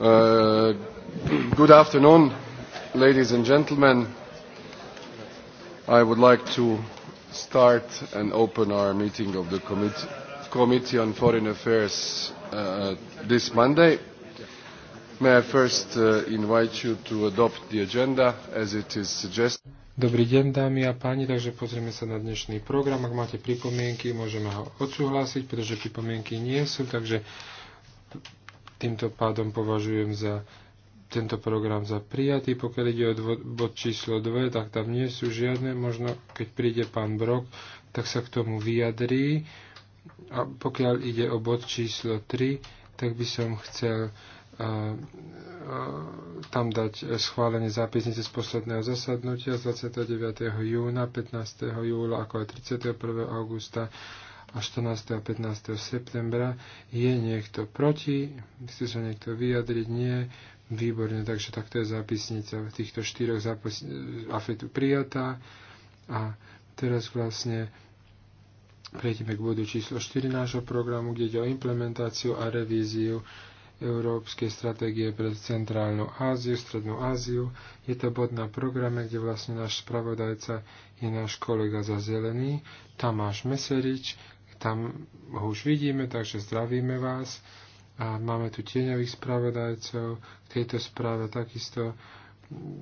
Uh, good afternoon, ladies and gentlemen. I would like to start and open our meeting of the commit Committee on Foreign Affairs uh, this Monday. May I first uh, invite you to adopt the agenda as it is suggested. Dobrý deň, dámy a páni, takže pozrieme sa na dnešný program. Ak máte pripomienky, môžeme ho odsúhlasiť, pretože pripomienky nie sú, takže Týmto pádom považujem za tento program za prijatý. Pokiaľ ide o bod číslo 2, tak tam nie sú žiadne. Možno keď príde pán Brok, tak sa k tomu vyjadrí. A pokiaľ ide o bod číslo 3, tak by som chcel tam dať schválenie zápisnice z posledného zasadnutia z 29. júna, 15. júla, ako aj 31. augusta a 14. a 15. septembra. Je niekto proti? Chce sa niekto vyjadriť? Nie. Výborne, takže takto je zápisnica týchto štyroch zápis- afetu prijatá. A teraz vlastne prejdeme k bodu číslo 4 nášho programu, kde ide o implementáciu a revíziu Európskej stratégie pre Centrálnu Áziu, Strednú Áziu. Je to bod na programe, kde vlastne náš spravodajca je náš kolega za zelený, Tamáš Meserič, tam ho už vidíme, takže zdravíme vás. A máme tu tieňových spravodajcov k tejto správe takisto.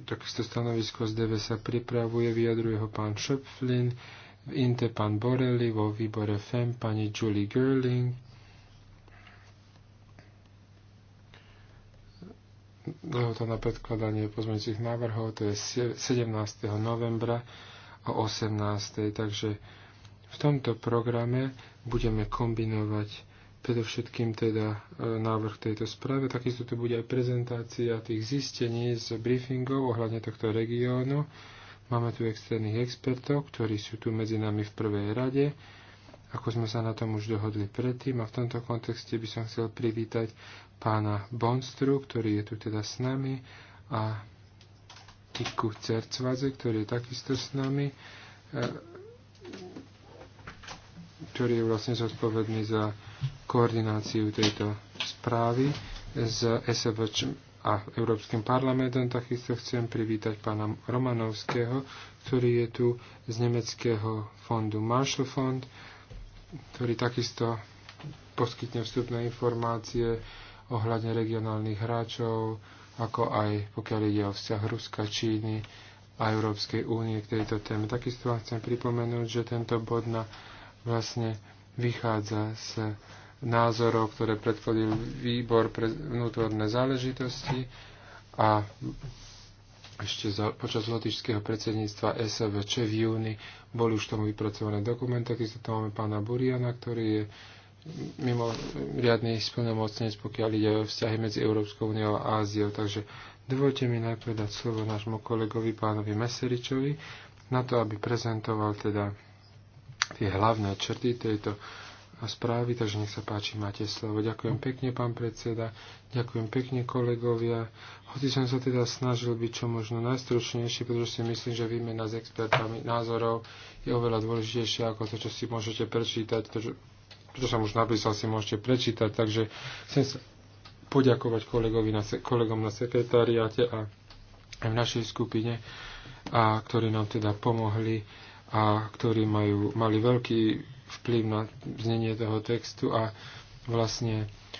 Takisto stanovisko z DV sa pripravuje, vyjadruje ho pán Schöpflin, v INTE pán Borelli, vo výbore FEM pani Julie Gerling, lehota na predkladanie pozmeňujúcich návrhov, to je 17. novembra o 18. Takže v tomto programe budeme kombinovať predovšetkým teda e, návrh tejto správe. Takisto tu bude aj prezentácia tých zistení z briefingov ohľadne tohto regiónu. Máme tu externých expertov, ktorí sú tu medzi nami v prvej rade, ako sme sa na tom už dohodli predtým. A v tomto kontexte by som chcel privítať pána Bonstru, ktorý je tu teda s nami, a Tiku Cercvaze, ktorý je takisto s nami e, ktorý je vlastne zodpovedný za koordináciu tejto správy s SVČ a Európskym parlamentom. Takisto chcem privítať pána Romanovského, ktorý je tu z nemeckého fondu Marshall Fund, ktorý takisto poskytne vstupné informácie ohľadne regionálnych hráčov, ako aj pokiaľ ide o vzťah Ruska, Číny a Európskej únie k tejto téme. Takisto vám chcem pripomenúť, že tento bod na vlastne vychádza z názorov, ktoré predkladil výbor pre vnútorné záležitosti a ešte za, počas lotičského predsedníctva SVČ v júni boli už tomu vypracované dokumenty. Takisto tam máme pána Buriana, ktorý je mimo riadný splnomocnec, pokiaľ ide o vzťahy medzi Európskou úniou a Áziou. Takže dovolte mi najprv dať slovo nášmu kolegovi pánovi Meseričovi na to, aby prezentoval teda tie hlavné črty tejto správy, takže nech sa páči, máte slovo. Ďakujem pekne, pán predseda, ďakujem pekne kolegovia. Hoci som sa teda snažil byť čo možno najstručnejšie, pretože si myslím, že výmena s expertami názorov je oveľa dôležitejšia ako to, čo si môžete prečítať. To, čo, čo som už napísal, si môžete prečítať, takže chcem sa poďakovať kolegovi na, kolegom na sekretariáte a aj v našej skupine, a ktorí nám teda pomohli a ktorí majú, mali veľký vplyv na znenie toho textu a vlastne eh,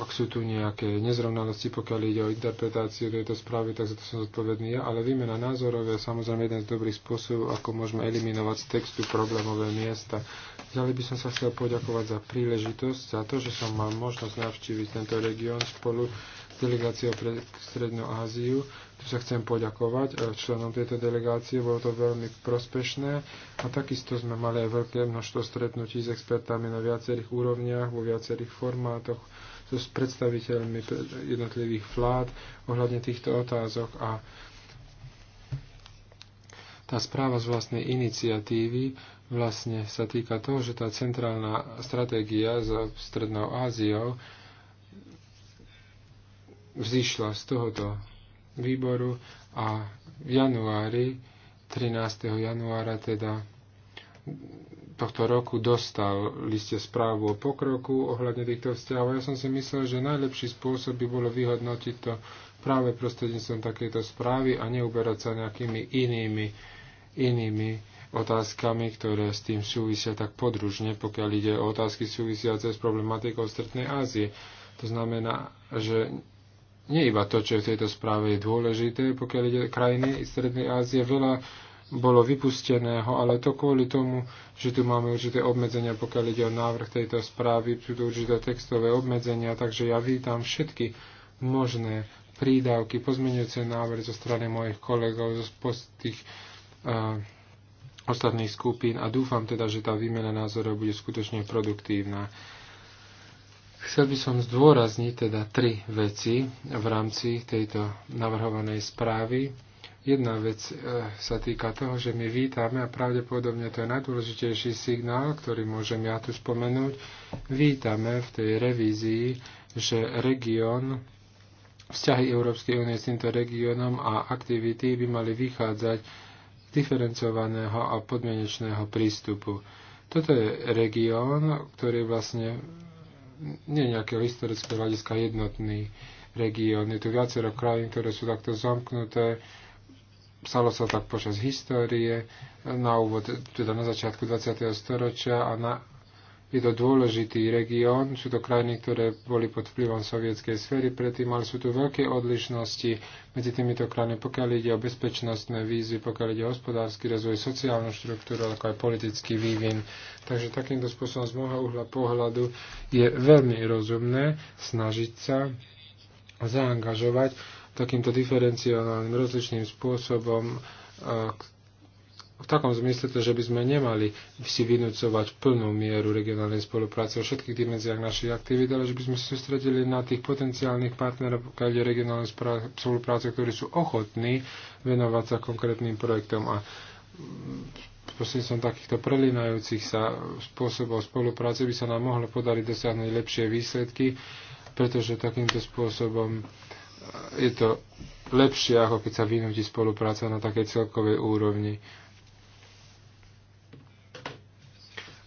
ak sú tu nejaké nezrovnalosti, pokiaľ ide o interpretáciu tejto správy, tak za to som zodpovedný ja, ale výmena názorov je samozrejme jeden z dobrých spôsobov, ako môžeme eliminovať z textu problémové miesta. Ďalej by som sa chcel poďakovať za príležitosť, za to, že som mal možnosť navštíviť tento región spolu s delegáciou pre Strednú Áziu tu sa chcem poďakovať eh, členom tejto delegácie, bolo to veľmi prospešné a takisto sme mali aj veľké množstvo stretnutí s expertami na viacerých úrovniach, vo viacerých formátoch, so s predstaviteľmi jednotlivých vlád ohľadne týchto otázok a tá správa z vlastnej iniciatívy vlastne sa týka toho, že tá centrálna stratégia za Strednou Áziou vzýšla z tohoto výboru a v januári, 13. januára teda tohto roku dostal liste správu o pokroku ohľadne týchto vzťahov. Ja som si myslel, že najlepší spôsob by bolo vyhodnotiť to práve prostredníctvom takejto správy a neuberať sa nejakými inými, inými otázkami, ktoré s tým súvisia tak podružne, pokiaľ ide o otázky súvisiace s problematikou Stretnej Ázie. To znamená, že nie iba to, čo je v tejto správe je dôležité, pokiaľ ide krajiny Strednej Ázie, veľa bolo vypusteného, ale to kvôli tomu, že tu máme určité obmedzenia, pokiaľ ide o návrh tejto správy, sú tu určité textové obmedzenia, takže ja vítam všetky možné prídavky, pozmeňujúce návrhy zo strany mojich kolegov zo tých uh, ostatných skupín a dúfam teda, že tá výmena názorov bude skutočne produktívna. Chcel by som zdôrazniť teda tri veci v rámci tejto navrhovanej správy. Jedna vec e, sa týka toho, že my vítame a pravdepodobne to je najdôležitejší signál, ktorý môžem ja tu spomenúť. Vítame v tej revízii, že región vzťahy Európskej únie s týmto regiónom a aktivity by mali vychádzať z diferencovaného a podmienečného prístupu. Toto je región, ktorý vlastne nie nejakého historického hľadiska jednotný región. Je tu viacero krajín, ktoré sú takto zamknuté. Stalo sa tak počas histórie, na úvod, teda na začiatku 20. storočia a na je to dôležitý región, sú to krajiny, ktoré boli pod vplyvom sovietskej sféry predtým, ale sú tu veľké odlišnosti medzi týmito krajinami, pokiaľ ide o bezpečnostné výzvy, pokiaľ ide o hospodársky rozvoj, sociálnu štruktúru, ako aj politický vývin. Takže takýmto spôsobom z môjho uhla pohľadu je veľmi rozumné snažiť sa zaangažovať takýmto diferenciálnym rozličným spôsobom eh, v takom zmysle, že by sme nemali si vynúcovať plnú mieru regionálnej spolupráce vo všetkých dimenziách našich aktivít, ale že by sme sa sústredili na tých potenciálnych partnerov, pokiaľ je regionálnej spolupráce, ktorí sú ochotní venovať sa konkrétnym projektom a mm, som takýchto prelinajúcich sa spôsobov spolupráce by sa nám mohlo podariť dosiahnuť lepšie výsledky, pretože takýmto spôsobom e, je to lepšie, ako keď sa vynúti spolupráca na takej celkovej úrovni.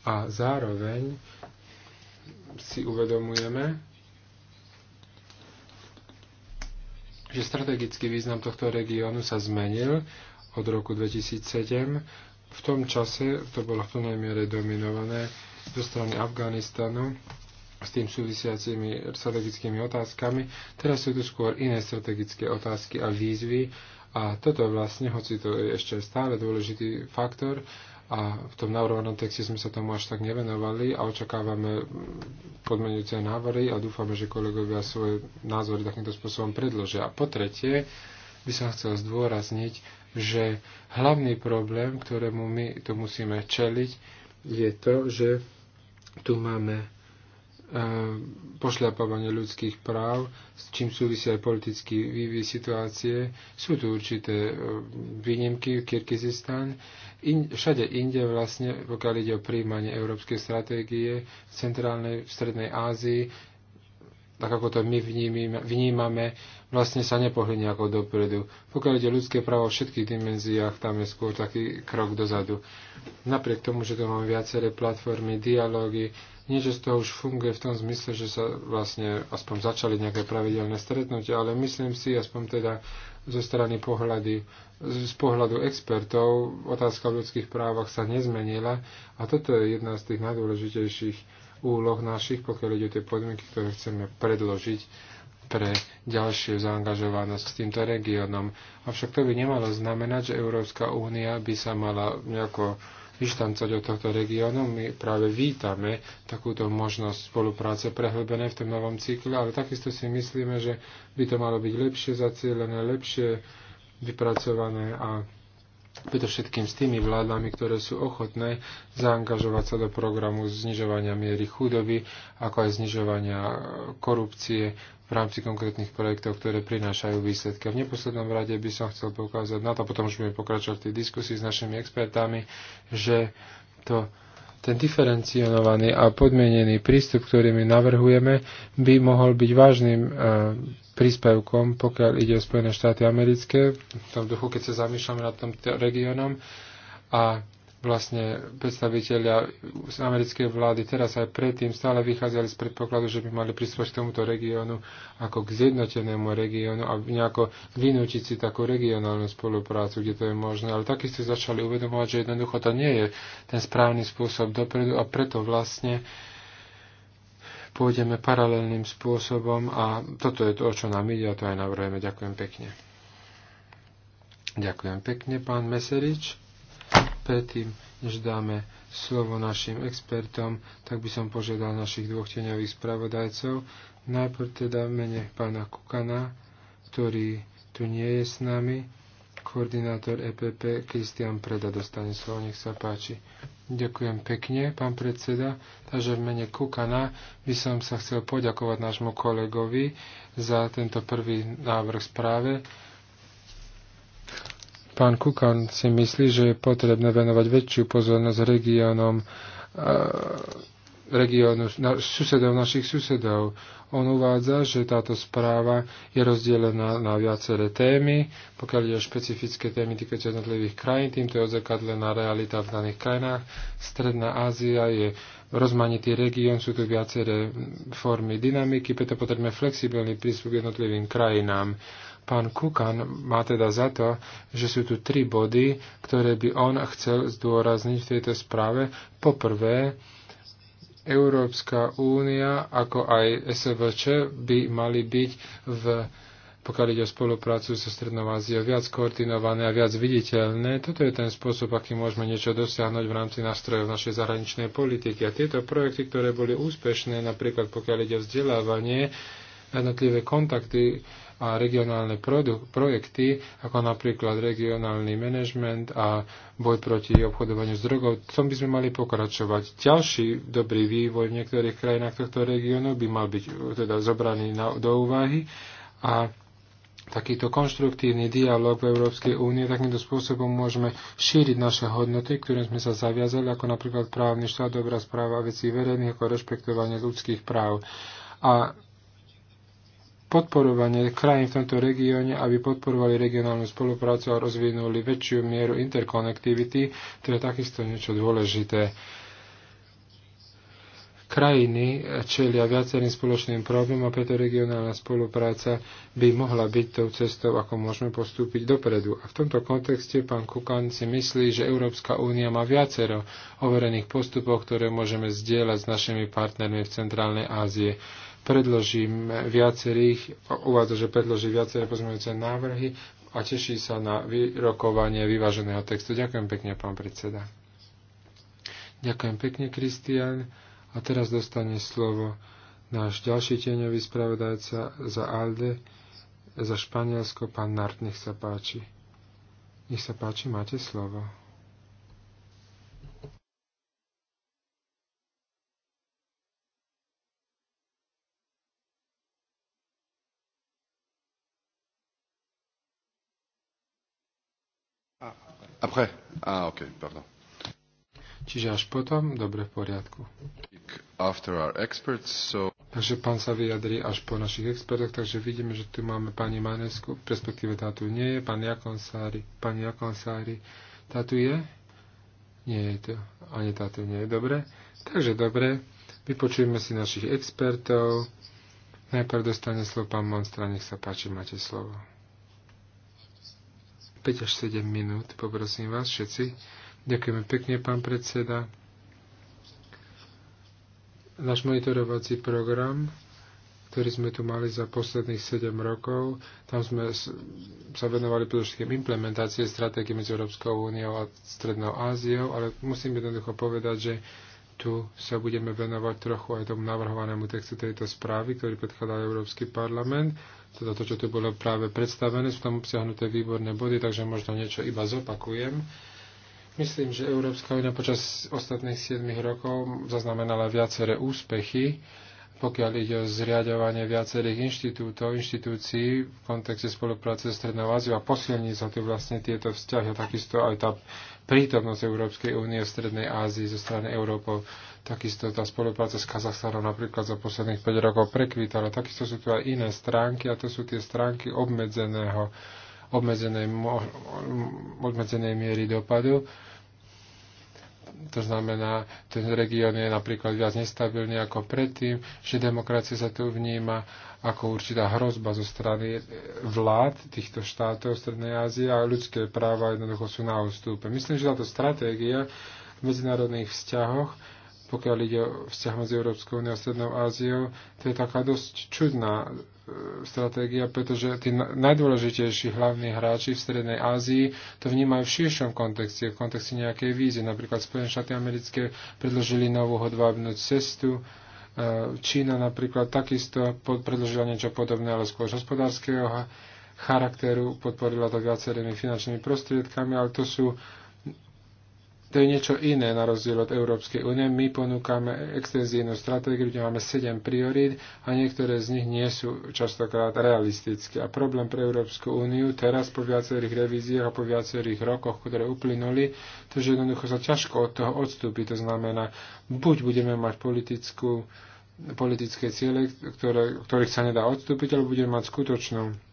a zároveň si uvedomujeme, že strategický význam tohto regiónu sa zmenil od roku 2007. V tom čase to bolo v plnej miere dominované zo strany Afganistanu s tým súvisiacimi strategickými otázkami. Teraz sú tu skôr iné strategické otázky a výzvy a toto vlastne, hoci to je ešte stále dôležitý faktor, a v tom navrhovanom texte sme sa tomu až tak nevenovali a očakávame podmenujúce návory a dúfame, že kolegovia svoje názory takýmto spôsobom predložia. A po tretie by som chcel zdôrazniť, že hlavný problém, ktorému my tu musíme čeliť, je to, že tu máme Eh, pošľapávanie ľudských práv, s čím súvisí aj politický vývoj situácie. Sú tu určité eh, výnimky, Kyrgyzstan. In, všade inde vlastne, pokiaľ ide o príjmanie európskej stratégie v centrálnej, v strednej Ázii, tak ako to my vnímime, vnímame, vlastne sa nepohli nejako dopredu. Pokiaľ ide ľudské právo v všetkých dimenziách, tam je skôr taký krok dozadu. Napriek tomu, že tu máme viaceré platformy, dialógy, nie že to už funguje v tom zmysle, že sa vlastne aspoň začali nejaké pravidelné stretnutia, ale myslím si, aspoň teda zo strany pohľady, z pohľadu expertov, otázka o ľudských právach sa nezmenila a toto je jedna z tých najdôležitejších úloh našich, pokiaľ ide o tie podmienky, ktoré chceme predložiť pre ďalšiu zaangažovanosť s týmto regiónom. Avšak to by nemalo znamenať, že Európska únia by sa mala nejako vyštancať od tohto regiónu. My práve vítame takúto možnosť spolupráce prehlbené v tom novom cykle, ale takisto si myslíme, že by to malo byť lepšie zacielené, lepšie vypracované a predovšetkým s tými vládami, ktoré sú ochotné zaangažovať sa do programu znižovania miery chudoby, ako aj znižovania korupcie v rámci konkrétnych projektov, ktoré prinášajú výsledky. A v neposlednom rade by som chcel poukázať na to, potom už budeme pokračovať v tej diskusii s našimi expertami, že to ten diferencionovaný a podmienený prístup, ktorý my navrhujeme, by mohol byť vážnym eh, príspevkom, pokiaľ ide o Spojené štáty americké, v tom duchu, keď sa zamýšľame nad tom regiónom. A vlastne predstaviteľia z americkej vlády teraz aj predtým stále vychádzali z predpokladu, že by mali prispôsobiť k tomuto regiónu ako k zjednotenému regiónu a nejako vynútiť si takú regionálnu spoluprácu, kde to je možné. Ale takisto začali uvedomovať, že jednoducho to nie je ten správny spôsob dopredu a preto vlastne uh, pôjdeme paralelným spôsobom a toto je to, o čo nám ide a to aj navrhujeme. Ďakujem pekne. Ďakujem pekne, pán Meserič. Predtým, než dáme slovo našim expertom, tak by som požiadal našich dvoch teňových spravodajcov. Najprv teda v mene pána Kukana, ktorý tu nie je s nami, koordinátor EPP Kristian Preda dostane slovo, nech sa páči. Ďakujem pekne, pán predseda. Takže v mene Kukana by som sa chcel poďakovať nášmu kolegovi za tento prvý návrh správe. Pán Kukan si myslí, že je potrebné venovať väčšiu pozornosť regiónom regiónu, na, susedov našich susedov. On uvádza, že táto správa je rozdelená na viaceré témy, pokiaľ ide o špecifické témy týkajúce jednotlivých krajín, týmto je odzrkadlená realita v daných krajinách. Stredná Ázia je rozmanitý región, sú tu viaceré formy dynamiky, preto potrebujeme flexibilný prístup k jednotlivým krajinám pán Kukan má teda za to, že sú tu tri body, ktoré by on chcel zdôrazniť v tejto správe. Poprvé, Európska únia, ako aj SVČ, by mali byť v pokiaľ ide o spoluprácu so Strednou Áziou, viac koordinované a viac viditeľné. Toto je ten spôsob, aký môžeme niečo dosiahnuť v rámci nástrojov našej zahraničnej politiky. A tieto projekty, ktoré boli úspešné, napríklad pokiaľ ide o vzdelávanie, jednotlivé kontakty a regionálne projekty, ako napríklad regionálny manažment a boj proti obchodovaniu s drogou, tom by sme mali pokračovať. Ďalší dobrý vývoj v niektorých krajinách tohto regiónu by mal byť e, teda zobraný na, do úvahy a takýto konštruktívny dialog v Európskej únie, takýmto spôsobom môžeme šíriť naše hodnoty, ktorým sme sa zaviazali, ako napríklad právny štát, dobrá správa veci verejných, ako rešpektovanie ľudských práv. A podporovanie krajín v tomto regióne, aby podporovali regionálnu spoluprácu a rozvinuli väčšiu mieru interkonektivity, to je takisto niečo dôležité. Krajiny čelia viacerým spoločným problémom a preto regionálna spolupráca by mohla byť tou cestou, ako môžeme postúpiť dopredu. A v tomto kontexte pán Kukan si myslí, že Európska únia má viacero overených postupov, ktoré môžeme zdieľať s našimi partnermi v Centrálnej Ázie predložím viacerých, uvádza, že predloží viaceré pozmeňujúce návrhy a teší sa na vyrokovanie vyváženého textu. Ďakujem pekne, pán predseda. Ďakujem pekne, Kristian. A teraz dostane slovo náš ďalší tieňový spravodajca za ALDE, za Španielsko, pán Nart, nech sa páči. Nech sa páči, máte slovo. Après? Ah, ok, pardon. Čiže až potom, dobre, v poriadku. After our experts, so... Takže pán sa vyjadrí až po našich expertoch, takže vidíme, že tu máme pani Manesku, perspektíve tá tu nie je, pán Jakonsári, pani Jakonsári, tá tu je? Nie je to, ani tá tu nie je, dobre. Takže dobre, vypočujeme si našich expertov. Najprv dostane slovo pán Monstra, nech sa páči, máte slovo. 5 až 7 minút, poprosím vás všetci. Ďakujeme pekne, pán predseda. Náš monitorovací program, ktorý sme tu mali za posledných 7 rokov, tam sme sa venovali predovšetkým implementácie stratégie medzi Európskou úniou a Strednou Áziou, ale musím jednoducho povedať, že tu sa budeme venovať trochu aj tomu navrhovanému textu tejto správy, ktorý predkladá Európsky parlament. Toto, teda to, čo tu bolo práve predstavené, sú tam obsiahnuté výborné body, takže možno niečo iba zopakujem. Myslím, že Európska únia počas ostatných 7 rokov zaznamenala viaceré úspechy, pokiaľ ide o zriadovanie viacerých inštitútov, inštitúcií v kontexte spolupráce s Strednou Áziou a posilní sa tu vlastne tieto vzťahy a takisto aj tá prítomnosť Európskej únie v Strednej Ázii zo strany Európov. Takisto tá spolupráca s Kazachstanom napríklad za posledných 5 rokov prekvítala. Takisto sú tu aj iné stránky a to sú tie stránky obmedzeného, obmedzenej, obmedzenej miery dopadu to znamená, ten región je napríklad viac nestabilný ako predtým, že demokracia sa tu vníma ako určitá hrozba zo strany vlád týchto štátov Strednej Ázie a ľudské práva jednoducho sú na ústupe. Myslím, že táto stratégia v medzinárodných vzťahoch pokiaľ ide o vzťah medzi Európskou úniou a Strednou Áziou, to je taká dosť čudná stratégia, pretože tí najdôležitejší hlavní hráči v Strednej Ázii to vnímajú v širšom kontexte, v kontexte nejakej vízie. Napríklad Spojené štáty americké predložili novú hodvábnu cestu, e, Čína napríklad takisto predložila niečo podobné, ale skôr z hospodárskeho charakteru, podporila to viacerými finančnými prostriedkami, ale to sú to je niečo iné na rozdiel od Európskej únie. My ponúkame extenzívnu stratégiu, kde máme 7 priorít a niektoré z nich nie sú častokrát realistické. A problém pre Európsku úniu teraz po viacerých revíziách a po viacerých rokoch, ktoré uplynuli, to, že jednoducho sa ťažko od toho odstúpi. To znamená, buď budeme mať politickú politické ciele, ktoré, ktorých sa nedá odstúpiť, alebo budeme mať skutočnú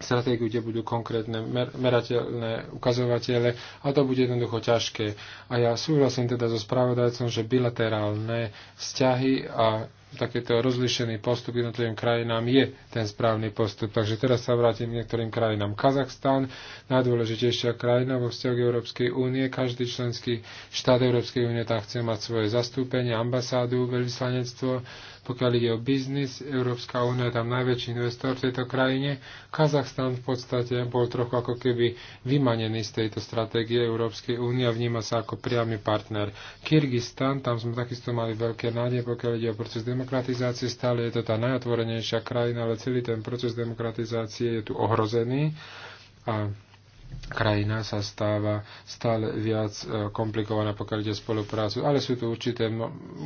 stratégiu, kde budú konkrétne mer- merateľné ukazovatele a to bude jednoducho ťažké. A ja súhlasím teda so spravodajcom, že bilaterálne vzťahy a takéto rozlišený postup jednotlivým krajinám je ten správny postup. Takže teraz sa vrátim k niektorým krajinám. Kazachstan, najdôležitejšia krajina vo vzťahu Európskej únie. Každý členský štát Európskej únie tam chce mať svoje zastúpenie, ambasádu, veľvyslanectvo pokiaľ ide o biznis, Európska únia je tam najväčší investor v tejto krajine. Kazachstan v podstate bol trochu ako keby vymanený z tejto stratégie Európskej únie a vníma sa ako priamy partner. Kyrgyzstan, tam sme takisto mali veľké nádeje, pokiaľ ide o proces demokratizácie, stále je to tá najotvorenejšia krajina, ale celý ten proces demokratizácie je tu ohrozený. A krajina sa stáva stále viac e, komplikovaná, pokiaľ ide o spoluprácu. Ale sú tu určité,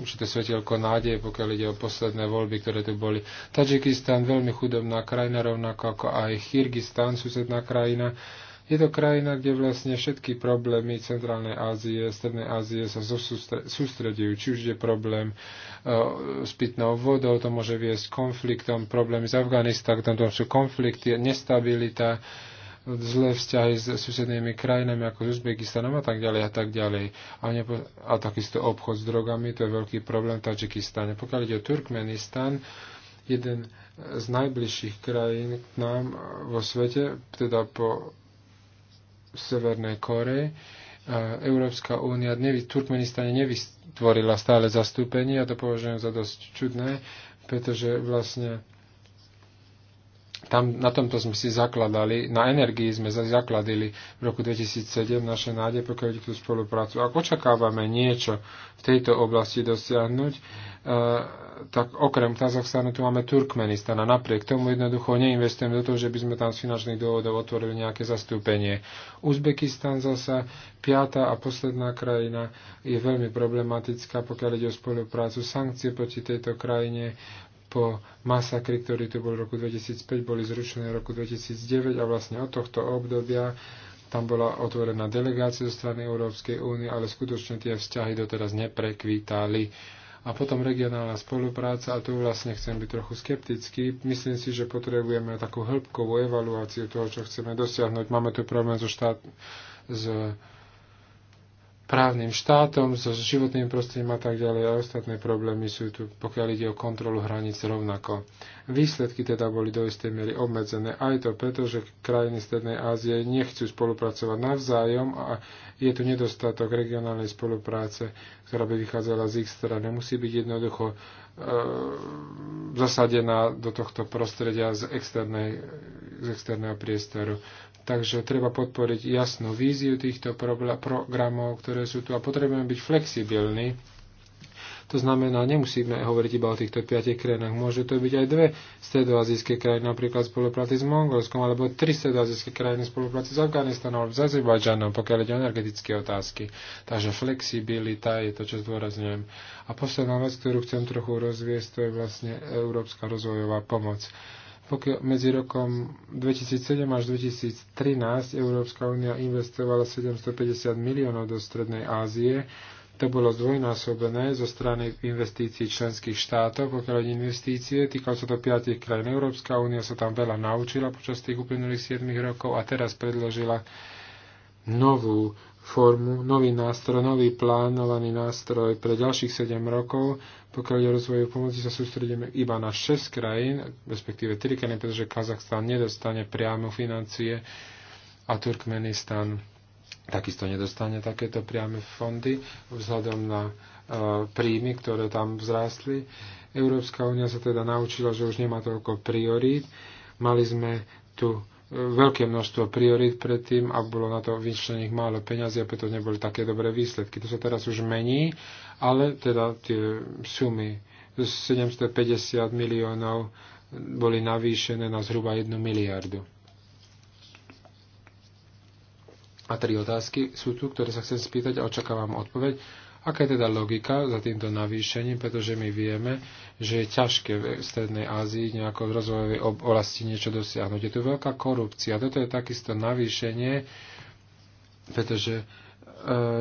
určité svetielko nádeje, pokiaľ ide o posledné voľby, ktoré tu boli. Tadžikistan, veľmi chudobná krajina, rovnako ako aj Kyrgyzstan, susedná krajina. Je to krajina, kde vlastne všetky problémy Centrálnej Ázie, Strednej Ázie sa sústredujú. Či už je problém e, s pitnou vodou, to môže viesť konfliktom, problémy s Afganistanom, tam sú konflikty, nestabilita, zlé vzťahy s susednými krajinami ako s Uzbekistanom a tak ďalej a tak ďalej. A, nepo- a takisto obchod s drogami, to je veľký problém v Tadžikistane. Pokiaľ ide o Turkmenistan, jeden z najbližších krajín k nám vo svete, teda po Severnej Koreji, Európska únia v Turkmenistane nevystvorila stále zastúpenie, ja to považujem za dosť čudné, pretože vlastne tam, na tomto sme si zakladali, na energii sme zakladili v roku 2007 naše nádej, pokiaľ ide tú spoluprácu. Ak očakávame niečo v tejto oblasti dosiahnuť, e, tak okrem Kazachstanu tu máme Turkmenistan a napriek tomu jednoducho neinvestujeme do toho, že by sme tam z finančných dôvodov otvorili nejaké zastúpenie. Uzbekistan zasa, piata a posledná krajina, je veľmi problematická, pokiaľ ide o spoluprácu. Sankcie proti tejto krajine po masakri, ktorý tu bol v roku 2005, boli zrušené v roku 2009 a vlastne od tohto obdobia tam bola otvorená delegácia zo strany Európskej únie, ale skutočne tie vzťahy doteraz neprekvítali. A potom regionálna spolupráca, a tu vlastne chcem byť trochu skeptický, myslím si, že potrebujeme takú hĺbkovú evaluáciu toho, čo chceme dosiahnuť. Máme tu problém so štát, s právnym štátom, so životným prostredím a tak ďalej a ostatné problémy sú tu, pokiaľ ide o kontrolu hraníc rovnako. Výsledky teda boli do istej miery obmedzené aj to preto, že krajiny Strednej Ázie nechcú spolupracovať navzájom a je tu nedostatok regionálnej spolupráce, ktorá by vychádzala z ich strany. Musí byť jednoducho e, zasadená do tohto prostredia z, externej, z externého priestoru. Takže treba podporiť jasnú víziu týchto programov, ktoré sú tu a potrebujeme byť flexibilní. To znamená, nemusíme hovoriť iba o týchto piatich krajinách. Môže to byť aj dve stredoazijské krajiny, napríklad spolupráci s Mongolskom, alebo tri stredoazijské krajiny spolupráci s Afganistanom alebo s Azerbajdžanom, pokiaľ ide o energetické otázky. Takže flexibilita je to, čo zdôrazňujem. A posledná vec, ktorú chcem trochu rozviesť, to je vlastne Európska rozvojová pomoc. Pokiaľ medzi rokom 2007 až 2013 Európska únia investovala 750 miliónov do Strednej Ázie, to bolo zdvojnásobené zo strany investícií členských štátov, pokiaľ investície, týkalo sa to piatich krajín. Európska únia sa tam veľa naučila počas tých uplynulých 7 rokov a teraz predložila novú formu, nový nástroj, nový plánovaný nástroj pre ďalších 7 rokov. Pokiaľ je rozvoju pomoci, sa sústredíme iba na 6 krajín, respektíve 3 krajiny, pretože Kazachstan nedostane priamo financie a Turkmenistan takisto nedostane takéto priame fondy vzhľadom na e, príjmy, ktoré tam vzrástli. Európska únia sa teda naučila, že už nemá toľko priorít. Mali sme tu veľké množstvo priorit predtým a bolo na to vyčlených málo peňazí a preto neboli také dobré výsledky. To sa teraz už mení, ale teda tie sumy 750 miliónov boli navýšené na zhruba 1 miliardu. A tri otázky sú tu, ktoré sa chcem spýtať a očakávam odpoveď. Aká je teda logika za týmto navýšením, pretože my vieme, že je ťažké v Strednej Ázii nejako v rozvojovej oblasti niečo dosiahnuť. Je tu veľká korupcia. Toto je takisto navýšenie, pretože e,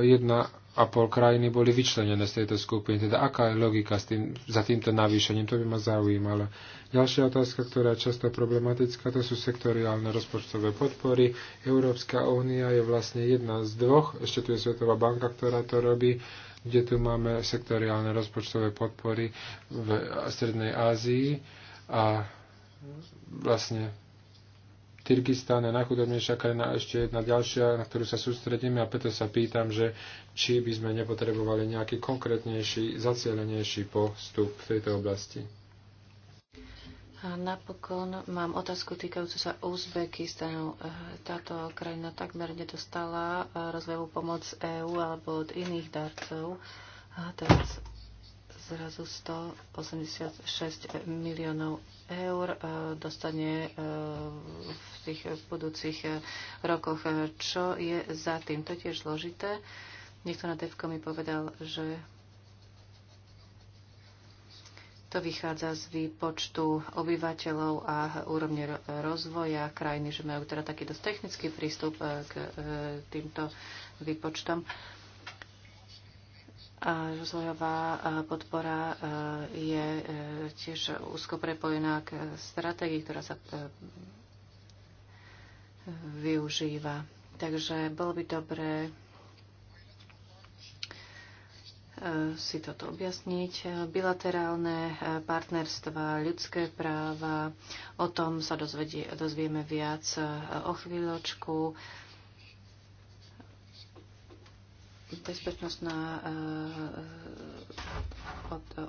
jedna a pol krajiny boli vyčlenené z tejto skupiny. Teda aká je logika s tým, za týmto navýšením? To by ma zaujímalo. Ďalšia otázka, ktorá je často problematická, to sú sektoriálne rozpočtové podpory. Európska únia je vlastne jedna z dvoch, ešte tu je Svetová banka, ktorá to robí, kde tu máme sektoriálne rozpočtové podpory v Strednej Ázii a vlastne Tyrkistán je najchudobnejšia krajina a ešte jedna ďalšia, na ktorú sa sústredíme a preto sa pýtam, že či by sme nepotrebovali nejaký konkrétnejší, zacielenejší postup v tejto oblasti. A napokon mám otázku týkajúcu sa Uzbekistanu. Eh, Táto krajina takmer nedostala eh, rozvojovú pomoc z EÚ alebo od iných darcov. A teraz zrazu 186 miliónov eur eh, dostane v tých budúcich rokoch. Čo je za tým? To je tiež zložité. Niekto na Devko mi povedal, že to vychádza z výpočtu obyvateľov a úrovne rozvoja krajiny, že majú teda taký dosť technický prístup e, k e, týmto výpočtom. A rozvojová e, podpora je tiež úzko prepojená k stratégii, ktorá sa využíva. Takže bolo by dobré Eh, si toto objasniť. Bilaterálne eh, partnerstva, ľudské práva, o tom sa dozvedie, dozvieme viac eh, o chvíľočku. Bezpečnostná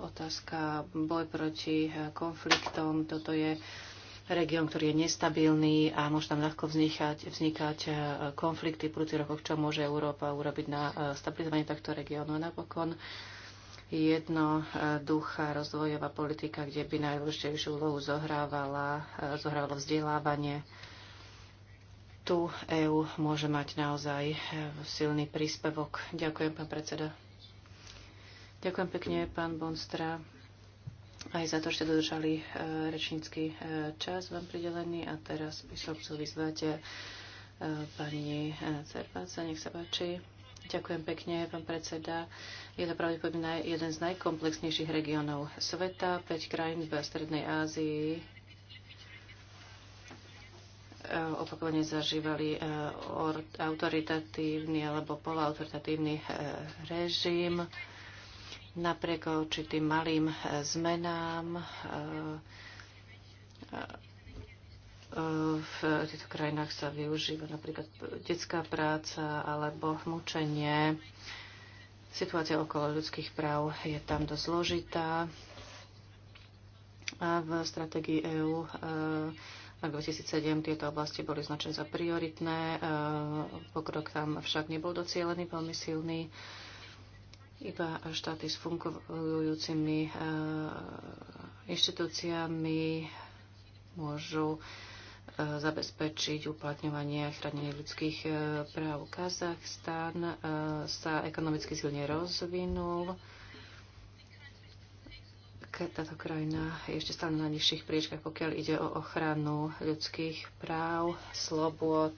otázka, boj proti konfliktom, toto je región, ktorý je nestabilný a môže tam ľahko vznikať, vznikať e, konflikty v budúcich rokoch, čo môže Európa urobiť na e, stabilizovanie tohto regiónu. E, a napokon jednoduchá rozvojová politika, kde by najdôležitejšiu úlohu zohrávala, zohrávalo vzdelávanie. Tu EÚ môže mať naozaj silný príspevok. Ďakujem, pán predseda. Ďakujem pekne, pán Bonstra aj za to, že ste dodržali e, rečnícky e, čas vám pridelený. A teraz by som chcel vyzvať e, pani Cerpáca, nech sa páči. Ďakujem pekne, pán predseda. Je to pravdepodobne jeden z najkomplexnejších regiónov sveta, 5 krajín v Strednej Ázii opakovane zažívali autoritatívny alebo polautoritatívny režim Napriek určitým malým e, zmenám e, e, v týchto krajinách sa využíva napríklad detská práca alebo mučenie. Situácia okolo ľudských práv je tam dosť zložitá. A v stratégii EÚ rok 2007 tieto oblasti boli značené za prioritné. Pokrok tam však nebol docielený, veľmi silný iba štáty s fungujúcimi eh, inštitúciami môžu eh, zabezpečiť uplatňovanie a chránenie ľudských eh, práv. Kazachstan sa ekonomicky silne rozvinul. Táto krajina je ešte stále na nižších priečkach, pokiaľ ide o ochranu ľudských práv, slobod,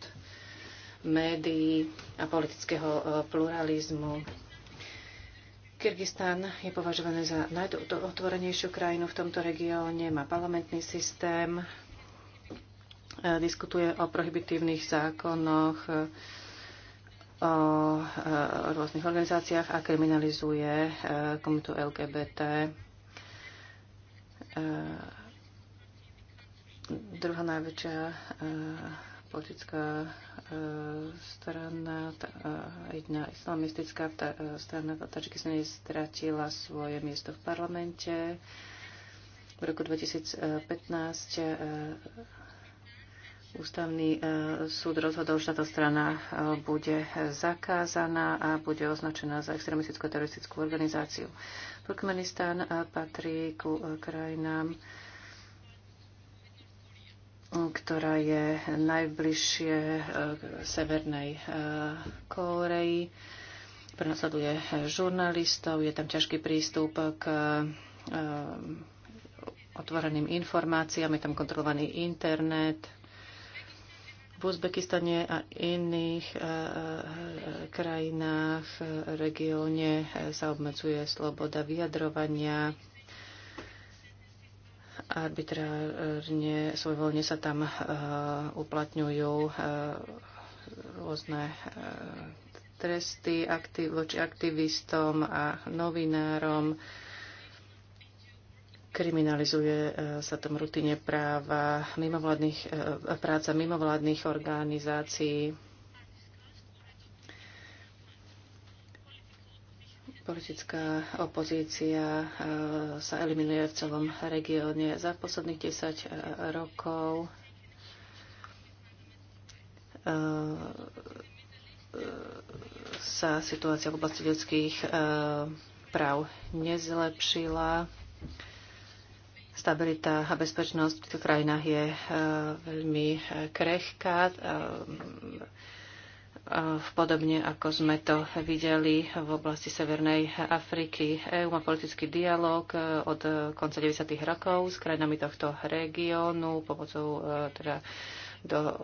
médií a politického pluralizmu Kyrgyzstan je považovaný za najotvorenejšiu krajinu v tomto regióne, má parlamentný systém, e, diskutuje o prohibitívnych zákonoch, e, e, o rôznych organizáciách a kriminalizuje komunitu LGBT. Druhá najväčšia politická E, strana, e, jedna islamistická e, strana v Tadžikistane stratila svoje miesto v parlamente. V roku 2015 Ústavný súd rozhodol, že táto strana bude zakázaná a bude označená za extremistickú teroristickú organizáciu. Turkmenistán patrí ku krajinám, ktorá je najbližšie e, k Severnej e, Kóreji. Prenasleduje žurnalistov, je tam ťažký prístup k e, otvoreným informáciám, je tam kontrolovaný internet. V Uzbekistane a iných krajinách, regióne sa obmedzuje sloboda vyjadrovania, arbitrárne, svojvoľne sa tam eh, uplatňujú eh, rôzne eh, tresty aktiv, voči aktivistom a novinárom. Kriminalizuje sa tam rutine práva mimovládnych, práca mimovládnych organizácií Politická opozícia e, sa eliminuje v celom regióne. Za posledných 10 e, rokov e, sa situácia v oblasti ľudských práv nezlepšila. Stabilita a bezpečnosť v týchto krajinách je veľmi krehká v podobne ako sme to videli v oblasti Severnej Afriky. EU má politický dialog e, od konca 90. rokov s krajinami tohto regiónu pomocou e, teda do e,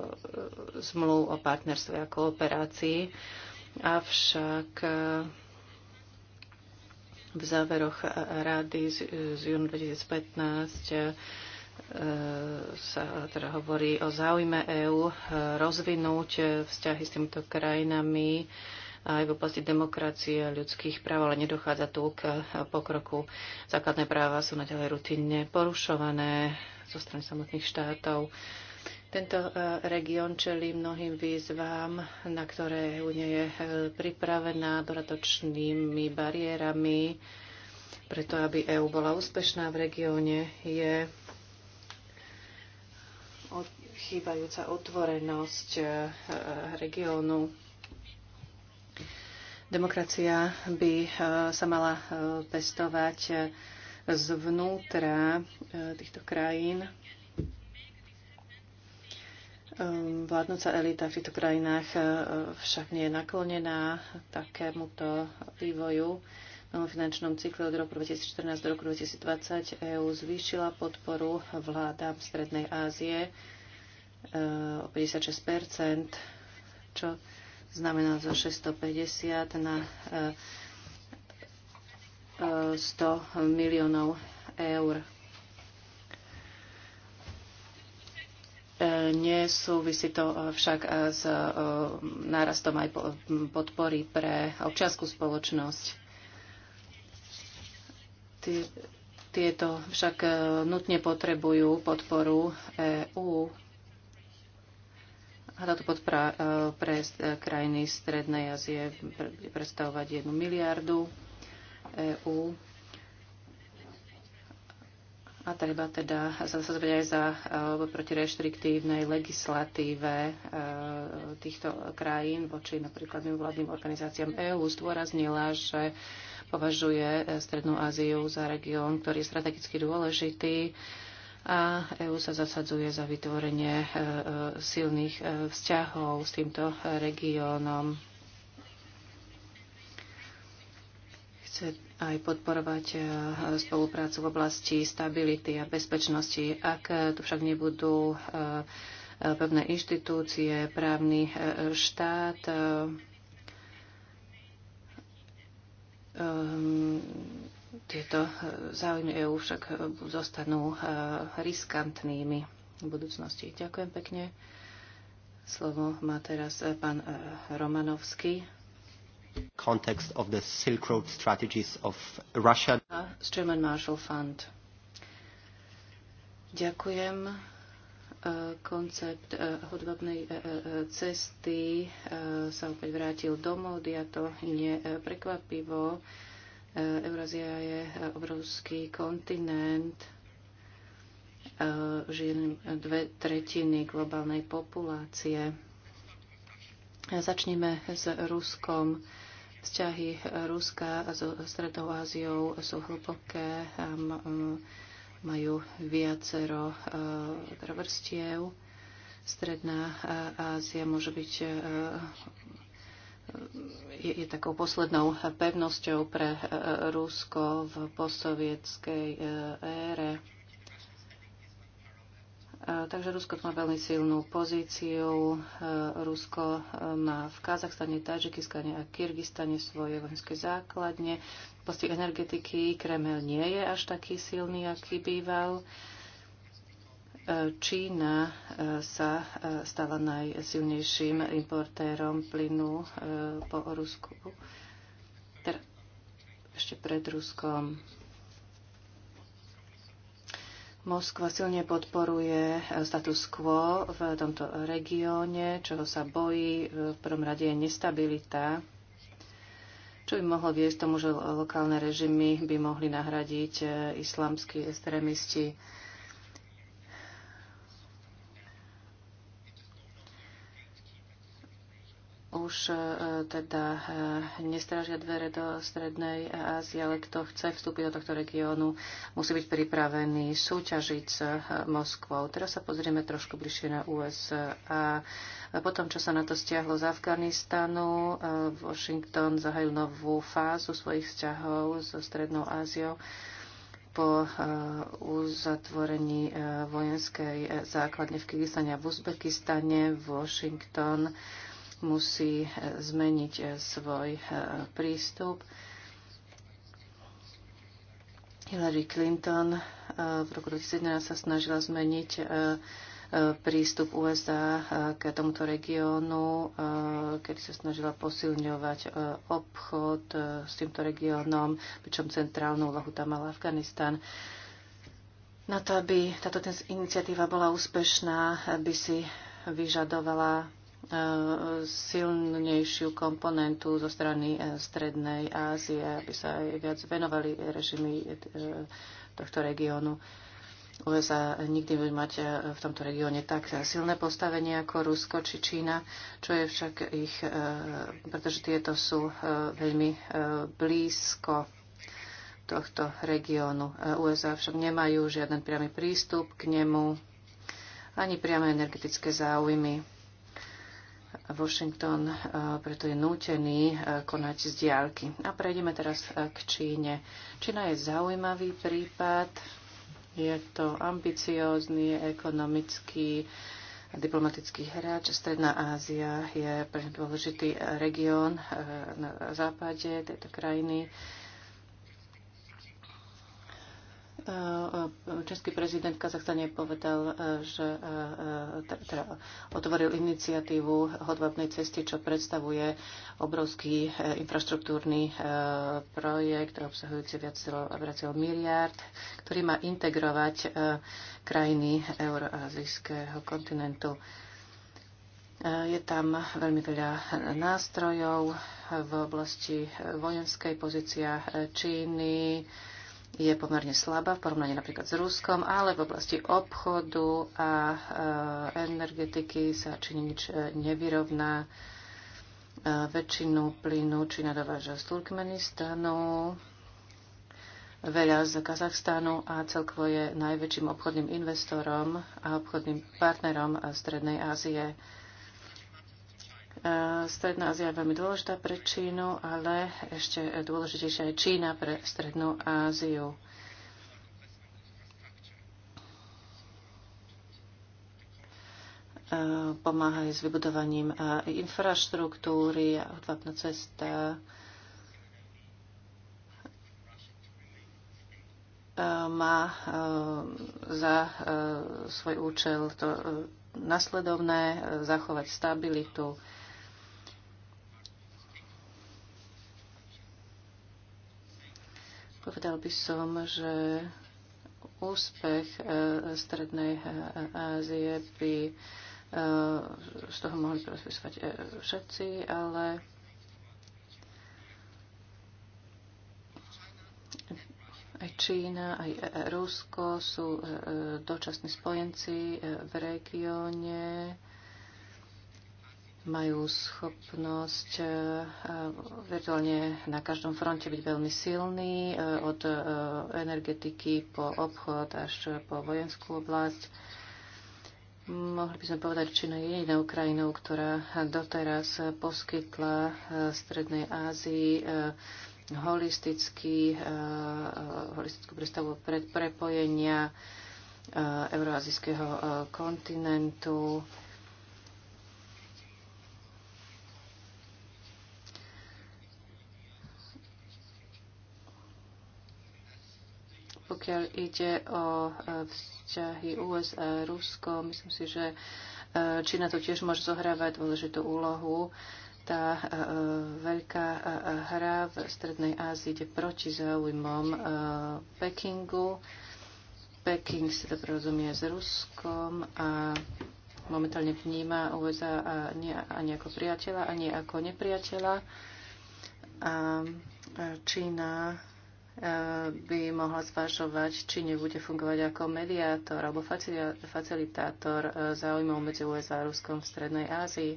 zmluv o partnerstve a kooperácii. Avšak v záveroch rady z, z júna 2015 E, sa teda hovorí o záujme EÚ e, rozvinúť e, vzťahy s týmito krajinami aj v oblasti demokracie a ľudských práv, ale nedochádza tu k pokroku. Základné práva sú naďalej rutinne porušované zo strany samotných štátov. Tento región čelí mnohým výzvám, na ktoré EU nie je pripravená doradočnými bariérami. Preto, aby EÚ bola úspešná v regióne, je chýbajúca otvorenosť eh, eh, regiónu. Demokracia by eh, sa mala pestovať zvnútra týchto krajín. Ehm, vládnúca elita v týchto krajinách však nie je naklonená takémuto vývoju. V novom finančnom cykle od roku 2014 do roku 2020 EÚ zvýšila podporu vládám Strednej Ázie Eh, o 56 čo znamená zo 650 na 100 eh, eh, miliónov eur. Nesúvisí to však s nárastom aj podpory pre občianskú spoločnosť. Tieto však nutne potrebujú podporu EÚ a táto podpora e, pre e, krajiny Strednej Azie bude predstavovať 1 miliardu EÚ. A treba teda sa zvedať aj za e, proti reštriktívnej legislatíve týchto krajín voči napríklad mimovládnym organizáciám EÚ zdôraznila, že považuje Strednú Áziu za región, ktorý je strategicky dôležitý a EÚ sa zasadzuje za vytvorenie e, e, silných e, vzťahov s týmto regiónom. Chce aj podporovať spoluprácu v oblasti stability a bezpečnosti. Ak tu však nebudú pevné inštitúcie, právny štát, tieto e, záujmy EÚ však e, zostanú e, riskantnými v budúcnosti. Ďakujem pekne. Slovo má teraz pán Romanovský. Context of the Silk Road strategies of Russia. Z German Marshall Fund. Ďakujem. Koncept hodobnej cesty sa opäť vrátil do módy a to neprekvapivo. prekvapivo Eurázia je e, obrovský kontinent, e, žije dve tretiny globálnej populácie. Začneme s Ruskom. Vzťahy Ruska so Strednou Áziou sú hlboké, majú viacero e, vrstiev. Stredná Ázia môže byť je, je takou poslednou pevnosťou pre e, Rusko v postsovietskej e, ére. E, takže Rusko má veľmi silnú pozíciu. Rusko má v Kazachstane, Tadžikistane a Kyrgyzstane svoje vojenské základne. Postih energetiky Kremel nie je až taký silný, aký býval. Čína e, sa e, stala najsilnejším importérom plynu e, po Rusku, teda ešte pred Ruskom. Moskva silne podporuje status quo v tomto regióne, čoho sa bojí. V prvom rade je nestabilita, čo by mohlo viesť tomu, že lokálne režimy by mohli nahradiť islamskí extrémisti. už e, teda e, nestrážia dvere do Strednej Ázie, ale kto chce vstúpiť do tohto regiónu, musí byť pripravený súťažiť s e, Moskvou. Teraz sa pozrieme trošku bližšie na USA. Potom, čo sa na to stiahlo z Afganistanu, Washington zahajil novú fázu svojich vzťahov so Strednou Áziou po uzatvorení vojenskej základne v Kyrgyzstane a v Uzbekistane, Washington musí e, zmeniť e, svoj e, prístup. Hillary Clinton v roku 2011 sa snažila zmeniť prístup USA k tomuto regiónu, kedy sa snažila posilňovať obchod s týmto regiónom, pričom centrálnu úlohu tam mal Afganistan. Na to, aby táto iniciatíva bola úspešná, by si vyžadovala silnejšiu komponentu zo strany e, Strednej Ázie, aby sa aj viac venovali režimy e, tohto regiónu. USA nikdy bude mať e, v tomto regióne tak silné postavenie ako Rusko či Čína, čo je však ich, pretože tieto sú veľmi blízko tohto regiónu. USA však nemajú žiaden priamy prístup k nemu, ani priame energetické záujmy Washington eh, preto je nútený eh, konať z diálky. A prejdeme teraz eh, k Číne. Čína je zaujímavý prípad. Je to ambiciózny, ekonomický, diplomatický hráč. Stredná Ázia je dôležitý región na západe tejto krajiny. E, e, český prezident v Kazachstane povedal, e, že teda otvoril iniciatívu hodvabnej cesty, čo predstavuje obrovský infraštruktúrny projekt obsahujúci viac miliard, ktorý má integrovať krajiny euroazijského kontinentu. Je tam veľmi veľa nástrojov v oblasti vojenskej pozícia Číny, je pomerne slabá v porovnaní napríklad s Ruskom, ale v oblasti obchodu a e, energetiky sa či nič e, nevyrovná. E, väčšinu plynu Čína dováža z Turkmenistanu, veľa z Kazachstanu a celkovo je najväčším obchodným investorom a obchodným partnerom Strednej Ázie. Stredná Ázia je veľmi dôležitá pre Čínu, ale ešte dôležitejšia je Čína pre Strednú Áziu. E, Pomáhajú s vybudovaním e, infraštruktúry, odvápna cesta, e, má za svoj účel to nasledovné, zachovať stabilitu, Povedal by som, že úspech e, Strednej e, Ázie by e, z toho mohli prospisovať všetci, ale aj Čína, aj Rusko sú dočasní spojenci v regióne majú schopnosť e, virtuálne na každom fronte byť veľmi silní, e, od e, energetiky po obchod až po vojenskú oblasť. Mohli by sme povedať, Čína je jedinou krajinou, ktorá doteraz poskytla Strednej Ázii holistický, holistickú predstavu prepojenia euroazijského kontinentu Pokiaľ ide o e, vzťahy USA-Rusko, myslím si, že e, Čína to tiež môže zohrávať dôležitú úlohu. Tá e, veľká hra v Strednej Ázii ide proti záujmom Pekingu. Peking si to porozumie s Ruskom a momentálne vníma USA a nie, ani ako priateľa, ani ako nepriateľa. A Čína by mohla zvažovať, či nebude fungovať ako mediátor alebo facilitátor e, záujmov medzi USA a Ruskom v Strednej Ázii.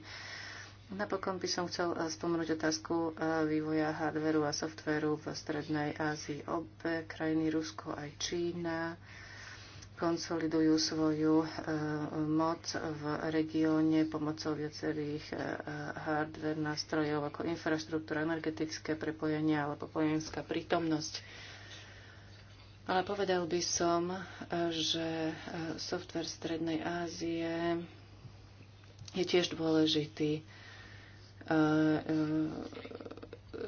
Napokon by som chcel e, spomenúť otázku e, vývoja hardveru a softveru v Strednej Ázii. Obe krajiny, Rusko aj Čína, konsolidujú svoju e, moc v regióne pomocou viacerých e, hardware nástrojov ako infraštruktúra, energetické prepojenia alebo vojenská prítomnosť. Ale povedal by som, e, že software Strednej Ázie je tiež dôležitý.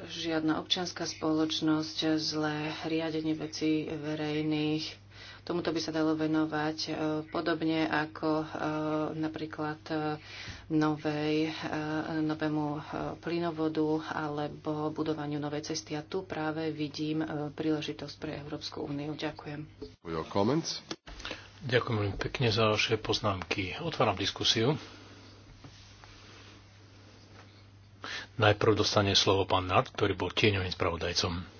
Žiadna občianská spoločnosť, zlé riadenie vecí verejných, Tomuto by sa dalo venovať e, podobne ako e, napríklad e, novej, novému plynovodu alebo budovaniu novej cesty. A tu práve vidím príležitosť pre Európsku úniu. Ďakujem. Ďakujem veľmi pekne za vaše poznámky. Otváram diskusiu. Najprv dostane slovo pán Nart, ktorý bol tieňovým spravodajcom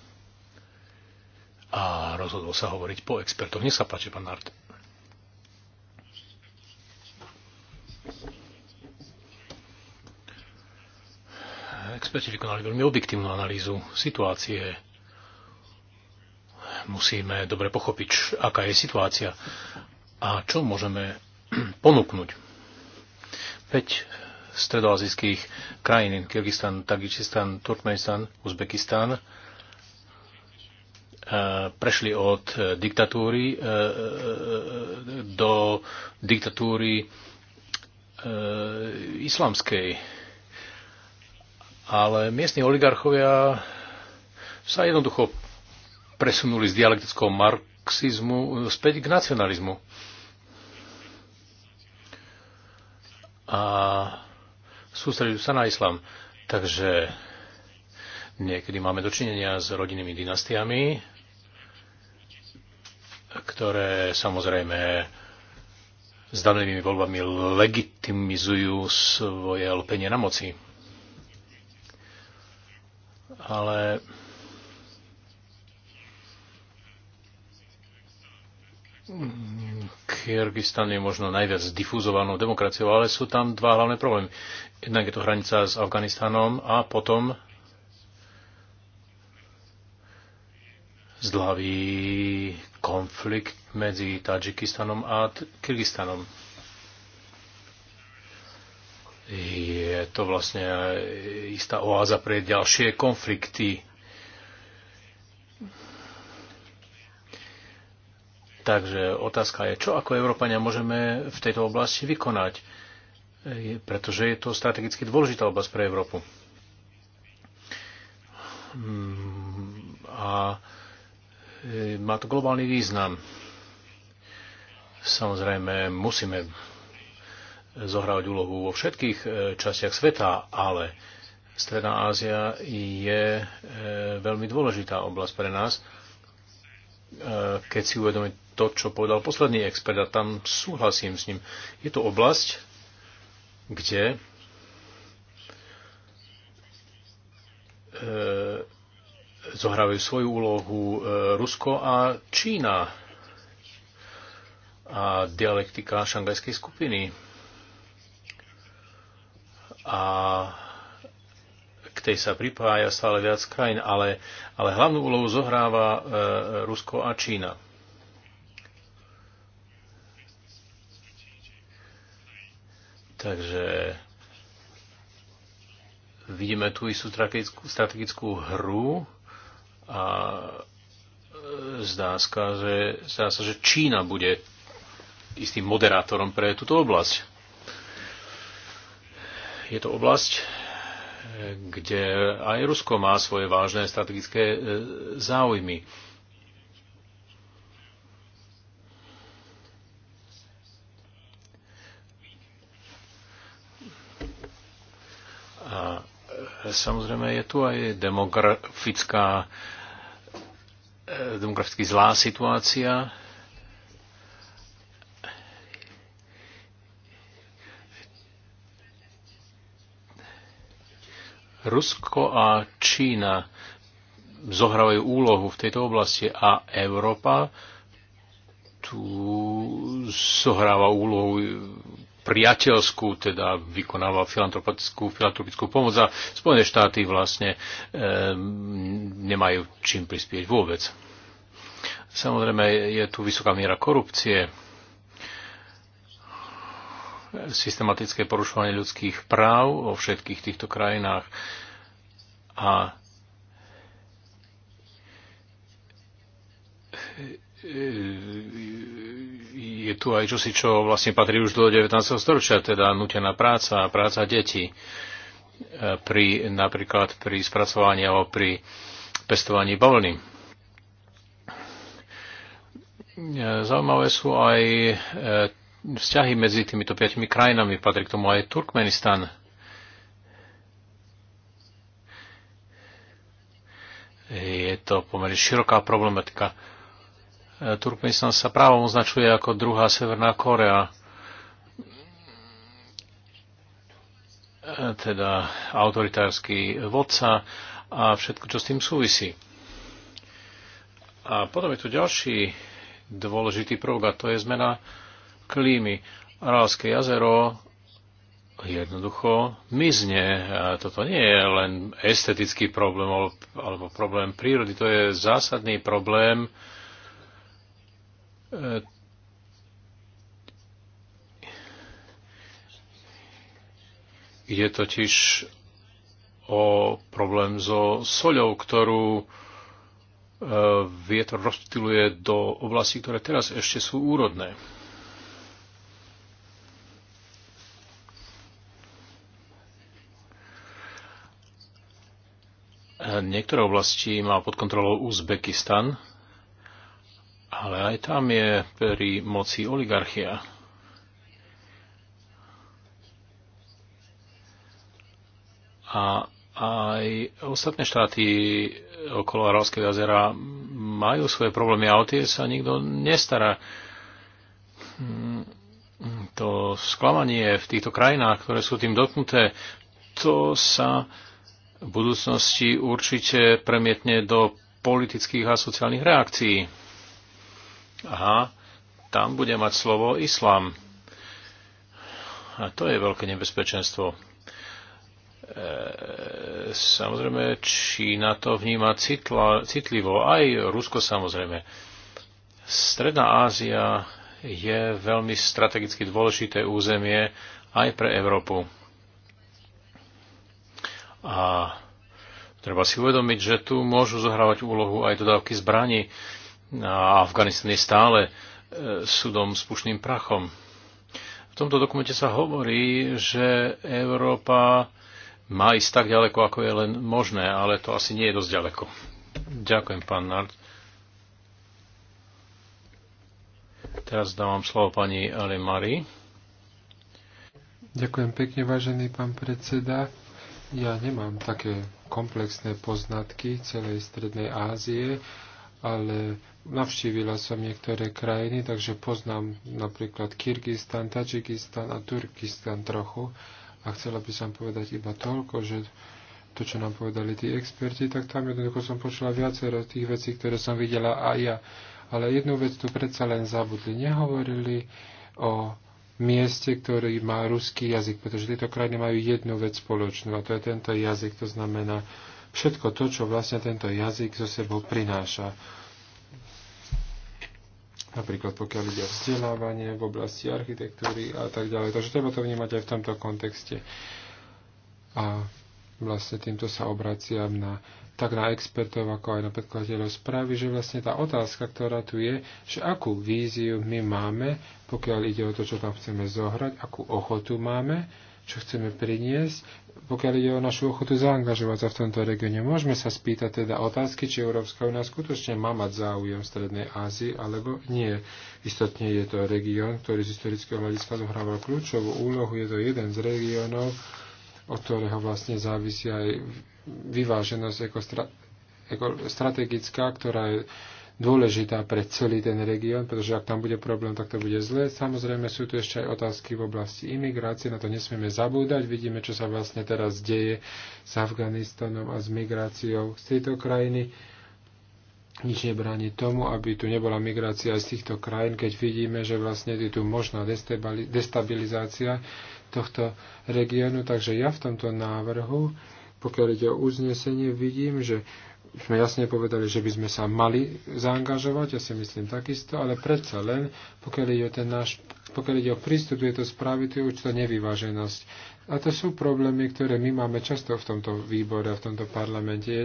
a rozhodol sa hovoriť po expertoch. Nech sa páči, pán Nard. Experti vykonali veľmi objektívnu analýzu situácie. Musíme dobre pochopiť, aká je situácia a čo môžeme ponúknuť. Veď stredoazijských krajín, Kyrgyzstan, Tadžikistan, Turkmenistan, Uzbekistan, E, prešli od e, diktatúry e, do diktatúry islamskej. Ale miestni oligarchovia sa jednoducho presunuli z dialektického marxizmu späť k nacionalizmu. A sústredujú sa na islam. Takže niekedy máme dočinenia s rodinnými dynastiami, ktoré samozrejme s danými voľbami legitimizujú svoje lpenie na moci. Ale Kyrgyzstan je možno najviac difúzovanou demokraciou, ale sú tam dva hlavné problémy. Jednak je to hranica s Afganistanom a potom zdlavý konflikt medzi Tadžikistanom a Kyrgyzstanom. Je to vlastne istá oáza pre ďalšie konflikty. Takže otázka je, čo ako Európania môžeme v tejto oblasti vykonať, pretože je to strategicky dôležitá oblasť pre Európu. Mm, a E, má to globálny význam. Samozrejme, musíme zohrávať úlohu vo všetkých e, častiach sveta, ale Stredná Ázia je e, veľmi dôležitá oblasť pre nás, keď si uvedomí to, čo povedal posledný expert a tam súhlasím s ním. Je to oblasť, kde zohrávajú svoju úlohu e, Rusko a Čína a dialektika šangajskej skupiny. A k tej sa pripája stále viac krajín, ale, ale hlavnú úlohu zohráva e, Rusko a Čína. Takže vidíme tu istú strategickú, strategickú hru a e, zdá sa, že, zdá sa, že Čína bude istým moderátorom pre túto oblasť. Je to oblasť, kde aj Rusko má svoje vážne strategické e, záujmy. A e, samozrejme je tu aj demografická Eh, demograficky zlá situácia. Rusko a Čína zohrávajú úlohu v tejto oblasti a Európa tu zohráva úlohu priateľskú, teda vykonáva filantropickú, filantropickú pomoc a Spojené štáty vlastne e, nemajú čím prispieť vôbec. Samozrejme, je tu vysoká miera korupcie, systematické porušovanie ľudských práv vo všetkých týchto krajinách a e, je tu aj čosi, čo vlastne patrí už do 19. storočia, teda nutená práca a práca detí e, pri, napríklad pri spracovaní alebo pri pestovaní bavlny. E, zaujímavé sú aj e, vzťahy medzi týmito piatimi krajinami. Patrí k tomu aj Turkmenistan. Je to pomerne široká problematika. Turkmenistan sa právom označuje ako druhá Severná Korea. E, teda autoritársky vodca a všetko, čo s tým súvisí. A potom je tu ďalší dôležitý prvok a to je zmena klímy. Aralské jazero jednoducho mizne. A toto nie je len estetický problém alebo problém prírody, to je zásadný problém Ide totiž o problém so soľou, ktorú e, vietor rozptiluje do oblasti, ktoré teraz ešte sú úrodné. E, niektoré oblasti má pod kontrolou Uzbekistan, ale aj tam je pri moci oligarchia. A aj ostatné štáty okolo Aralského jazera majú svoje problémy a o tie sa nikto nestará. To sklamanie v týchto krajinách, ktoré sú tým dotknuté, to sa v budúcnosti určite premietne do politických a sociálnych reakcií. Aha, tam bude mať slovo islám. A to je veľké nebezpečenstvo. E, samozrejme, Čína to vníma citla, citlivo, aj Rusko samozrejme. Stredná Ázia je veľmi strategicky dôležité územie aj pre Európu. A treba si uvedomiť, že tu môžu zohrávať úlohu aj dodávky zbraní. E, a Afganistan je stále e, súdom s pušným prachom. V tomto dokumente sa hovorí, že Európa má ísť tak ďaleko, ako je len možné, ale to asi nie je dosť ďaleko. Ďakujem, pán Nard. Teraz dávam slovo pani Ale Mari. Ďakujem pekne, vážený pán predseda. Ja nemám také komplexné poznatky celej Strednej Ázie, ale Navštívila som niektoré krajiny, takže poznám napríklad Kyrgyzstan, Tadžikistan a Turkistan trochu. A chcela by som povedať iba toľko, že to, čo nám povedali tí experti, tak tam jednoducho som počula viacero tých vecí, ktoré som videla aj ja. Ale jednu vec tu predsa len zabudli. Nehovorili o mieste, ktorý má ruský jazyk, pretože tieto krajiny majú jednu vec spoločnú a to je tento jazyk, to znamená všetko to, čo vlastne tento jazyk so sebou prináša napríklad pokiaľ ide o vzdelávanie v oblasti architektúry a tak ďalej. Takže treba to vnímať aj v tomto kontexte. A vlastne týmto sa obraciam na tak na expertov, ako aj na predkladateľov správy, že vlastne tá otázka, ktorá tu je, že akú víziu my máme, pokiaľ ide o to, čo tam chceme zohrať, akú ochotu máme, čo chceme priniesť, pokiaľ ide o našu ochotu zaangažovať sa v tomto regióne. Môžeme sa spýtať teda otázky, či Európska únia skutočne má mať záujem v Strednej Ázii, alebo nie. Istotne je to región, ktorý z historického hľadiska zohrával kľúčovú úlohu, je to jeden z regiónov, od ktorého vlastne závisí aj vyváženosť ako, stra, ako strategická, ktorá je dôležitá pre celý ten región, pretože ak tam bude problém, tak to bude zle. Samozrejme sú tu ešte aj otázky v oblasti imigrácie, na to nesmieme zabúdať. Vidíme, čo sa vlastne teraz deje s Afganistanom a s migráciou z tejto krajiny. Nič nebráni tomu, aby tu nebola migrácia z týchto krajín, keď vidíme, že vlastne je tu možná destabilizácia tohto regiónu. Takže ja v tomto návrhu, pokiaľ ide o uznesenie, vidím, že sme jasne povedali, že by sme sa mali zaangažovať, ja si myslím takisto, ale predsa len, pokiaľ ide o, ten náš, pokiaľ ide o prístup tejto správy, to je určitá nevyváženosť. A to sú problémy, ktoré my máme často v tomto výbore a v tomto parlamente. Je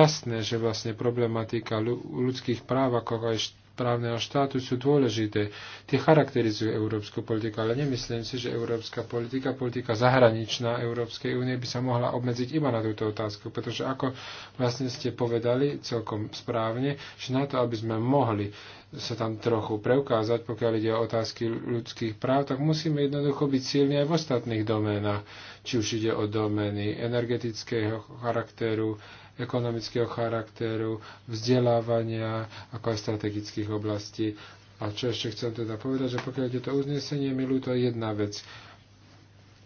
jasné, že vlastne problematika ľudských práv, ako aj právneho štátu sú dôležité. Tie charakterizujú európsku politiku, ale nemyslím si, že európska politika, politika zahraničná Európskej únie by sa mohla obmedziť iba na túto otázku, pretože ako vlastne ste povedali celkom správne, že na to, aby sme mohli sa tam trochu preukázať, pokiaľ ide o otázky ľudských práv, tak musíme jednoducho byť silní aj v ostatných doménach, či už ide o domény energetického charakteru, ekonomického charakteru, vzdelávania, ako aj strategických oblastí. A čo ešte chcem teda povedať, že pokiaľ je to uznesenie, milu, to jedna vec.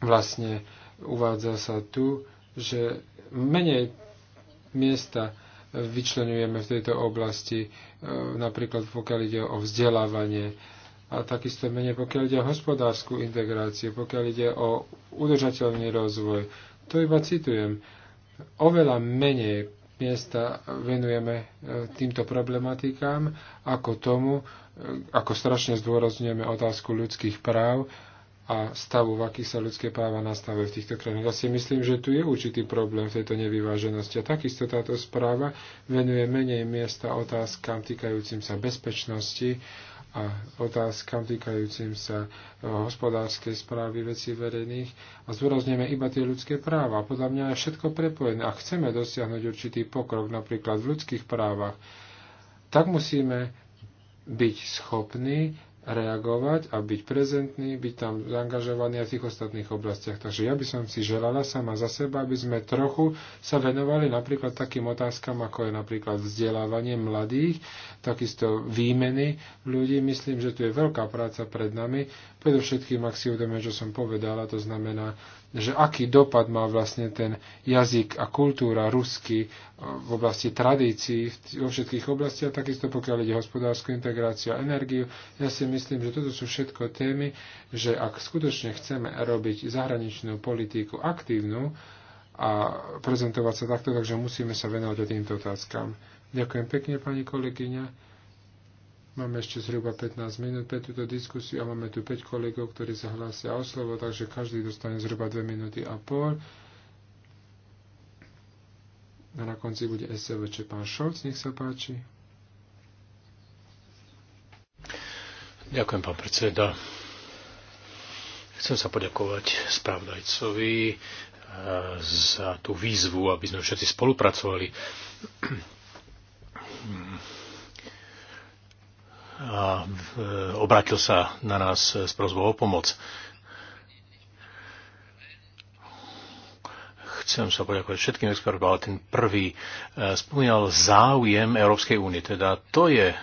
Vlastne uvádza sa tu, že menej miesta vyčlenujeme v tejto oblasti, e, napríklad pokiaľ ide o vzdelávanie a takisto menej pokiaľ ide o hospodárskú integráciu, pokiaľ ide o udržateľný rozvoj. To iba citujem oveľa menej miesta venujeme e, týmto problematikám ako tomu, e, ako strašne zdôrazňujeme otázku ľudských práv a stavu, v aký sa ľudské práva nastavujú v týchto krajinách. Ja si myslím, že tu je určitý problém v tejto nevyváženosti. A takisto táto správa venuje menej miesta otázkam týkajúcim sa bezpečnosti a otázkam týkajúcim sa e, hospodárskej správy vecí verejných a zdôrazňujeme iba tie ľudské práva. Podľa mňa je všetko prepojené. A chceme dosiahnuť určitý pokrok napríklad v ľudských právach, tak musíme byť schopní reagovať a byť prezentný, byť tam zaangažovaný aj v tých ostatných oblastiach. Takže ja by som si želala sama za seba, aby sme trochu sa venovali napríklad takým otázkam, ako je napríklad vzdelávanie mladých, takisto výmeny ľudí. Myslím, že tu je veľká práca pred nami. Predovšetkým, ak si uvedome, čo som povedala, to znamená že aký dopad má vlastne ten jazyk a kultúra rusky e, v oblasti tradícií vo všetkých oblastiach, takisto pokiaľ ide hospodárskú integráciu a energiu. Ja si myslím, že toto sú všetko témy, že ak skutočne chceme robiť zahraničnú politiku aktívnu a prezentovať sa takto, takže musíme sa venovať týmto otázkam. Ďakujem pekne, pani kolegyňa. Máme ešte zhruba 15 minút pre túto diskusiu a máme tu 5 kolegov, ktorí sa hlásia o slovo, takže každý dostane zhruba 2 minúty a pol. A na konci bude SVČ e pán Šolc, nech sa páči. Ďakujem, pán predseda. Chcem sa poďakovať správdajcovi eh, za tú výzvu, aby sme všetci spolupracovali a e, obratil sa na nás e, s prozbou o pomoc. Chcem sa poďakovať všetkým expertom, ale ten prvý e, spomínal záujem Európskej únie. Teda to je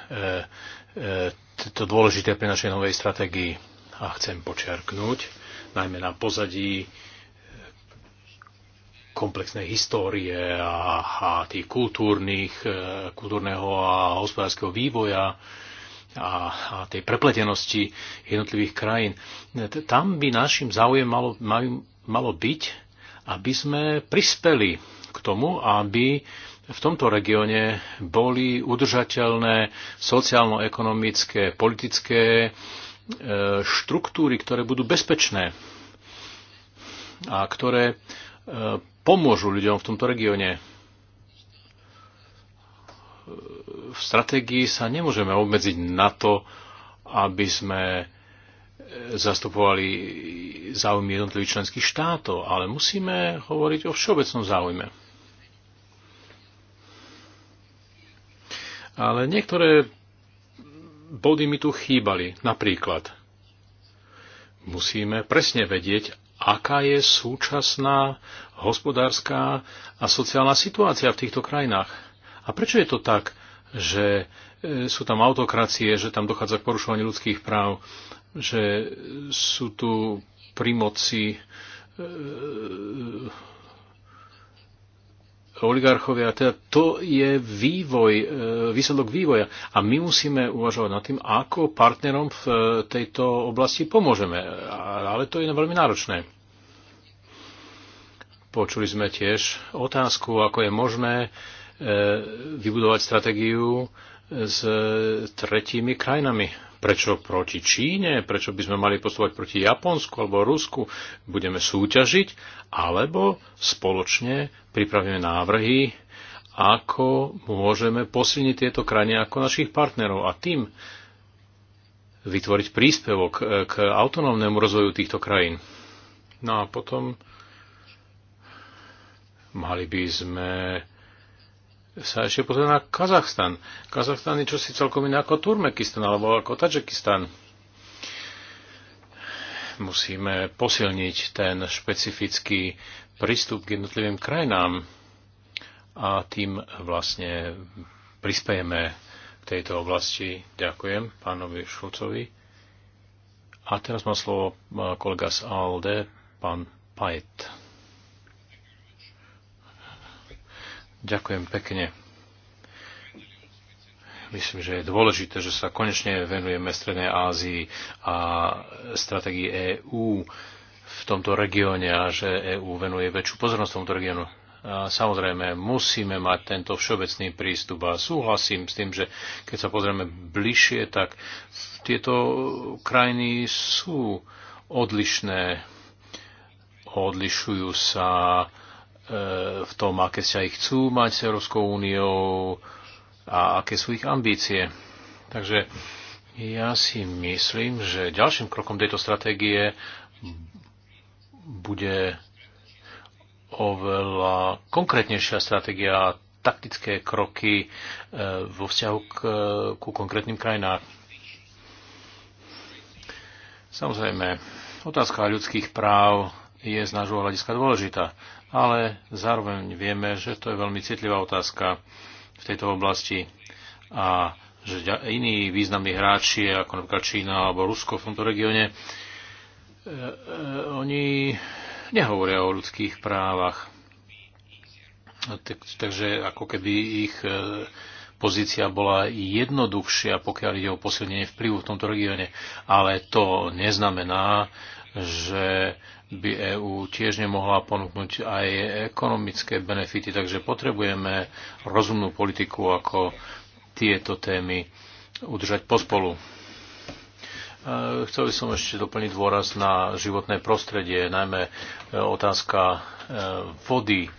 to dôležité pri našej novej stratégii. A chcem počiarknúť, najmä na pozadí komplexnej histórie a, a tých kultúrnych, kultúrneho a hospodárskeho vývoja, a, a tej prepletenosti jednotlivých krajín. Tam by našim záujem malo, malo byť, aby sme prispeli k tomu, aby v tomto regióne boli udržateľné sociálno-ekonomické, politické e, štruktúry, ktoré budú bezpečné a ktoré e, pomôžu ľuďom v tomto regióne v stratégii sa nemôžeme obmedziť na to, aby sme e, zastupovali záujmy jednotlivých členských štátov, ale musíme hovoriť o všeobecnom záujme. Ale niektoré body mi tu chýbali. Napríklad, musíme presne vedieť, aká je súčasná hospodárska a sociálna situácia v týchto krajinách a prečo je to tak, že e, sú tam autokracie, že tam dochádza k porušovaniu ľudských práv, že sú tu pri moci e, e, oligarchovia. Teda to je vývoj, výsledok vývoja. A my musíme uvažovať nad tým, ako partnerom v tejto oblasti pomôžeme. Ale to je veľmi náročné. Počuli sme tiež otázku, ako je možné E, vybudovať stratégiu e, s tretími krajinami. Prečo proti Číne? Prečo by sme mali postupovať proti Japonsku alebo Rusku? Budeme súťažiť? Alebo spoločne pripravíme návrhy, ako môžeme posilniť tieto krajiny ako našich partnerov a tým vytvoriť príspevok e, k autonómnemu rozvoju týchto krajín. No a potom mali by sme sa ešte pozrieť na Kazachstan. Kazachstan je čosi celkom iné ako Turmekistan alebo ako Tadžikistan. Musíme posilniť ten špecifický prístup k jednotlivým krajinám a tým vlastne prispejeme k tejto oblasti. Ďakujem pánovi Šulcovi. A teraz má slovo e, kolega z ALD, pán Pajet. Ďakujem pekne. Myslím, že je dôležité, že sa konečne venujeme Strednej Ázii a stratégii EÚ v tomto regióne a že EÚ venuje väčšiu pozornosť tomuto regiónu. A samozrejme, musíme mať tento všeobecný prístup a súhlasím s tým, že keď sa pozrieme bližšie, tak tieto krajiny sú odlišné, odlišujú sa Eh, v tom, aké sa ich chcú mať s Európskou úniou a aké sú ich ambície. Takže ja si myslím, že ďalším krokom tejto stratégie bude oveľa konkrétnejšia stratégia a taktické kroky eh, vo vzťahu k, ku konkrétnym krajinám. Samozrejme, otázka ľudských práv je z nášho hľadiska dôležitá. Ale zároveň vieme, že to je veľmi citlivá otázka v tejto oblasti a že iní významní hráči, ako napríklad Čína alebo Rusko v tomto regióne, e, e, oni nehovoria o ľudských právach. takže ako keby ich e, pozícia bola jednoduchšia, pokiaľ ide o posilnenie vplyvu v tomto regióne. Ale to neznamená, že by EÚ tiež nemohla ponúknuť aj ekonomické benefity, takže potrebujeme rozumnú politiku, ako tieto témy udržať pospolu. Chcel by som ešte doplniť dôraz na životné prostredie, najmä e, otázka e, vody. E,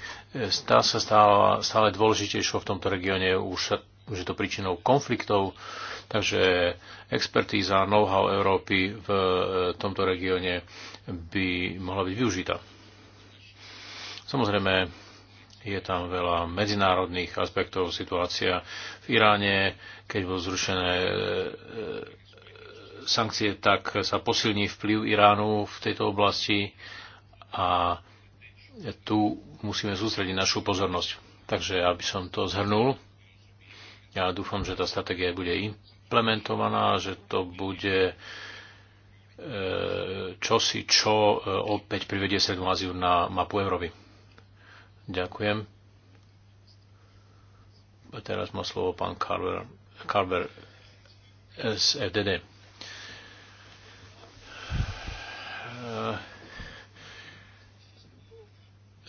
tá sa stáva stále dôležitejšou v tomto regióne, už, už je to príčinou konfliktov Takže expertíza, know-how Európy v e, tomto regióne by mohla byť využitá. Samozrejme, je tam veľa medzinárodných aspektov. Situácia v Iráne, keď bol zrušené e, e, sankcie, tak sa posilní vplyv Iránu v tejto oblasti a tu musíme sústrediť našu pozornosť. Takže aby som to zhrnul, ja dúfam, že tá stratégia bude implementovaná, že to bude e, čosi, čo e, opäť privedie Srednú Áziu na mapu Európy. Ďakujem. A teraz má slovo pán Carver, Carver z FDD.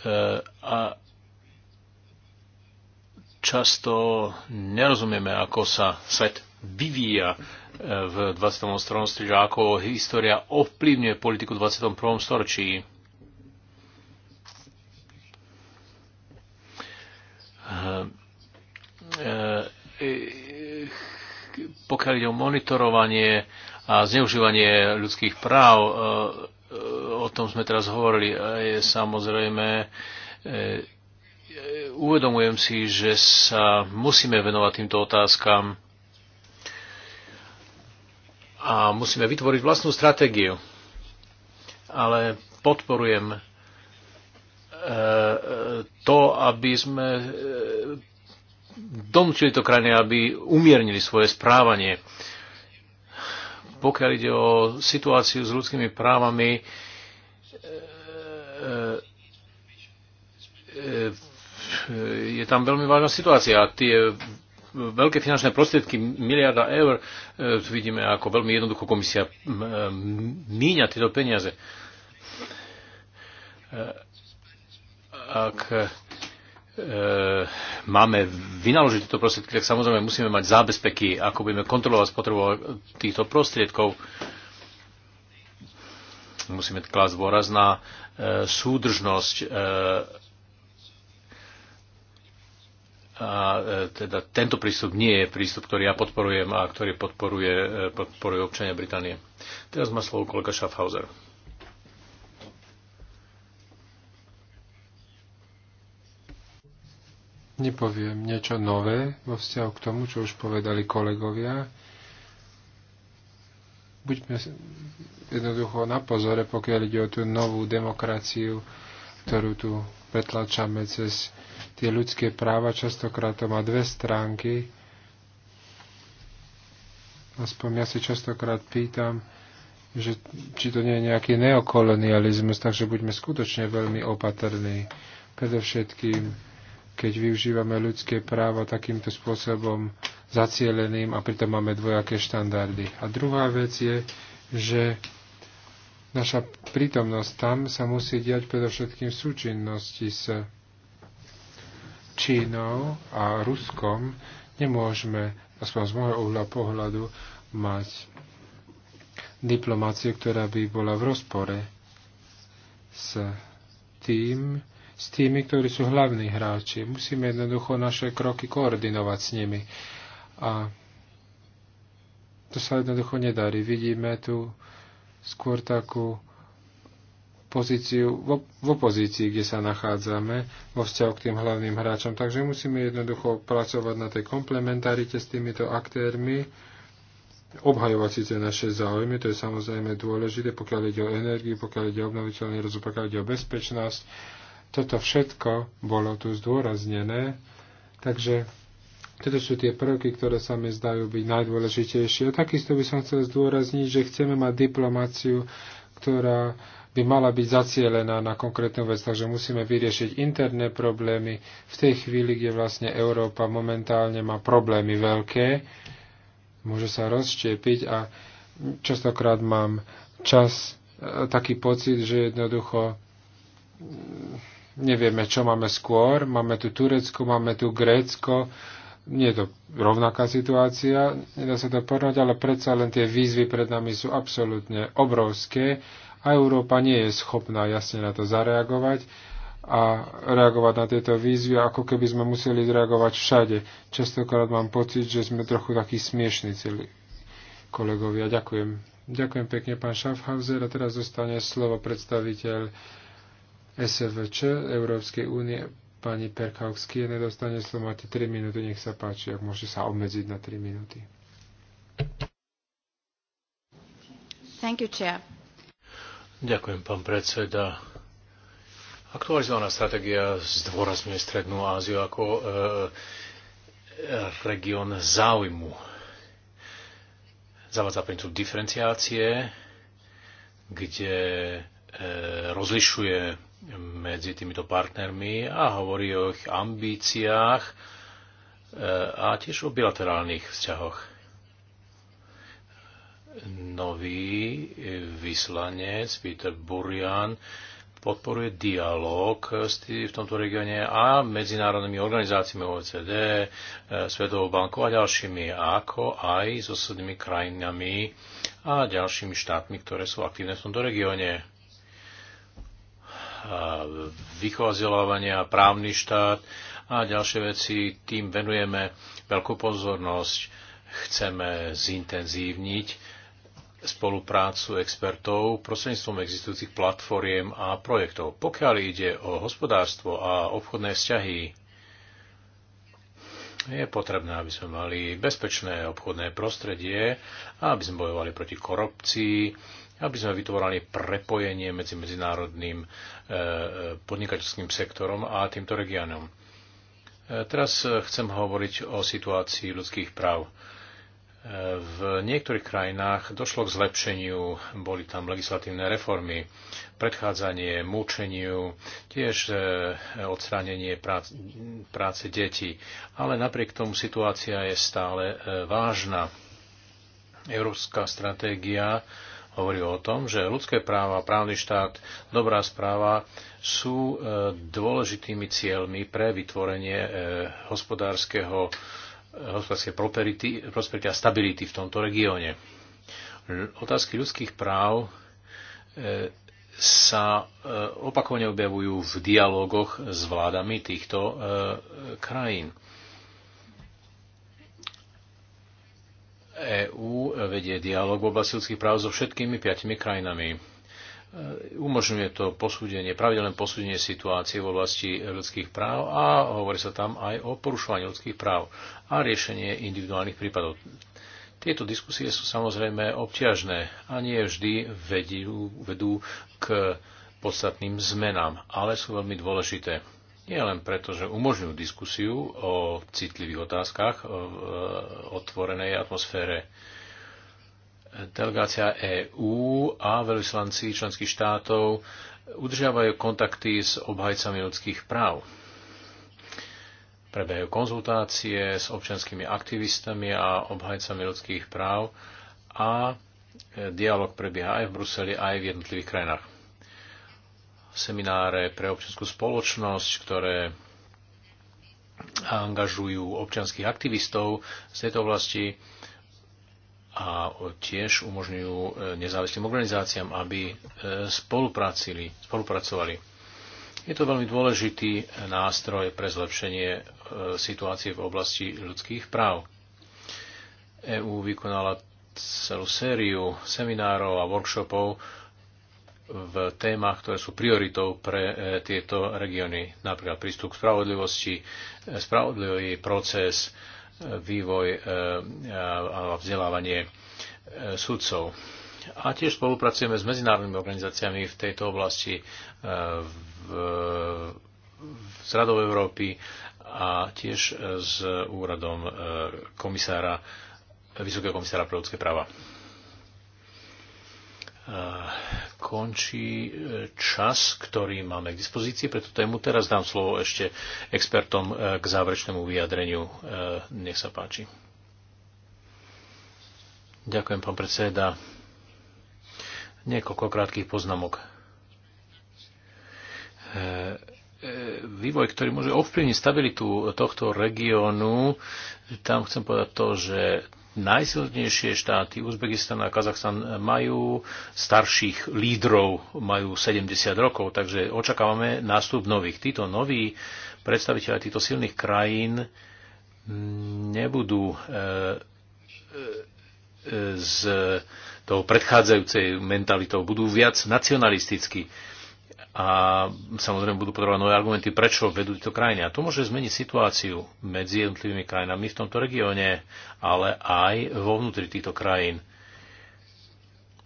E a často nerozumieme, ako sa svet vyvíja e, v 20. storočí, že ako história ovplyvňuje politiku v 21. storočí. E, e, pokiaľ ide o monitorovanie a zneužívanie ľudských práv, o tom sme teraz hovorili, je samozrejme uvedomujem si, že sa musíme venovať týmto otázkam a musíme vytvoriť vlastnú stratégiu. Ale podporujem e, e, to, aby sme e, donúčili to krajiny, aby umiernili svoje správanie. Pokiaľ ide o situáciu s ľudskými právami, je tam veľmi vážna situácia. a Tie veľké finančné prostriedky, miliarda eur, e, vidíme, ako veľmi jednoducho komisia e, míňa tieto peniaze. E, ak máme vynaložiť tieto prostriedky, tak samozrejme musíme mať zábezpeky, ako budeme kontrolovať spotrebu týchto prostriedkov. Musíme klásť dôraz na súdržnosť a e, teda tento prístup nie je prístup, ktorý ja podporujem a ktorý podporuje, e, podporuje občania Británie. Teraz má slovo kolega Schaffhauser. Nepoviem niečo nové vo vzťahu k tomu, čo už povedali kolegovia. Buďme jednoducho na pozore, pokiaľ ide o tú novú demokraciu, ktorú tu pretlačame cez tie ľudské práva, častokrát to má dve stránky. Aspoň ja si častokrát pýtam, že či to nie je nejaký neokolonializmus, takže buďme skutočne veľmi opatrní. Predovšetkým, keď využívame ľudské práva takýmto spôsobom zacieleným a pritom máme dvojaké štandardy. A druhá vec je, že naša prítomnosť tam sa musí diať predovšetkým v súčinnosti s Čínou a Ruskom nemôžeme, aspoň z môjho uhla pohľadu, mať diplomáciu, ktorá by bola v rozpore s tým, s tými, ktorí sú hlavní hráči. Musíme jednoducho naše kroky koordinovať s nimi. A to sa jednoducho nedarí. Vidíme tu skôr takú pozíciu v opozícii, kde sa nachádzame vo vzťahu k tým hlavným hráčom. Takže musíme jednoducho pracovať na tej komplementarite s týmito aktérmi, obhajovať síce naše záujmy, to je samozrejme dôležité, pokiaľ ide o energiu, pokiaľ ide o obnoviteľný rozvoj, pokiaľ ide o bezpečnosť. Toto všetko bolo tu zdôraznené, takže toto sú tie prvky, ktoré sa mi zdajú byť najdôležitejšie. A takisto by som chcel zdôrazniť, že chceme mať diplomáciu, ktorá by mala byť zacielená na konkrétnu vec, takže musíme vyriešiť interné problémy v tej chvíli, kde vlastne Európa momentálne má problémy veľké, môže sa rozštiepiť a častokrát mám čas, e, taký pocit, že jednoducho mm, nevieme, čo máme skôr. Máme tu Turecko, máme tu Grécko, nie je to rovnaká situácia, nedá sa to porovnať, ale predsa len tie výzvy pred nami sú absolútne obrovské a Európa nie je schopná jasne na to zareagovať a reagovať na tieto výzvy, ako keby sme museli reagovať všade. Častokrát mám pocit, že sme trochu takí smiešní celí kolegovia. Ďakujem. Ďakujem pekne, pán Schaffhauser. A teraz zostane slovo predstaviteľ SVČ Európskej únie, pani Perkauksky. Nedostane slovo, máte 3 minúty, nech sa páči, ak môže sa obmedziť na 3 minúty. Thank you, Chair. Ďakujem, pán predseda. Aktualizovaná stratégia zdôrazňuje Strednú Áziu ako e, e, región záujmu. Zavádza princíp diferenciácie, kde e, rozlišuje medzi týmito partnermi a hovorí o ich ambíciách e, a tiež o bilaterálnych vzťahoch nový eh, vyslanec Peter Burian podporuje dialog v tomto regióne a medzinárodnými organizáciami OECD, eh, Svetovou bankou a ďalšími, ako aj so osadnými krajinami a ďalšími štátmi, ktoré sú aktívne v tomto regióne. Výchova a právny štát a ďalšie veci, tým venujeme veľkú pozornosť. Chceme zintenzívniť spoluprácu expertov prostredníctvom existujúcich platformiem a projektov. Pokiaľ ide o hospodárstvo a obchodné vzťahy, je potrebné, aby sme mali bezpečné obchodné prostredie, aby sme bojovali proti korupcii, aby sme vytvorali prepojenie medzi medzinárodným e, podnikateľským sektorom a týmto regiónom. E, teraz chcem hovoriť o situácii ľudských práv. V niektorých krajinách došlo k zlepšeniu, boli tam legislatívne reformy, predchádzanie múčeniu, tiež e, odstránenie práce, práce detí. Ale napriek tomu situácia je stále e, vážna. Európska stratégia hovorí o tom, že ľudské práva, právny štát, dobrá správa sú e, dôležitými cieľmi pre vytvorenie hospodárskeho hospodárskej prosperity a stability v tomto regióne. Otázky ľudských práv e, sa e, opakovane objavujú v dialogoch s vládami týchto e, krajín. EÚ vedie dialog v oblasti ľudských práv so všetkými piatimi krajinami. E, umožňuje to posúdenie, pravidelné posúdenie situácie v oblasti ľudských práv a hovorí sa tam aj o porušovaní ľudských práv a riešenie individuálnych prípadov. Tieto diskusie sú samozrejme obťažné a nie vždy vedú, vedú k podstatným zmenám, ale sú veľmi dôležité. Nie len preto, že umožňujú diskusiu o citlivých otázkach v otvorenej atmosfére, Delegácia EÚ a veľvyslanci členských štátov udržiavajú kontakty s obhajcami ľudských práv. Prebehajú konzultácie s občanskými aktivistami a obhajcami ľudských práv a dialog prebieha aj v Bruseli, aj v jednotlivých krajinách. Semináre pre občanskú spoločnosť, ktoré angažujú občanských aktivistov z tejto oblasti, a tiež umožňujú e, nezávislým organizáciám, aby e, spolupracovali. Je to veľmi dôležitý nástroj pre zlepšenie e, situácie v oblasti ľudských práv. EÚ vykonala celú sériu seminárov a workshopov v témach, ktoré sú prioritou pre tieto regióny. Napríklad prístup k spravodlivosti, spravodlivý proces, vývoj e, a vzdelávanie e, sudcov. A tiež spolupracujeme s medzinárodnými organizáciami v tejto oblasti e, v, z Radov Európy a tiež s úradom komisára, Vysokého komisára pre ľudské práva končí e, čas, ktorý máme k dispozícii pre tú tému. Teraz dám slovo ešte expertom e, k záverečnému vyjadreniu. E, nech sa páči. Ďakujem, pán predseda. Niekoľko krátkých poznámok. Vývoj, ktorý môže ovplyvniť stabilitu tohto regiónu, tam chcem povedať to, že najsilnejšie štáty Uzbekistan a Kazachstan eh, majú starších lídrov, majú 70 rokov, takže očakávame nástup nových. Títo noví predstaviteľe týchto silných krajín nebudú eh, eh, z toho predchádzajúcej mentalitou, budú viac nacionalistickí a samozrejme budú potrebovať nové argumenty, prečo vedú tieto krajiny. A to môže zmeniť situáciu medzi jednotlivými krajinami v tomto regióne, ale aj vo vnútri týchto krajín,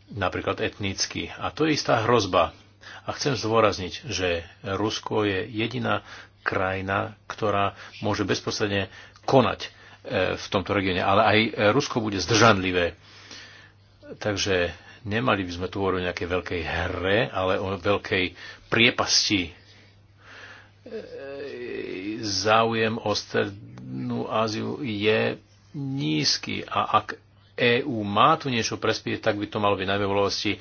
napríklad etnicky. A to je istá hrozba. A chcem zdôrazniť, že Rusko je jediná krajina, ktorá môže bezprostredne konať e, v tomto regióne. Ale aj Rusko bude zdržanlivé. Takže nemali by sme tu hovoriť o nejakej veľkej hre, ale o veľkej priepasti záujem o Strednú Áziu je nízky a ak EÚ má tu niečo prespieť, tak by to malo byť najmä v oblasti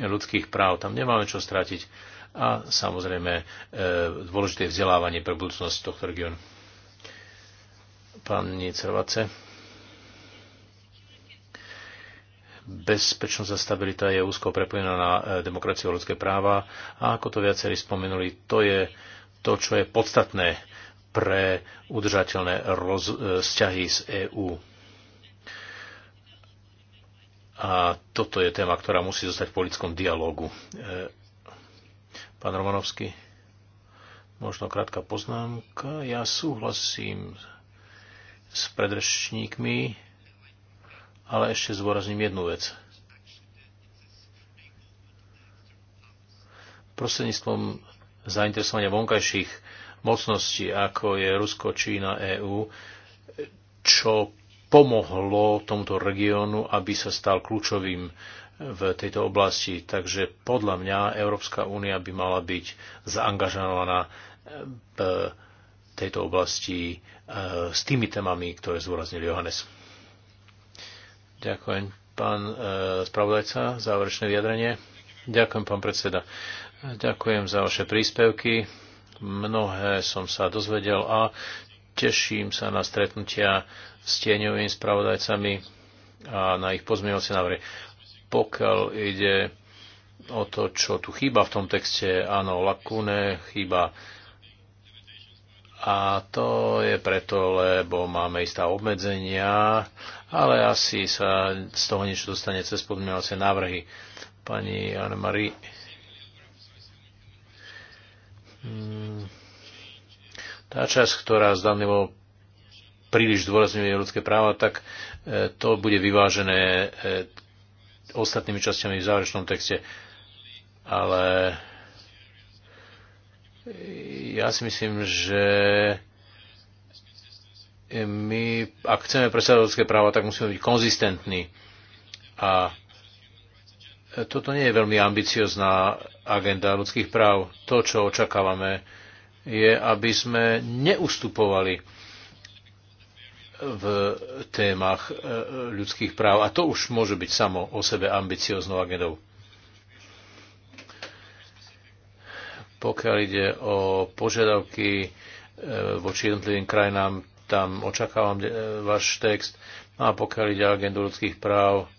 ľudských práv. Tam nemáme čo stratiť. A samozrejme e, dôležité vzdelávanie pre budúcnosť tohto regiónu. Pán Cervace. bezpečnosť a stabilita je úzko prepojená na e, demokraciu a ľudské práva a ako to viacerí spomenuli, to je to, čo je podstatné pre udržateľné roz, e, vzťahy z EÚ. A toto je téma, ktorá musí zostať v politickom dialógu. E, pán Romanovský, možno krátka poznámka. Ja súhlasím s predrečníkmi ale ešte zvorazním jednu vec. Prostredníctvom zainteresovania vonkajších mocností, ako je Rusko, Čína, EÚ, čo pomohlo tomuto regiónu, aby sa stal kľúčovým v tejto oblasti. Takže podľa mňa Európska únia by mala byť zaangažovaná v tejto oblasti e, s tými témami, ktoré zúraznil Johannes. Ďakujem, pán e, spravodajca, záverečné vyjadrenie. Ďakujem, pán predseda. Ďakujem za vaše príspevky. Mnohé som sa dozvedel a teším sa na stretnutia s tieňovými spravodajcami a na ich pozmeňovacie návrhy. Pokiaľ ide o to, čo tu chýba v tom texte, áno, lakúne, chýba a to je preto, lebo máme istá obmedzenia, ale asi sa z toho niečo dostane cez podmienovacie návrhy. Pani Anne-Marie. Hmm. Tá časť, ktorá zdanlivo príliš zdôrazňuje ľudské práva, tak e, to bude vyvážené e, ostatnými časťami v záverečnom texte. Ale ja si myslím, že my, ak chceme presadať ľudské práva, tak musíme byť konzistentní. A toto nie je veľmi ambiciozná agenda ľudských práv. To, čo očakávame, je, aby sme neustupovali v témach e, ľudských práv. A to už môže byť samo o sebe ambicioznou agendou. Pokiaľ ide o požiadavky e, voči jednotlivým krajinám, tam očakávam e, váš text. No a pokiaľ ide o agendu ľudských práv,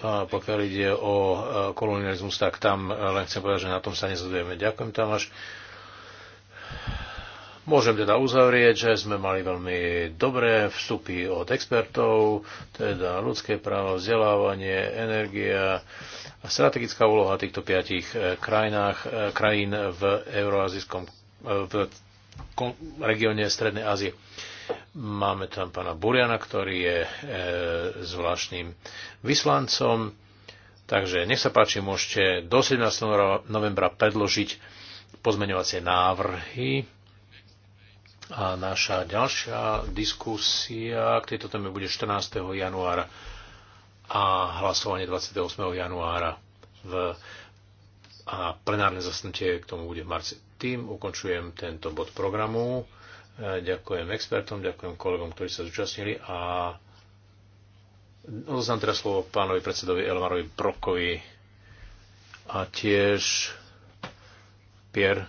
a pokiaľ ide o e, kolonializmus, tak tam len chcem povedať, že na tom sa nezhodujeme. Ďakujem, Tamáš. Môžem teda uzavrieť, že sme mali veľmi dobré vstupy od expertov, teda ľudské právo, vzdelávanie, energia a strategická úloha týchto piatich eh, krajinách, eh, krajín v euroazijskom eh, v regióne Strednej Ázie. Máme tam pána Buriana, ktorý je e, zvláštnym vyslancom. Takže nech sa páči, môžete do 17. novembra predložiť pozmeňovacie návrhy a naša ďalšia diskusia k tejto téme bude 14. januára a hlasovanie 28. januára v a plenárne zasnutie k tomu bude v marci. Tým ukončujem tento bod programu. E, ďakujem expertom, ďakujem kolegom, ktorí sa zúčastnili a odoznám teraz slovo pánovi predsedovi Elmarovi Brokovi a tiež Pier,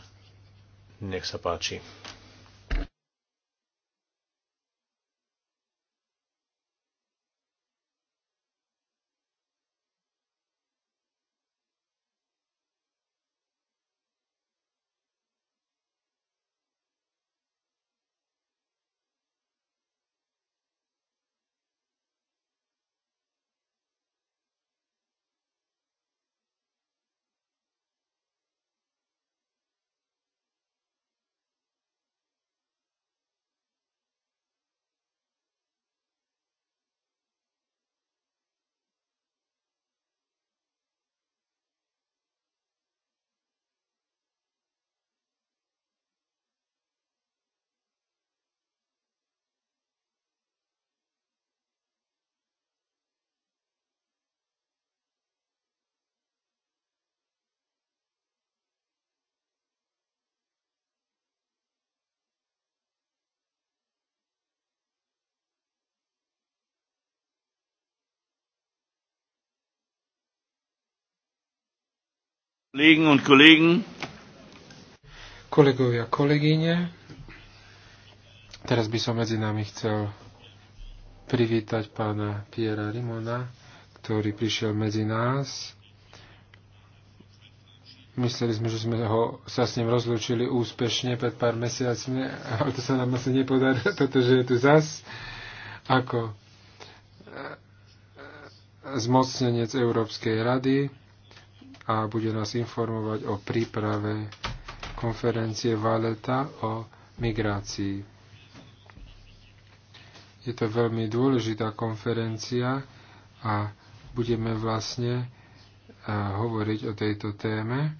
nech sa páči. Kollegen und Kollegen. Kolegovia, kolegyne. Teraz by som medzi nami chcel privítať pána Piera Rimona, ktorý prišiel medzi nás. Mysleli sme, že sme ho, sa s ním rozlúčili úspešne pred pár mesiacmi, ale to sa nám asi nepodarilo, pretože je tu zas ako e, e, zmocnenec Európskej rady a bude nás informovať o príprave konferencie Valeta o migrácii. Je to veľmi dôležitá konferencia a budeme vlastne e, hovoriť o tejto téme,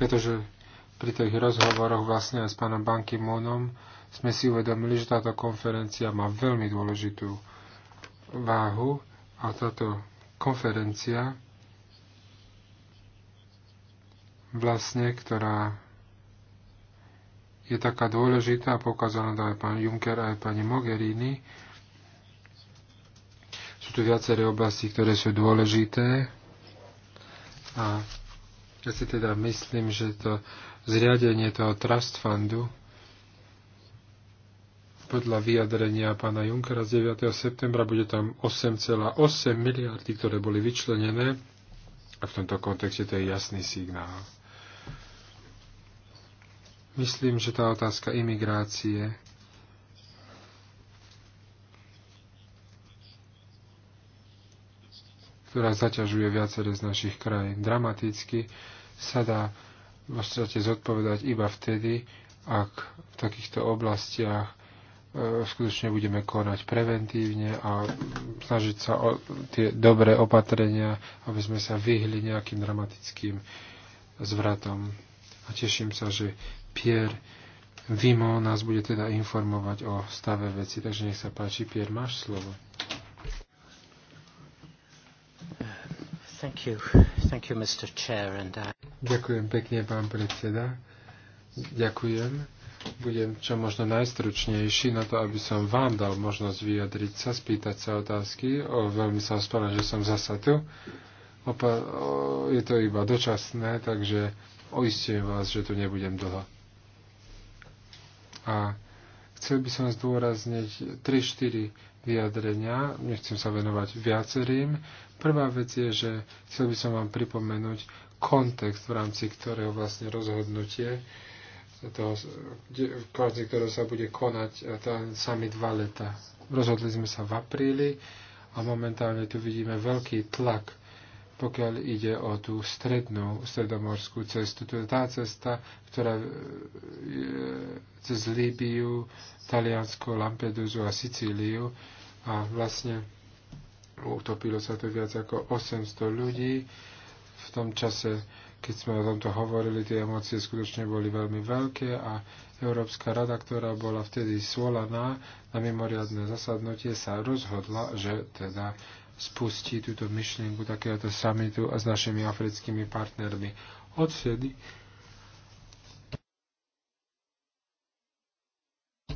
pretože pri tých rozhovoroch vlastne aj s pánom Banky Monom sme si uvedomili, že táto konferencia má veľmi dôležitú váhu a táto konferencia, vlastne, ktorá je taká dôležitá, pokázala to aj pán Juncker, aj pani Mogherini. Sú tu viaceré oblasti, ktoré sú dôležité a ja si teda myslím, že to zriadenie toho trust fundu podľa vyjadrenia pána Junkera z 9. septembra bude tam 8,8 miliardy, ktoré boli vyčlenené. A v tomto kontexte to je jasný signál. Myslím, že tá otázka imigrácie ktorá zaťažuje viaceré z našich krajín dramaticky, sa dá v podstate zodpovedať iba vtedy, ak v takýchto oblastiach E, skutočne budeme konať preventívne a snažiť sa o tie dobré opatrenia, aby sme sa vyhli nejakým dramatickým zvratom. A teším sa, že Pierre Vimo nás bude teda informovať o stave veci. Takže nech sa páči, Pierre, máš slovo. Thank you. Thank you, Mr. Chair, and I... Uh, Ďakujem pekne, pán predseda. Ďakujem budem čo možno najstručnejší na to, aby som vám dal možnosť vyjadriť sa, spýtať sa otázky. O, veľmi sa ospravedlňujem, že som zasa tu. Opa- o, je to iba dočasné, takže oistujem vás, že tu nebudem dlho. A chcel by som zdôrazniť 3-4 vyjadrenia, nechcem sa venovať viacerým. Prvá vec je, že chcel by som vám pripomenúť kontext, v rámci ktorého vlastne rozhodnutie toho, kvázi, ktorého sa bude konať eh, ten dva leta. Rozhodli sme sa v apríli a momentálne tu vidíme veľký tlak, pokiaľ ide o tú strednú, stredomorskú cestu. To je tá cesta, ktorá eh, je cez Líbiu, Taliansko, Lampedusu a Sicíliu a vlastne utopilo sa to viac ako 800 ľudí. V tom čase keď sme o tomto hovorili, tie emócie skutočne boli veľmi veľké a Európska rada, ktorá bola vtedy svolaná na mimoriadne zasadnutie, sa rozhodla, že teda spustí túto myšlienku takéhoto samitu s našimi africkými partnermi. Odsedy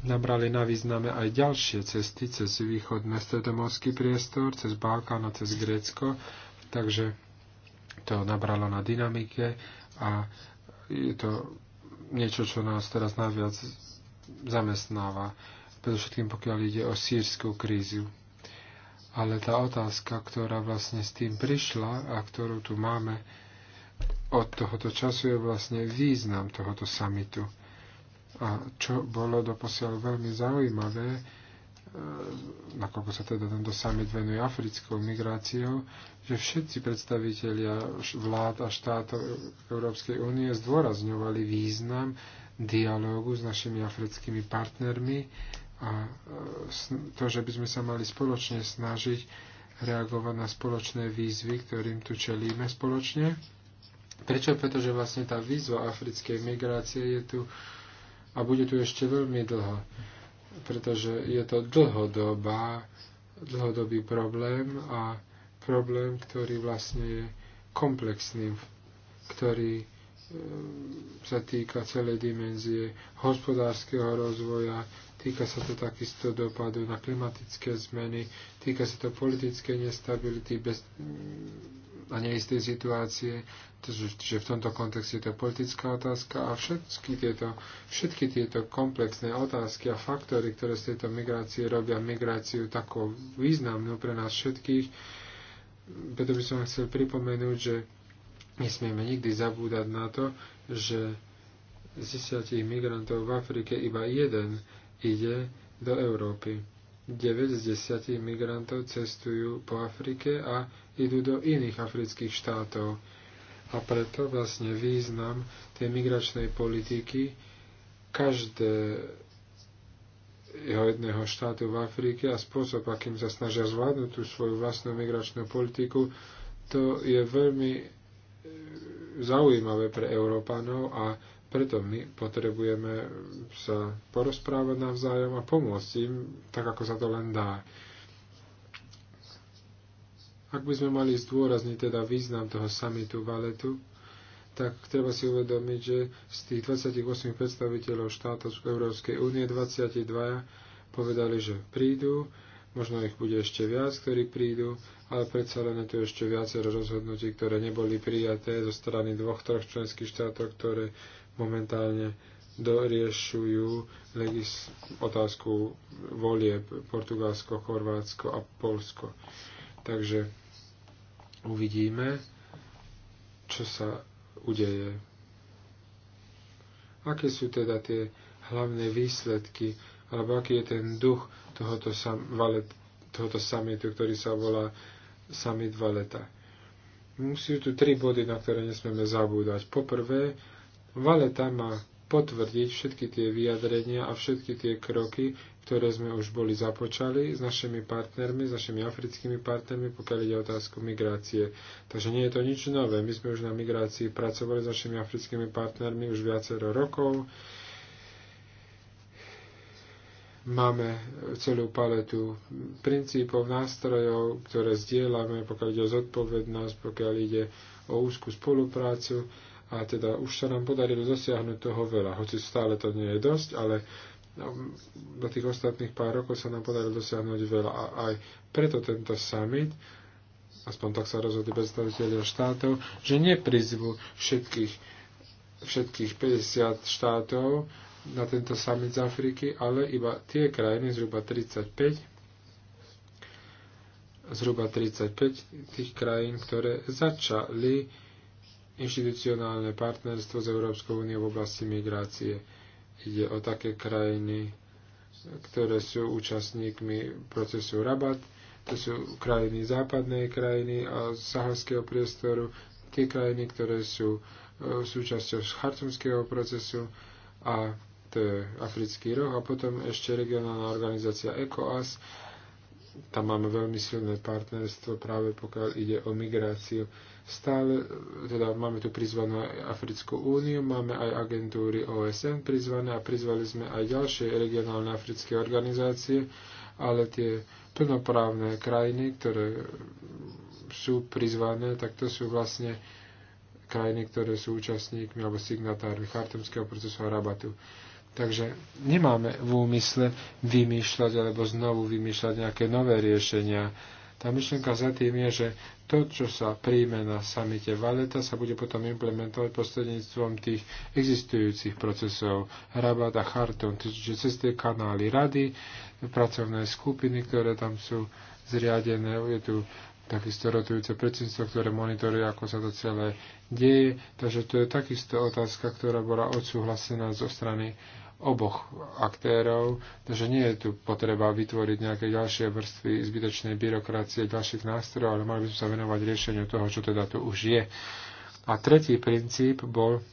nabrali na význame aj ďalšie cesty cez východ, stredomorský priestor, cez Balkán a cez Grécko. Takže to nabralo na dynamike a je to niečo, čo nás teraz najviac zamestnáva, predovšetkým pokiaľ ide o sírskú krízu. Ale tá otázka, ktorá vlastne s tým prišla a ktorú tu máme od tohoto času, je vlastne význam tohoto samitu. A čo bolo doposiaľ veľmi zaujímavé, E, nakoľko sa teda tento summit venuje africkou migráciou, že všetci predstavitelia vlád a štátov Európskej únie zdôrazňovali význam dialógu s našimi africkými partnermi a e, to, že by sme sa mali spoločne snažiť reagovať na spoločné výzvy, ktorým tu čelíme spoločne. Prečo? Pretože vlastne tá výzva africkej migrácie je tu a bude tu ešte veľmi dlho pretože je to dlhodobá, dlhodobý problém a problém, ktorý vlastne je komplexný, ktorý e, sa týka celej dimenzie hospodárskeho rozvoja, týka sa to takisto dopadu na klimatické zmeny, týka sa to politické nestability, bez, a neistej situácie, že v tomto kontexte je to politická otázka a všetky tieto, všetky tieto komplexné otázky a faktory, ktoré z tejto migrácie robia migráciu takú významnú pre nás všetkých, preto by som chcel pripomenúť, že nesmieme nikdy zabúdať na to, že z desiatich migrantov v Afrike iba jeden ide do Európy. 9 z 10 migrantov cestujú po Afrike a idú do iných afrických štátov. A preto vlastne význam tej migračnej politiky každého jedného štátu v Afrike a spôsob, akým sa snažia zvládnuť tú svoju vlastnú migračnú politiku, to je veľmi e, zaujímavé pre Európanov a preto my potrebujeme sa porozprávať navzájom a pomôcť im, tak ako sa to len dá. Ak by sme mali zdôrazniť teda význam toho samitu Valetu, tak treba si uvedomiť, že z tých 28 predstaviteľov štátov Európskej únie 22 povedali, že prídu, možno ich bude ešte viac, ktorí prídu, ale predsa len je tu ešte viacero rozhodnutí, ktoré neboli prijaté zo strany dvoch, troch členských štátov, ktoré momentálne doriešujú legis- otázku volie Portugalsko, Chorvátsko a Polsko. Takže uvidíme, čo sa udeje. Aké sú teda tie hlavné výsledky, alebo aký je ten duch tohoto, sam, valet, tohoto samitu, ktorý sa volá summit Valeta. Sú tu tri body, na ktoré nesmieme zabúdať. Poprvé, Valeta má potvrdiť všetky tie vyjadrenia a všetky tie kroky, ktoré sme už boli započali s našimi partnermi, s našimi africkými partnermi, pokiaľ ide o otázku migrácie. Takže nie je to nič nové. My sme už na migrácii pracovali s našimi africkými partnermi už viacero rokov. Máme celú paletu princípov, nástrojov, ktoré zdieľame, pokiaľ ide o zodpovednosť, pokiaľ ide o úzkú spoluprácu a teda už sa nám podarilo dosiahnuť toho veľa, hoci stále to nie je dosť, ale za no, tých ostatných pár rokov sa nám podarilo dosiahnuť veľa a aj preto tento summit aspoň tak sa rozhodli predstaviteľia štátov, že neprizvu všetkých, všetkých 50 štátov na tento summit z Afriky, ale iba tie krajiny, zhruba 35, zhruba 35 tých krajín, ktoré začali inštitucionálne partnerstvo s Európskou úniou v oblasti migrácie. Ide o také krajiny, ktoré sú účastníkmi procesu Rabat, to sú krajiny západnej krajiny a sahelského priestoru, tie krajiny, ktoré sú e, súčasťou chartumského procesu a to je Africký roh a potom ešte regionálna organizácia ECOAS, tam máme veľmi silné partnerstvo práve pokiaľ ide o migráciu. Stále, teda máme tu prizvanú Africkú úniu, máme aj agentúry OSN prizvané a prizvali sme aj ďalšie regionálne africké organizácie, ale tie plnoprávne krajiny, ktoré sú prizvané, tak to sú vlastne krajiny, ktoré sú účastníkmi alebo signatármi chartumského procesu a rabatu. Takže nemáme v úmysle vymýšľať alebo znovu vymýšľať nejaké nové riešenia. Tá myšlenka za tým je, že to, čo sa príjme na samite Valeta, sa bude potom implementovať prostredníctvom tých existujúcich procesov Rabat a Charton, čiže cez tie kanály rady, pracovné skupiny, ktoré tam sú zriadené, je tu takisto rotujúce predsedníctvo, ktoré monitoruje, ako sa to celé deje. Takže to je takisto otázka, ktorá bola odsúhlasená zo strany oboch aktérov, takže nie je tu potreba vytvoriť nejaké ďalšie vrstvy zbytočnej byrokracie, ďalších nástrojov, ale mali by sme sa venovať riešeniu toho, čo teda tu už je. A tretí princíp bol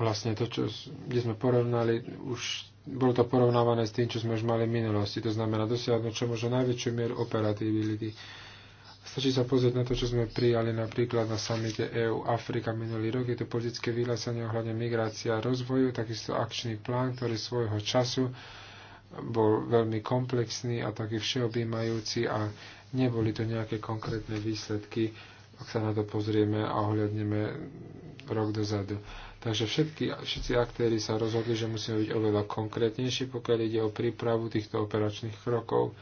vlastne to, čo, kde sme porovnali už bolo to porovnávané s tým, čo sme už mali v minulosti. To znamená dosiahnuť čo možno najväčšiu mieru operativity. Stačí sa pozrieť na to, čo sme prijali napríklad na samite EU-Afrika minulý rok. Je to politické vyhlásenie ohľadne migrácia a rozvoju, takisto akčný plán, ktorý svojho času bol veľmi komplexný a taký všeobjímajúci a neboli to nejaké konkrétne výsledky, ak sa na to pozrieme a ohľadneme rok dozadu. Takže všetky, všetci aktéry sa rozhodli, že musíme byť oveľa konkrétnejší, pokiaľ ide o prípravu týchto operačných krokov.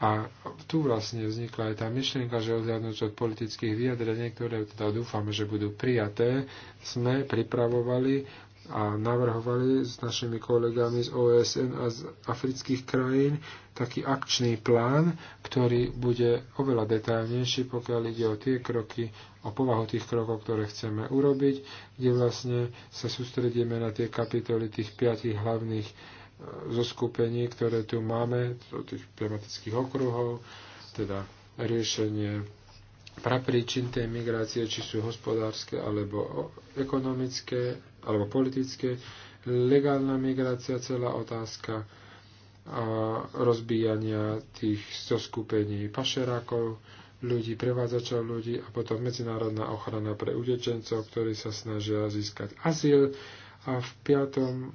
A tu vlastne vznikla aj tá myšlienka, že odhľadnúť od politických vyjadrení, ktoré teda dúfame, že budú prijaté, sme pripravovali a navrhovali s našimi kolegami z OSN a z afrických krajín taký akčný plán, ktorý bude oveľa detailnejší, pokiaľ ide o tie kroky, o povahu tých krokov, ktoré chceme urobiť, kde vlastne sa sústredíme na tie kapitoly tých piatich hlavných zo skupení, ktoré tu máme, do tých tematických okruhov, teda riešenie prapríčin tej migrácie, či sú hospodárske, alebo ekonomické, alebo politické, legálna migrácia, celá otázka a rozbíjania tých zoskupení pašerákov, ľudí, prevádzačov ľudí a potom medzinárodná ochrana pre utečencov, ktorí sa snažia získať azyl. A v piatom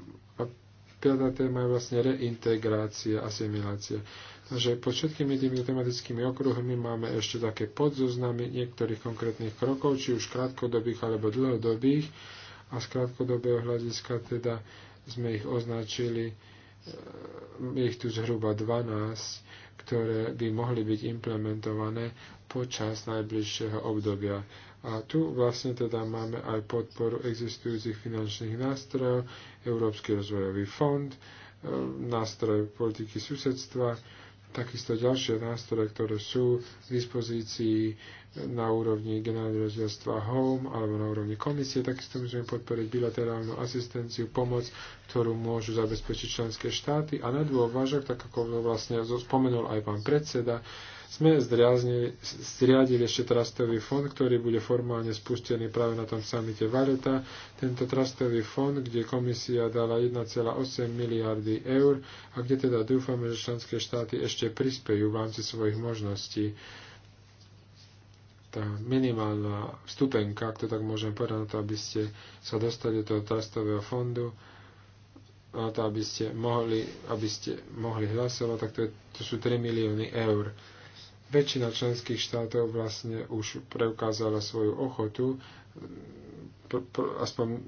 Piatá téma je vlastne reintegrácia, asimilácia. Takže pod všetkými tými tematickými okruhmi máme ešte také podzoznamy niektorých konkrétnych krokov, či už krátkodobých alebo dlhodobých. A z krátkodobého hľadiska teda sme ich označili, e, je ich tu zhruba 12, ktoré by mohli byť implementované počas najbližšieho obdobia. A tu vlastne teda máme aj podporu existujúcich finančných nástrojov, Európsky rozvojový fond, e, nástroj politiky susedstva, takisto ďalšie nástroje, ktoré sú v dispozícii na úrovni generálneho rozdielstva HOME alebo na úrovni komisie, takisto môžeme podporiť bilaterálnu asistenciu, pomoc, ktorú môžu zabezpečiť členské štáty. A na dôvážok, tak ako vlastne spomenul aj pán predseda, sme zriadili ešte trastový fond, ktorý bude formálne spustený práve na tom samite Valeta. Tento trastový fond, kde komisia dala 1,8 miliardy eur a kde teda dúfame, že členské štáty ešte prispejú v rámci svojich možností tá minimálna vstupenka, ak to tak môžem povedať, na to, aby ste sa dostali do toho trastového fondu, na to, aby ste mohli, aby ste mohli hlasovať, tak to, je, to sú 3 milióny eur väčšina členských štátov vlastne už preukázala svoju ochotu, aspoň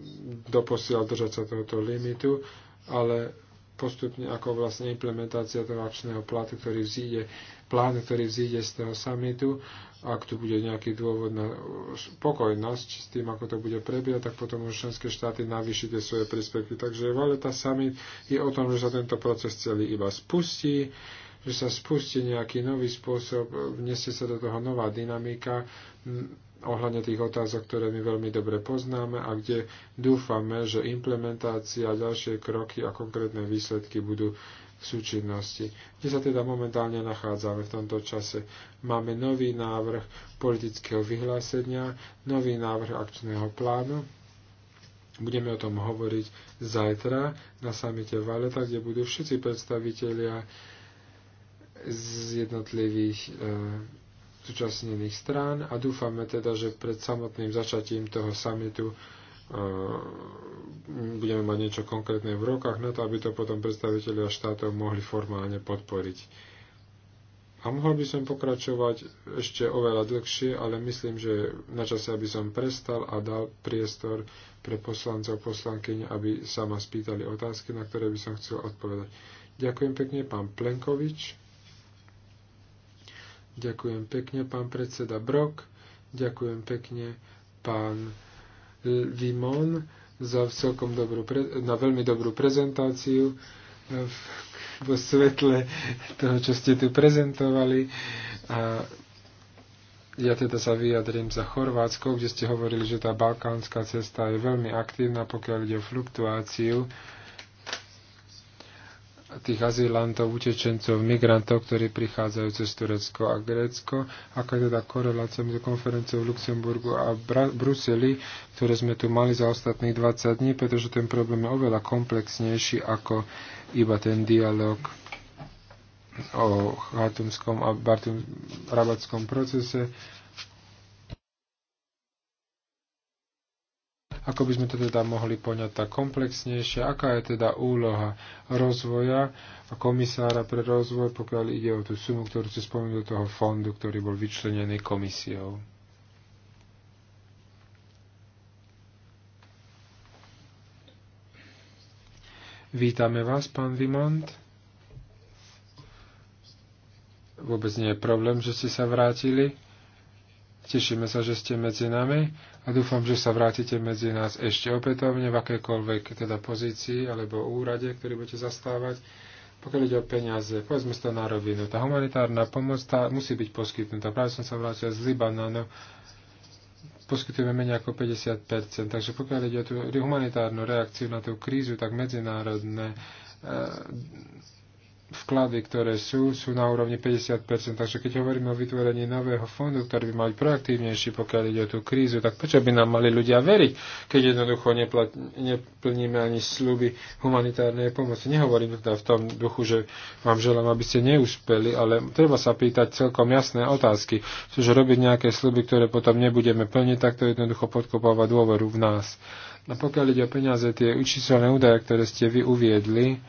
doposiaľ držať sa tohoto limitu, ale postupne ako vlastne implementácia toho akčného plánu, ktorý vzíde, plán, ktorý vzíde z toho samitu, ak tu bude nejaký dôvod na spokojnosť s tým, ako to bude prebiehať, tak potom už členské štáty navýšiť tie svoje príspevky. Takže Valeta summit je o tom, že sa tento proces celý iba spustí, že sa spustí nejaký nový spôsob, vniesie sa do toho nová dynamika ohľadne tých otázok, ktoré my veľmi dobre poznáme a kde dúfame, že implementácia, a ďalšie kroky a konkrétne výsledky budú v súčinnosti. Kde sa teda momentálne nachádzame v tomto čase? Máme nový návrh politického vyhlásenia, nový návrh akčného plánu. Budeme o tom hovoriť zajtra na samite Valeta, kde budú všetci predstavitelia z jednotlivých e, zúčastnených strán a dúfame teda, že pred samotným začatím toho samitu e, budeme mať niečo konkrétne v rokách na to, aby to potom predstavitelia štátov mohli formálne podporiť. A mohol by som pokračovať ešte oveľa dlhšie, ale myslím, že na čase, aby som prestal a dal priestor pre poslancov poslankyň, aby sa ma spýtali otázky, na ktoré by som chcel odpovedať. Ďakujem pekne, pán Plenkovič. Ďakujem pekne, pán predseda Brok. Ďakujem pekne, pán Vimon, za celkom dobrú, na veľmi dobrú prezentáciu eh, vo svetle toho, čo ste tu prezentovali. A ja teda sa vyjadrím za Chorvátsko, kde ste hovorili, že tá balkánska cesta je veľmi aktívna, pokiaľ ide o fluktuáciu tých azylantov, utečencov, migrantov, ktorí prichádzajú cez Turecko a Grécko, aká je teda korelácia medzi konferenciou v Luxemburgu a Bra- Bruseli, ktoré sme tu mali za ostatných 20 dní, pretože ten problém je oveľa komplexnejší ako iba ten dialog o chatumskom a rabatskom procese Ako by sme to teda mohli poňať tak komplexnejšie? Aká je teda úloha rozvoja a komisára pre rozvoj, pokiaľ ide o tú sumu, ktorú si spomenul toho fondu, ktorý bol vyčlenený komisiou? Vítame vás, pán Vimont. Vôbec nie je problém, že ste sa vrátili. Tešíme sa, že ste medzi nami a dúfam, že sa vrátite medzi nás ešte opätovne v akékoľvek teda pozícii alebo úrade, ktorý budete zastávať. Pokiaľ ide o peniaze, povedzme to na rovinu. Tá humanitárna pomoc tá musí byť poskytnutá. Práve som sa vrátil z Libanonu, poskytujeme menej ako 50%. Takže pokiaľ ide o tú humanitárnu reakciu na tú krízu, tak medzinárodné eh, vklady, ktoré sú, sú na úrovni 50%. Takže keď hovoríme o vytvorení nového fondu, ktorý by mal proaktívnejší, pokiaľ ide o tú krízu, tak prečo by nám mali ľudia veriť, keď jednoducho neplat, neplníme ani sluby humanitárnej pomoci? Nehovorím teda v tom duchu, že vám želám, aby ste neúspeli, ale treba sa pýtať celkom jasné otázky. Čiže robiť nejaké sluby, ktoré potom nebudeme plniť, tak to jednoducho podkopáva dôveru v nás. A no pokiaľ ide o peniaze, tie učiteľné údaje, ktoré ste vy uviedli,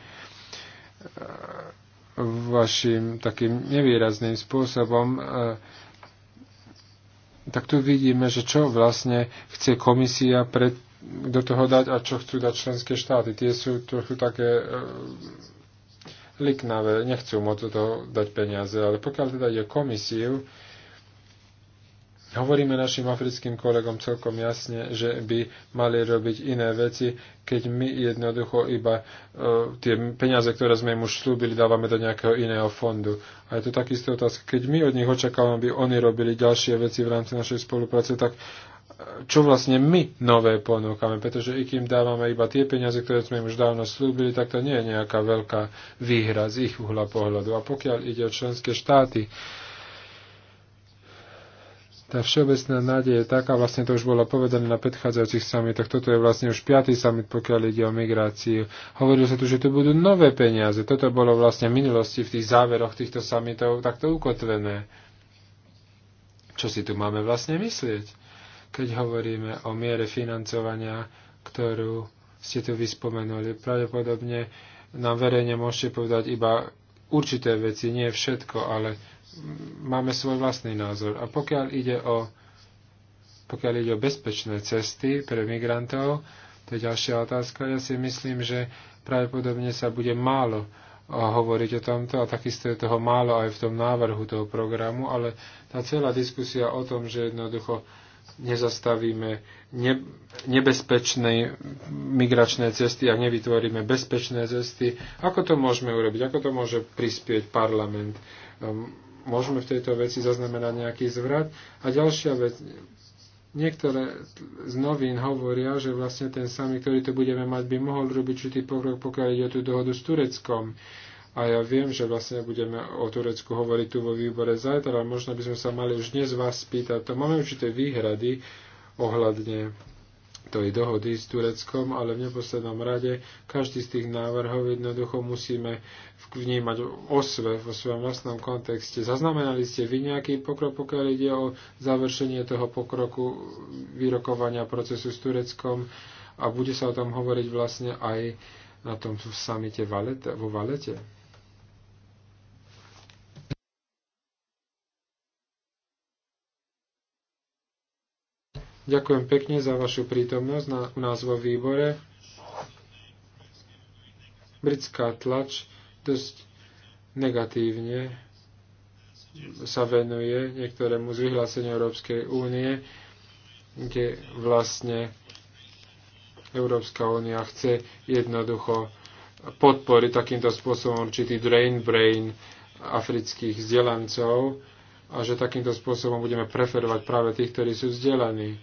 vašim takým nevýrazným spôsobom, e, tak tu vidíme, že čo vlastne chce komisia pred, do toho dať a čo chcú dať členské štáty. Tie sú trochu také e, liknavé, nechcú moc do toho dať peniaze, ale pokiaľ teda ide komisiu, Hovoríme našim africkým kolegom celkom jasne, že by mali robiť iné veci, keď my jednoducho iba uh, tie peniaze, ktoré sme im už slúbili, dávame do nejakého iného fondu. A je to takisto otázka, keď my od nich očakávame, aby oni robili ďalšie veci v rámci našej spolupráce, tak e, čo vlastne my nové ponúkame, pretože i kým dávame iba tie peniaze, ktoré sme im už dávno slúbili, tak to nie je nejaká veľká výhra z ich uhla pohľadu. A pokiaľ ide o členské štáty, uh, tá všeobecná nádej je taká, vlastne to už bolo povedané na predchádzajúcich samitoch, toto je vlastne už piatý samit, pokiaľ ide o migráciu. Hovorilo sa tu, že tu budú nové peniaze. Toto bolo vlastne v minulosti v tých záveroch týchto samitov takto ukotvené. Čo si tu máme vlastne myslieť, keď hovoríme o miere financovania, ktorú ste tu vyspomenuli. Pravdepodobne nám verejne môžete povedať iba určité veci, nie všetko, ale máme svoj vlastný názor. A pokiaľ ide o, pokiaľ ide o bezpečné cesty pre migrantov, to je ďalšia otázka, ja si myslím, že pravdepodobne sa bude málo hovoriť o tomto a takisto je toho málo aj v tom návrhu toho programu, ale tá celá diskusia o tom, že jednoducho nezastavíme nebezpečné migračné cesty, a nevytvoríme bezpečné cesty, ako to môžeme urobiť, ako to môže prispieť parlament. Um, môžeme v tejto veci zaznamenať nejaký zvrat. A ďalšia vec, niektoré z novín hovoria, že vlastne ten samý, ktorý to budeme mať, by mohol robiť určitý pokrok, pokiaľ ide o tú dohodu s Tureckom. A ja viem, že vlastne budeme o Turecku hovoriť tu vo výbore zajtra, ale možno by sme sa mali už dnes vás spýtať. To máme určité výhrady ohľadne tej dohody s Tureckom, ale v neposlednom rade každý z tých návrhov jednoducho musíme vnímať osve vo svojom vlastnom kontexte. Zaznamenali ste vy nejaký pokrok, pokiaľ ide o završenie toho pokroku vyrokovania procesu s Tureckom a bude sa o tom hovoriť vlastne aj na tom samite vo Valete? Ďakujem pekne za vašu prítomnosť na, u nás vo výbore. Britská tlač dosť negatívne sa venuje niektorému z vyhlásenia Európskej únie, kde vlastne Európska únia chce jednoducho podporiť takýmto spôsobom určitý drain brain afrických vzdelancov a že takýmto spôsobom budeme preferovať práve tých, ktorí sú vzdelaní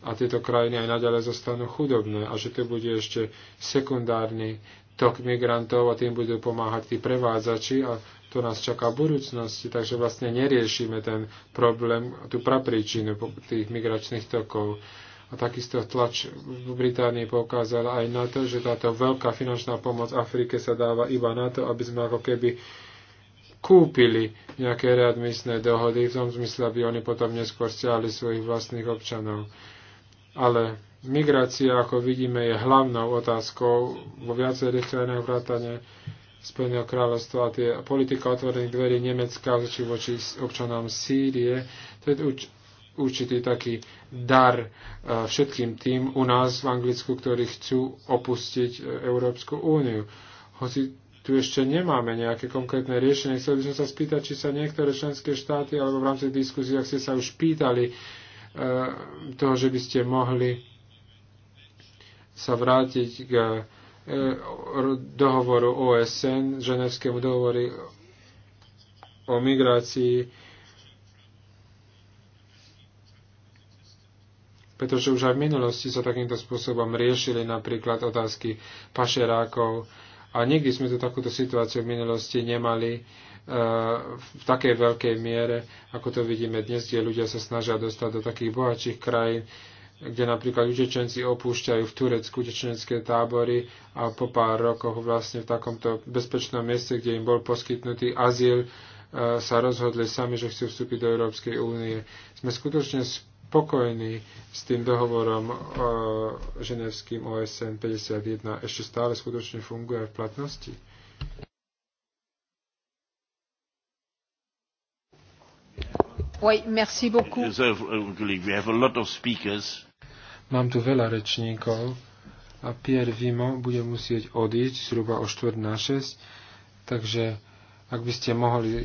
a tieto krajiny aj naďalej zostanú chudobné a že tu bude ešte sekundárny tok migrantov a tým budú pomáhať tí prevádzači a to nás čaká v budúcnosti, takže vlastne neriešime ten problém, tú prapríčinu tých migračných tokov. A takisto tlač v Británii poukázal aj na to, že táto veľká finančná pomoc Afrike sa dáva iba na to, aby sme ako keby kúpili nejaké readmisné dohody, v tom zmysle, aby oni potom neskôr stiahli svojich vlastných občanov ale migrácia, ako vidíme, je hlavnou otázkou vo viacerých krajinách vrátane Spojeného kráľovstva a tie politika otvorených dverí Nemecka voči voči občanom Sýrie. To je urč, určitý taký dar e, všetkým tým u nás v Anglicku, ktorí chcú opustiť e, Európsku úniu. Hoci tu ešte nemáme nejaké konkrétne riešenie. Chcel by som sa spýtať, či sa niektoré členské štáty alebo v rámci diskusie, ak ste sa už pýtali Eh, toho, že by ste mohli sa vrátiť k eh, dohovoru OSN, ženevskému dohovoru o migrácii, pretože už aj v minulosti sa takýmto spôsobom riešili napríklad otázky pašerákov a nikdy sme tu takúto situáciu v minulosti nemali v takej veľkej miere, ako to vidíme dnes, kde ľudia sa snažia dostať do takých bohatších krajín, kde napríklad utečenci opúšťajú v Turecku utečenecké tábory a po pár rokoch vlastne v takomto bezpečnom mieste, kde im bol poskytnutý azyl, sa rozhodli sami, že chcú vstúpiť do Európskej únie. Sme skutočne spokojní s tým dohovorom o ženevským OSN 51. Ešte stále skutočne funguje v platnosti? Uh, Mám tu veľa rečníkov a Pierre Vimo bude musieť odísť zhruba o štvrt na šesť, takže ak by ste mohli e,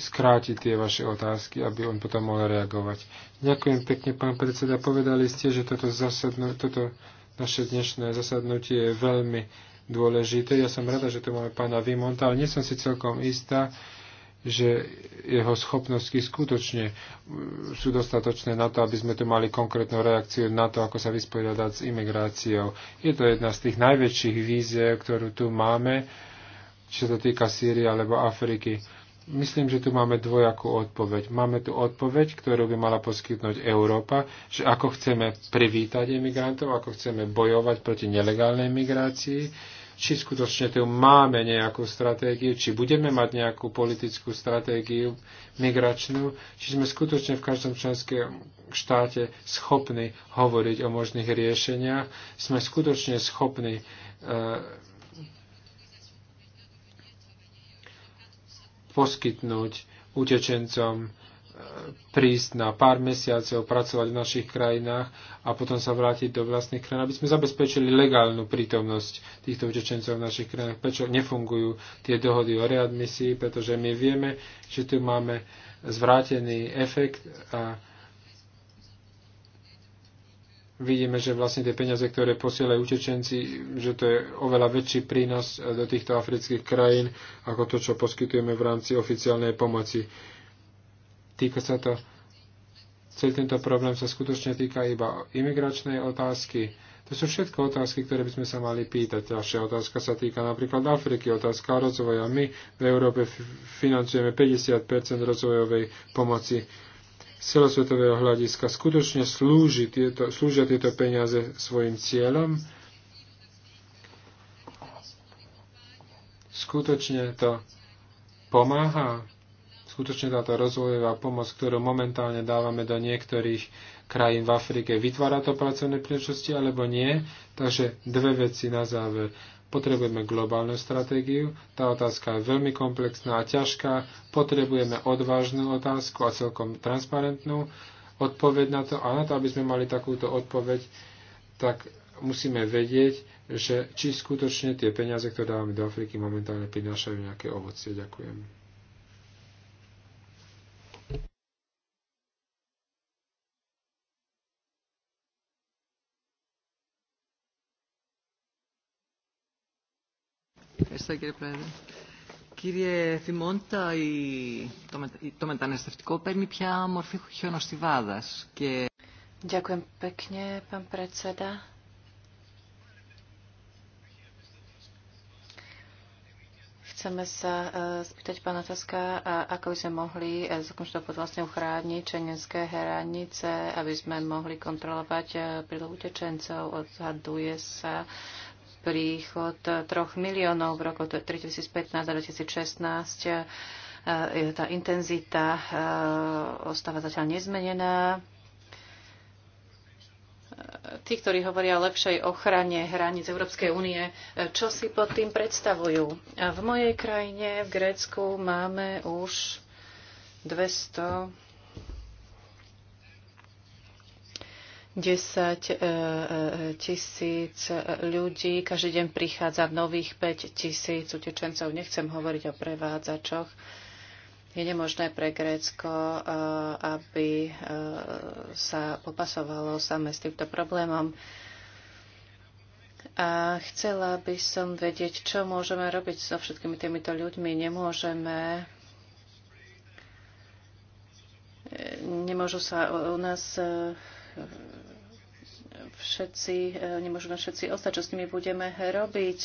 skrátiť tie vaše otázky, aby on potom mohol reagovať. Ďakujem pekne, pán predseda. Povedali ste, že toto, zasadno, toto naše dnešné zasadnutie je veľmi dôležité. Ja som rada, že tu máme pána Vimonta, ale nie som si celkom istá, že jeho schopnosti skutočne uh, sú dostatočné na to, aby sme tu mali konkrétnu reakciu na to, ako sa vysporiadať s imigráciou. Je to jedna z tých najväčších víziev, ktorú tu máme, čo sa týka Sýrie alebo Afriky. Myslím, že tu máme dvojakú odpoveď. Máme tu odpoveď, ktorú by mala poskytnúť Európa, že ako chceme privítať imigrantov, ako chceme bojovať proti nelegálnej migrácii, či skutočne tu máme nejakú stratégiu, či budeme mať nejakú politickú stratégiu migračnú, či sme skutočne v každom členskom štáte schopní hovoriť o možných riešeniach, sme skutočne schopní uh, poskytnúť utečencom prísť na pár mesiacov, pracovať v našich krajinách a potom sa vrátiť do vlastných krajín, aby sme zabezpečili legálnu prítomnosť týchto utečencov v našich krajinách. Prečo nefungujú tie dohody o readmisii? Pretože my vieme, že tu máme zvrátený efekt a vidíme, že vlastne tie peniaze, ktoré posielajú utečenci, že to je oveľa väčší prínos do týchto afrických krajín, ako to, čo poskytujeme v rámci oficiálnej pomoci. Týka sa to, celý tento problém sa skutočne týka iba imigračnej otázky. To sú všetko otázky, ktoré by sme sa mali pýtať. Ďalšia otázka sa týka napríklad Afriky, otázka rozvoja. My v Európe financujeme 50 rozvojovej pomoci celosvetového hľadiska. Skutočne slúži tieto, slúžia tieto peniaze svojim cieľom. Skutočne to pomáha skutočne táto rozvojová pomoc, ktorú momentálne dávame do niektorých krajín v Afrike, vytvára to pracovné príležitosti alebo nie. Takže dve veci na záver. Potrebujeme globálnu stratégiu, tá otázka je veľmi komplexná a ťažká, potrebujeme odvážnu otázku a celkom transparentnú odpoveď na to. A na to, aby sme mali takúto odpoveď, tak musíme vedieť, že či skutočne tie peniaze, ktoré dávame do Afriky, momentálne prinášajú nejaké ovocie. Ďakujem. κύριε Θημόντα, η... το, μετα... το μεταναστευτικό παίρνει πια μορφή χιονοστιβάδας. Και... Ďakujem pekne, pán predseda. chceme sa uh, spýtať pána Taska, ako by sme mohli uh, e, zakončiť pod vlastne uchrániť čenenské hranice, aby sme mohli kontrolovať uh, prílohu utečencov. Odhaduje sa, uh, príchod troch miliónov v roku 2015 a 2016. E, tá intenzita e, ostáva zatiaľ nezmenená. E, tí, ktorí hovoria o lepšej ochrane hraníc Európskej únie, čo si pod tým predstavujú? V mojej krajine, v Grécku, máme už 200 10 e, e, tisíc e, ľudí, každý deň prichádza nových 5 tisíc utečencov. Nechcem hovoriť o prevádzačoch. Je nemožné pre Grécko, aby sa popasovalo same s týmto problémom. A chcela by som vedieť, čo môžeme robiť so všetkými týmito ľuďmi. Nemôžeme nemôžu sa u nás všetci, eh, nemôžu nás všetci ostať, čo s nimi budeme robiť.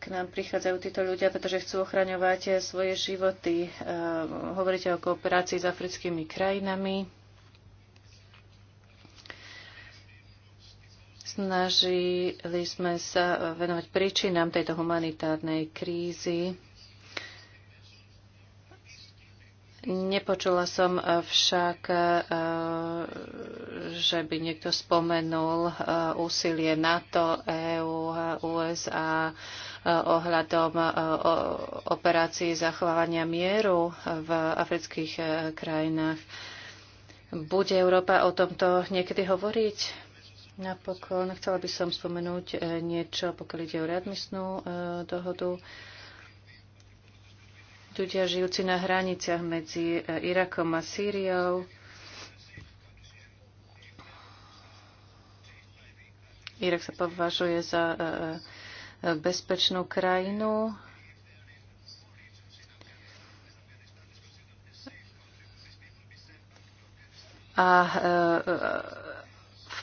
K nám prichádzajú títo ľudia, pretože chcú ochraňovať svoje životy. Eh, hovoríte o kooperácii s africkými krajinami. Snažili sme sa venovať príčinám tejto humanitárnej krízy. Nepočula som eh, však, eh, že by niekto spomenul eh, úsilie NATO, EU, USA ohľadom operácií zachovávania mieru v afrických krajinách. Bude Európa o tomto niekedy hovoriť? Napokon chcela by som spomenúť niečo, pokiaľ ide o readmisnú dohodu ľudia žijúci na hraniciach medzi e, Irakom a Sýriou. Irak sa považuje za e, e, bezpečnú krajinu. A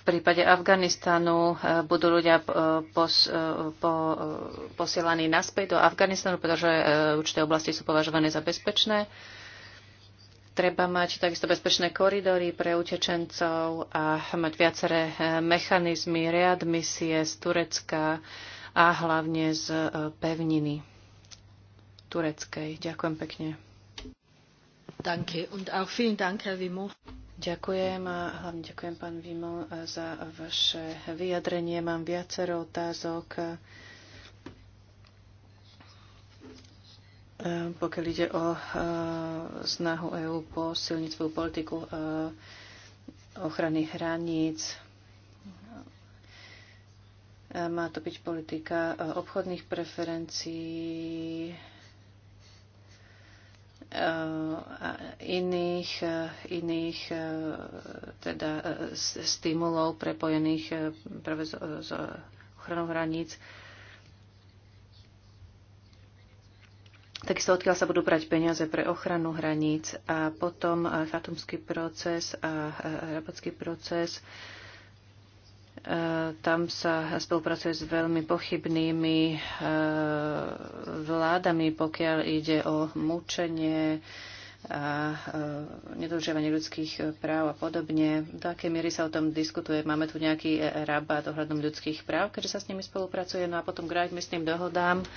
prípade Afganistanu e, budú ľudia e, pos, e, po, posielaní naspäť do Afganistanu, pretože určité oblasti sú považované za bezpečné. Treba mať takisto bezpečné koridory pre utečencov a mať viaceré mechanizmy readmisie z Turecka a hlavne z pevniny tureckej. Ďakujem pekne. Danke und auch vielen Dank, Herr Vimo. Ďakujem a hlavne ďakujem pán Vimo za vaše vyjadrenie. Mám viacero otázok. E, pokiaľ ide o e, snahu EÚ posilniť svoju politiku e, ochrany hraníc, má to byť politika obchodných preferencií, Eh, iných, eh, iných eh, teda stimulov prepojených práve s ochranou hraníc. Takisto odkiaľ sa budú brať peniaze pre ochranu hraníc a potom fatumský proces a rabotský proces. Uh, E, tam sa spolupracuje s veľmi pochybnými e, vládami, pokiaľ ide o mučenie a e, nedodržiavanie ľudských práv a podobne. Do akej miery sa o tom diskutuje? Máme tu nejaký rabát ohľadom ľudských práv, keďže sa s nimi spolupracuje. No a potom k tým dohodám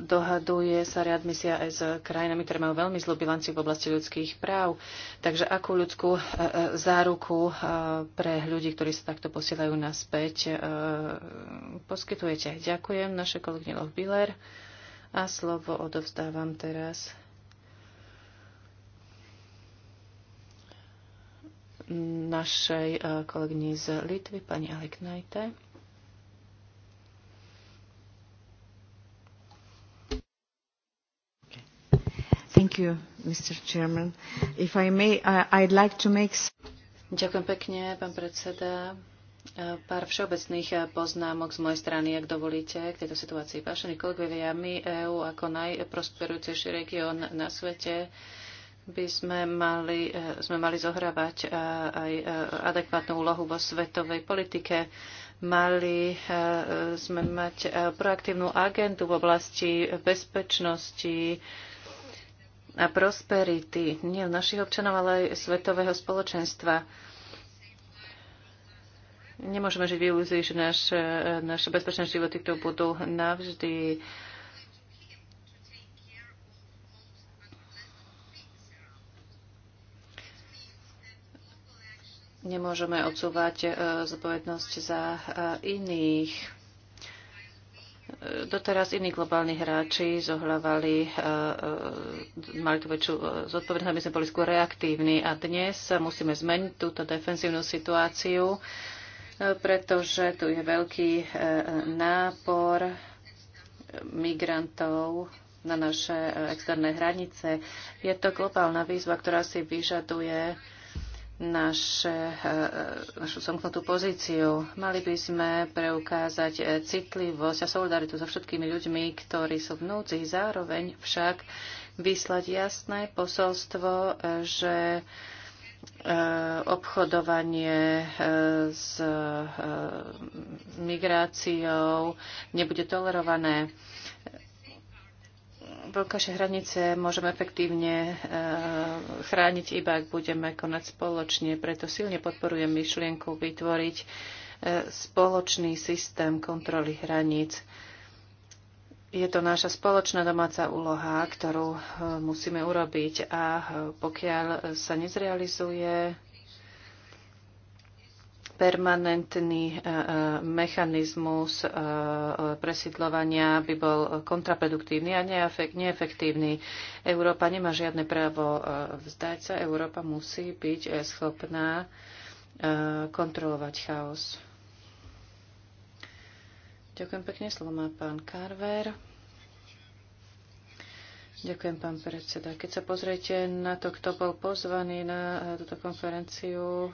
dohaduje sa misia aj s krajinami, ktoré majú veľmi zlú bilanciu v oblasti ľudských práv. Takže akú ľudskú e, e, záruku e, pre ľudí, ktorí sa takto posielajú naspäť, poskytujete? Ďakujem, naše kolegyne Biller A slovo odovzdávam teraz našej kolegyni z Litvy, pani Alek Najte. Ďakujem pekne, pán predseda. E, pár všeobecných e, poznámok z mojej strany, ak dovolíte, k tejto situácii. Vážení kolegovia, my EÚ ako najprosperujúcejší región na svete by sme mali, e, sme mali zohrávať aj adekvátnu úlohu vo svetovej politike. Mali sme mať proaktívnu agendu v oblasti bezpečnosti, a prosperity nie našich občanov, ale aj svetového spoločenstva. Nemôžeme žiť v ilúzii, že naš, e, naše bezpečné životy tu budú navždy. Nemôžeme odsúvať e, zodpovednosť za e, iných. Doteraz iní globálni hráči zohľavali, e, e, mali tu väčšiu e, zodpovednosť, aby sme boli skôr reaktívni a dnes musíme zmeniť túto defenzívnu situáciu, pretože tu je veľký nápor migrantov na naše externé hranice. Je to globálna výzva, ktorá si vyžaduje naše, e, e, našu somknutú pozíciu. Mali by sme preukázať e, citlivosť a solidaritu so všetkými ľuďmi, ktorí sú v núdzi. Zároveň však vyslať jasné posolstvo, že obchodovanie s migráciou nebude tolerované veľkáše hranice môžeme efektívne e, chrániť iba, ak budeme konať spoločne. Preto silne podporujem myšlienku vytvoriť e, spoločný systém kontroly hraníc. Je to naša spoločná domáca úloha, ktorú e, musíme urobiť a pokiaľ sa nezrealizuje, permanentný e, e, mechanizmus e, presidlovania by bol kontraproduktívny a neefektívny. Európa nemá žiadne právo vzdať sa. Európa musí byť schopná kontrolovať chaos. Ďakujem pekne. Slovo má pán Carver. Ďakujem, pán predseda. Keď sa pozriete na to, kto bol pozvaný na túto konferenciu,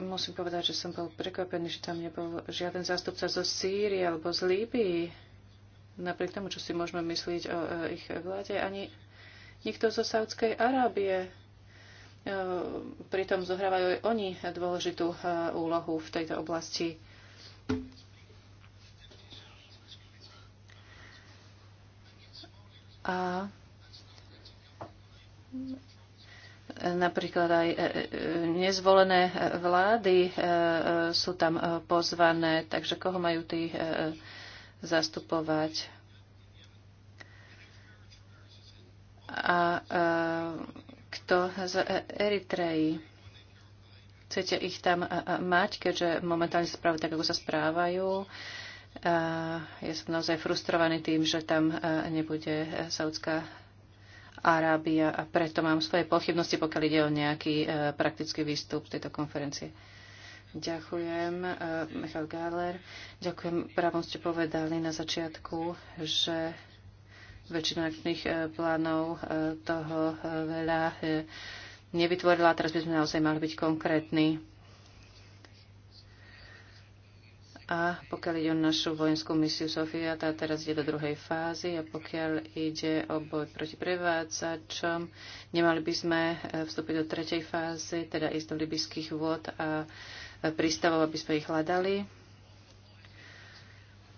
Musím povedať, že som bol prekvapený, že tam nebol žiaden zástupca zo Sýrie alebo z Líbii. Napriek tomu, čo si môžeme myslieť o ich vláde, ani nikto zo Saudskej Arábie. E, pritom zohrávajú aj oni dôležitú e, úlohu v tejto oblasti. A Napríklad aj e, e, nezvolené vlády e, sú tam pozvané, takže koho majú tí zastupovať? A kto z Eritreji? Chcete ich tam mať, keďže momentálne sa správajú tak, ako sa správajú? Ja som naozaj frustrovaný tým, že tam nebude Saudská Arábia a preto mám svoje pochybnosti, pokiaľ ide o nejaký e, praktický výstup tejto konferencie. Ďakujem, e, Michal Gáler. Ďakujem, právom ste povedali na začiatku, že väčšina akčných e, plánov toho veľa nevytvorila. Teraz by sme naozaj mali byť konkrétni A pokiaľ ide o našu vojenskú misiu Sofia, tá teraz ide do druhej fázy a pokiaľ ide o boj proti prevádzačom, nemali by sme eh, vstúpiť do tretej fázy, teda ísť do libyských vôd a eh, prístavov, aby sme ich hľadali.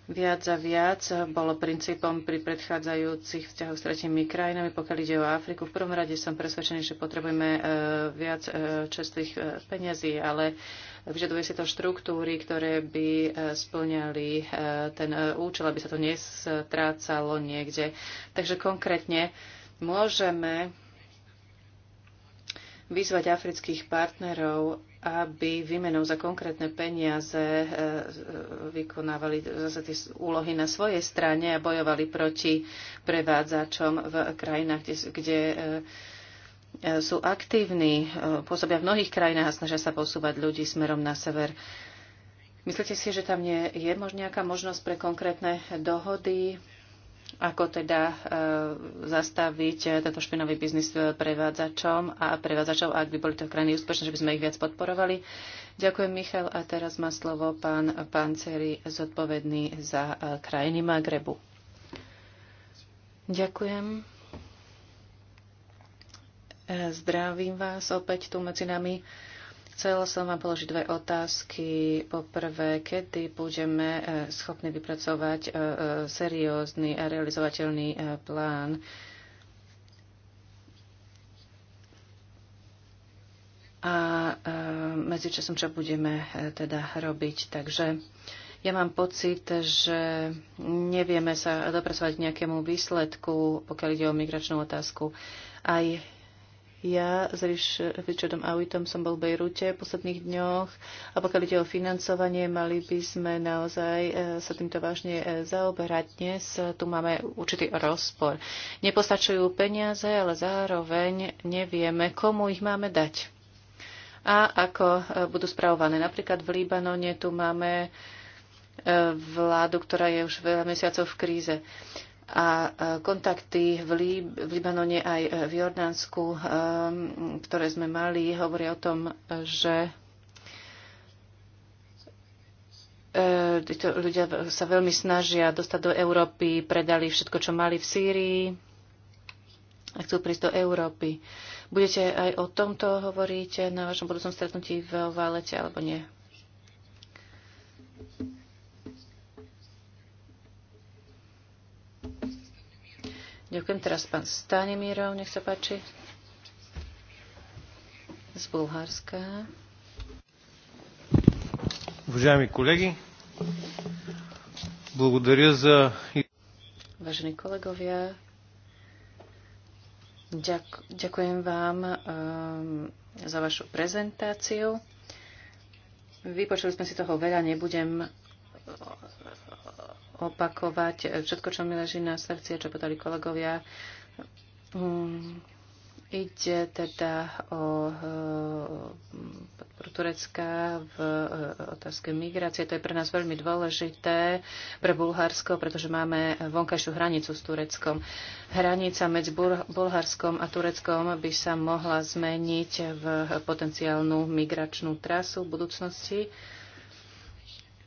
Viac a viac bolo princípom pri predchádzajúcich vzťahoch s tretimi krajinami. Pokiaľ ide o Afriku, v prvom rade som presvedčený, že potrebujeme eh, viac čerstvých peniazí, ale Vyžaduje si to štruktúry, ktoré by e, splňali e, ten e, účel, aby sa to nestrácalo niekde. Takže konkrétne môžeme vyzvať afrických partnerov, aby výmenou za konkrétne peniaze vykonávali zase tie úlohy na svojej strane a bojovali proti prevádzačom v krajinách, kde, kde sú aktívni, e, pôsobia v mnohých krajinách a snažia sa posúvať ľudí smerom na sever. Myslíte si, že tam nie je možná nejaká možnosť pre konkrétne dohody, ako teda e, zastaviť e, tento špinový biznis prevádzačom a prevádzačov, ak by boli to krajiny úspešné, že by sme ich viac podporovali. Ďakujem, Michal. A teraz má slovo pán Panceri, zodpovedný za e, krajiny Magrebu. Ďakujem. Zdravím vás opäť tu medzi nami. Chcela som vám položiť dve otázky. Poprvé, kedy budeme eh, schopní vypracovať eh, eh, seriózny a realizovateľný plán? A medzi časom, čo budeme teda robiť. Takže ja mám pocit, že nevieme sa dopracovať k nejakému výsledku, pokiaľ ide o migračnú otázku. Aj ja s Richardom Auitom som bol v Bejrute v posledných dňoch a pokiaľ ide o financovanie, mali by sme naozaj e, sa týmto vážne e, zaoberať. Dnes e, tu máme určitý rozpor. Nepostačujú peniaze, ale zároveň nevieme, komu ich máme dať a ako budú spravované. Napríklad v Líbanone tu máme vládu, ktorá je už veľa mesiacov v kríze a e, kontakty v, Lib- v Libanone aj e, v Jordánsku, e, ktoré sme mali, hovoria o tom, že títo ľudia sa veľmi snažia dostať do Európy, predali všetko, čo mali v Sýrii a chcú prísť do Európy. Budete aj o tomto hovoriť na vašom budúcom stretnutí v Valete alebo nie? Ďakujem teraz pán Stanemírov, nech sa páči. Z Bulharska. Vážení kolegy, благодаря за... Vážení kolegovia, ďak, ďakujem vám um, za vašu prezentáciu. Vypočuli sme si toho veľa, nebudem opakovať všetko, čo mi leží na srdci a čo podali kolegovia. Hm, ide teda o e, podporu Turecka v e, otázke migrácie. To je pre nás veľmi dôležité, pre Bulharsko, pretože máme vonkajšiu hranicu s Tureckom. Hranica medzi Bulharskom a Tureckom by sa mohla zmeniť v potenciálnu migračnú trasu v budúcnosti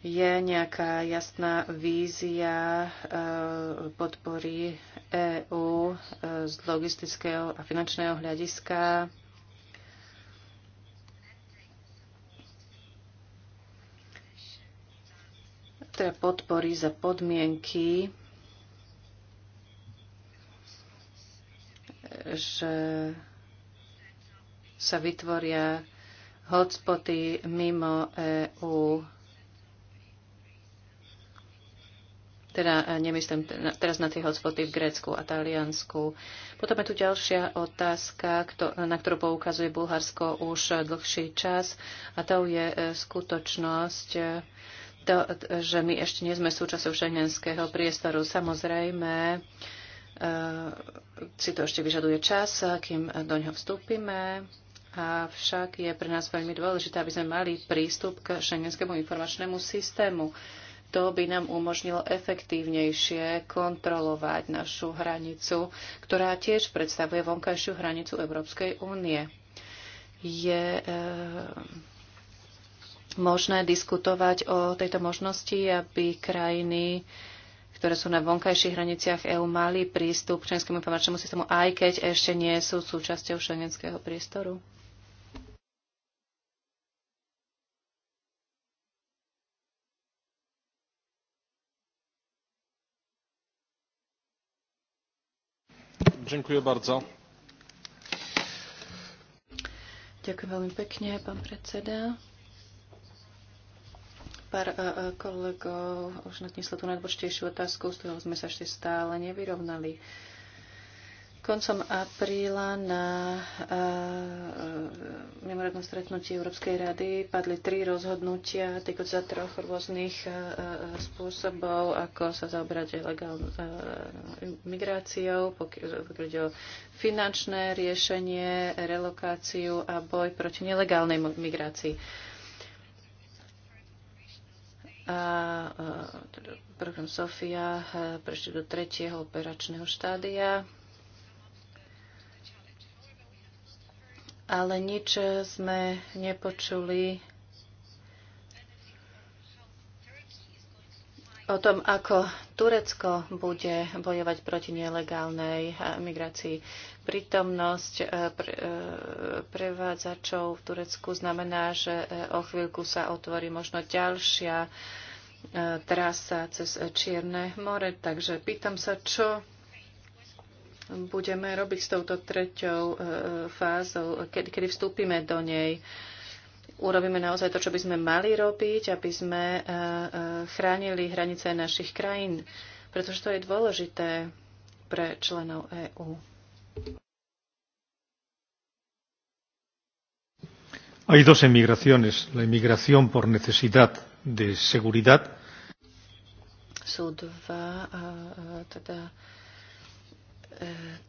je nejaká jasná vízia eh, podpory EÚ eh, z logistického a finančného hľadiska. Teda podpory za podmienky, že sa vytvoria hotspoty mimo EÚ teda e, nemyslím teraz na tie hotspoty v Grécku a Taliansku. Potom je tu ďalšia otázka, na ktorú poukazuje Bulharsko už dlhší čas a to je e, skutočnosť, e, to, že my ešte nie sme súčasťou šengenského priestoru. Samozrejme, si to ešte vyžaduje čas, kým do ňoho vstúpime. Avšak je pre nás veľmi dôležité, aby sme mali prístup k šengenskému informačnému systému. To by nám umožnilo efektívnejšie kontrolovať našu hranicu, ktorá tiež predstavuje vonkajšiu hranicu Európskej únie. Je e, možné diskutovať o tejto možnosti, aby krajiny ktoré sú na vonkajších hraniciach EÚ, mali prístup k členskému informačnému systému, aj keď ešte nie sú súčasťou šengenského priestoru? Ďakujem veľmi pekne, pán predseda. Pár eh, eh, kolegov už nadneslo tú najdôležitejšiu otázku, z toho sme sa ešte stále nevyrovnali koncom apríla na eh, mimoriadnom stretnutí Európskej rady padli tri rozhodnutia týkajúce za troch rôznych eh, eh, spôsobov, ako sa zaobrať legálnou migráciou, pokiaľ ide o finančné riešenie, relokáciu a boj proti nelegálnej migrácii. A teda program SOFIA prešli do tretieho operačného štádia ale nič sme nepočuli o tom, ako Turecko bude bojovať proti nelegálnej migrácii. Prítomnosť eh, eh, prevádzačov v Turecku znamená, že eh, o chvíľku sa otvorí možno ďalšia trasa cez Čierne more. Takže pýtam sa, čo budeme robiť s touto treťou e, fázou, kedy, kedy vstúpime do nej. Urobíme naozaj to, čo by sme mali robiť, aby sme e, e, chránili hranice našich krajín, pretože to je dôležité pre členov EÚ. Hay dos emigraciones, la emigración por necesidad de seguridad. Sú dva, uh, a, uh,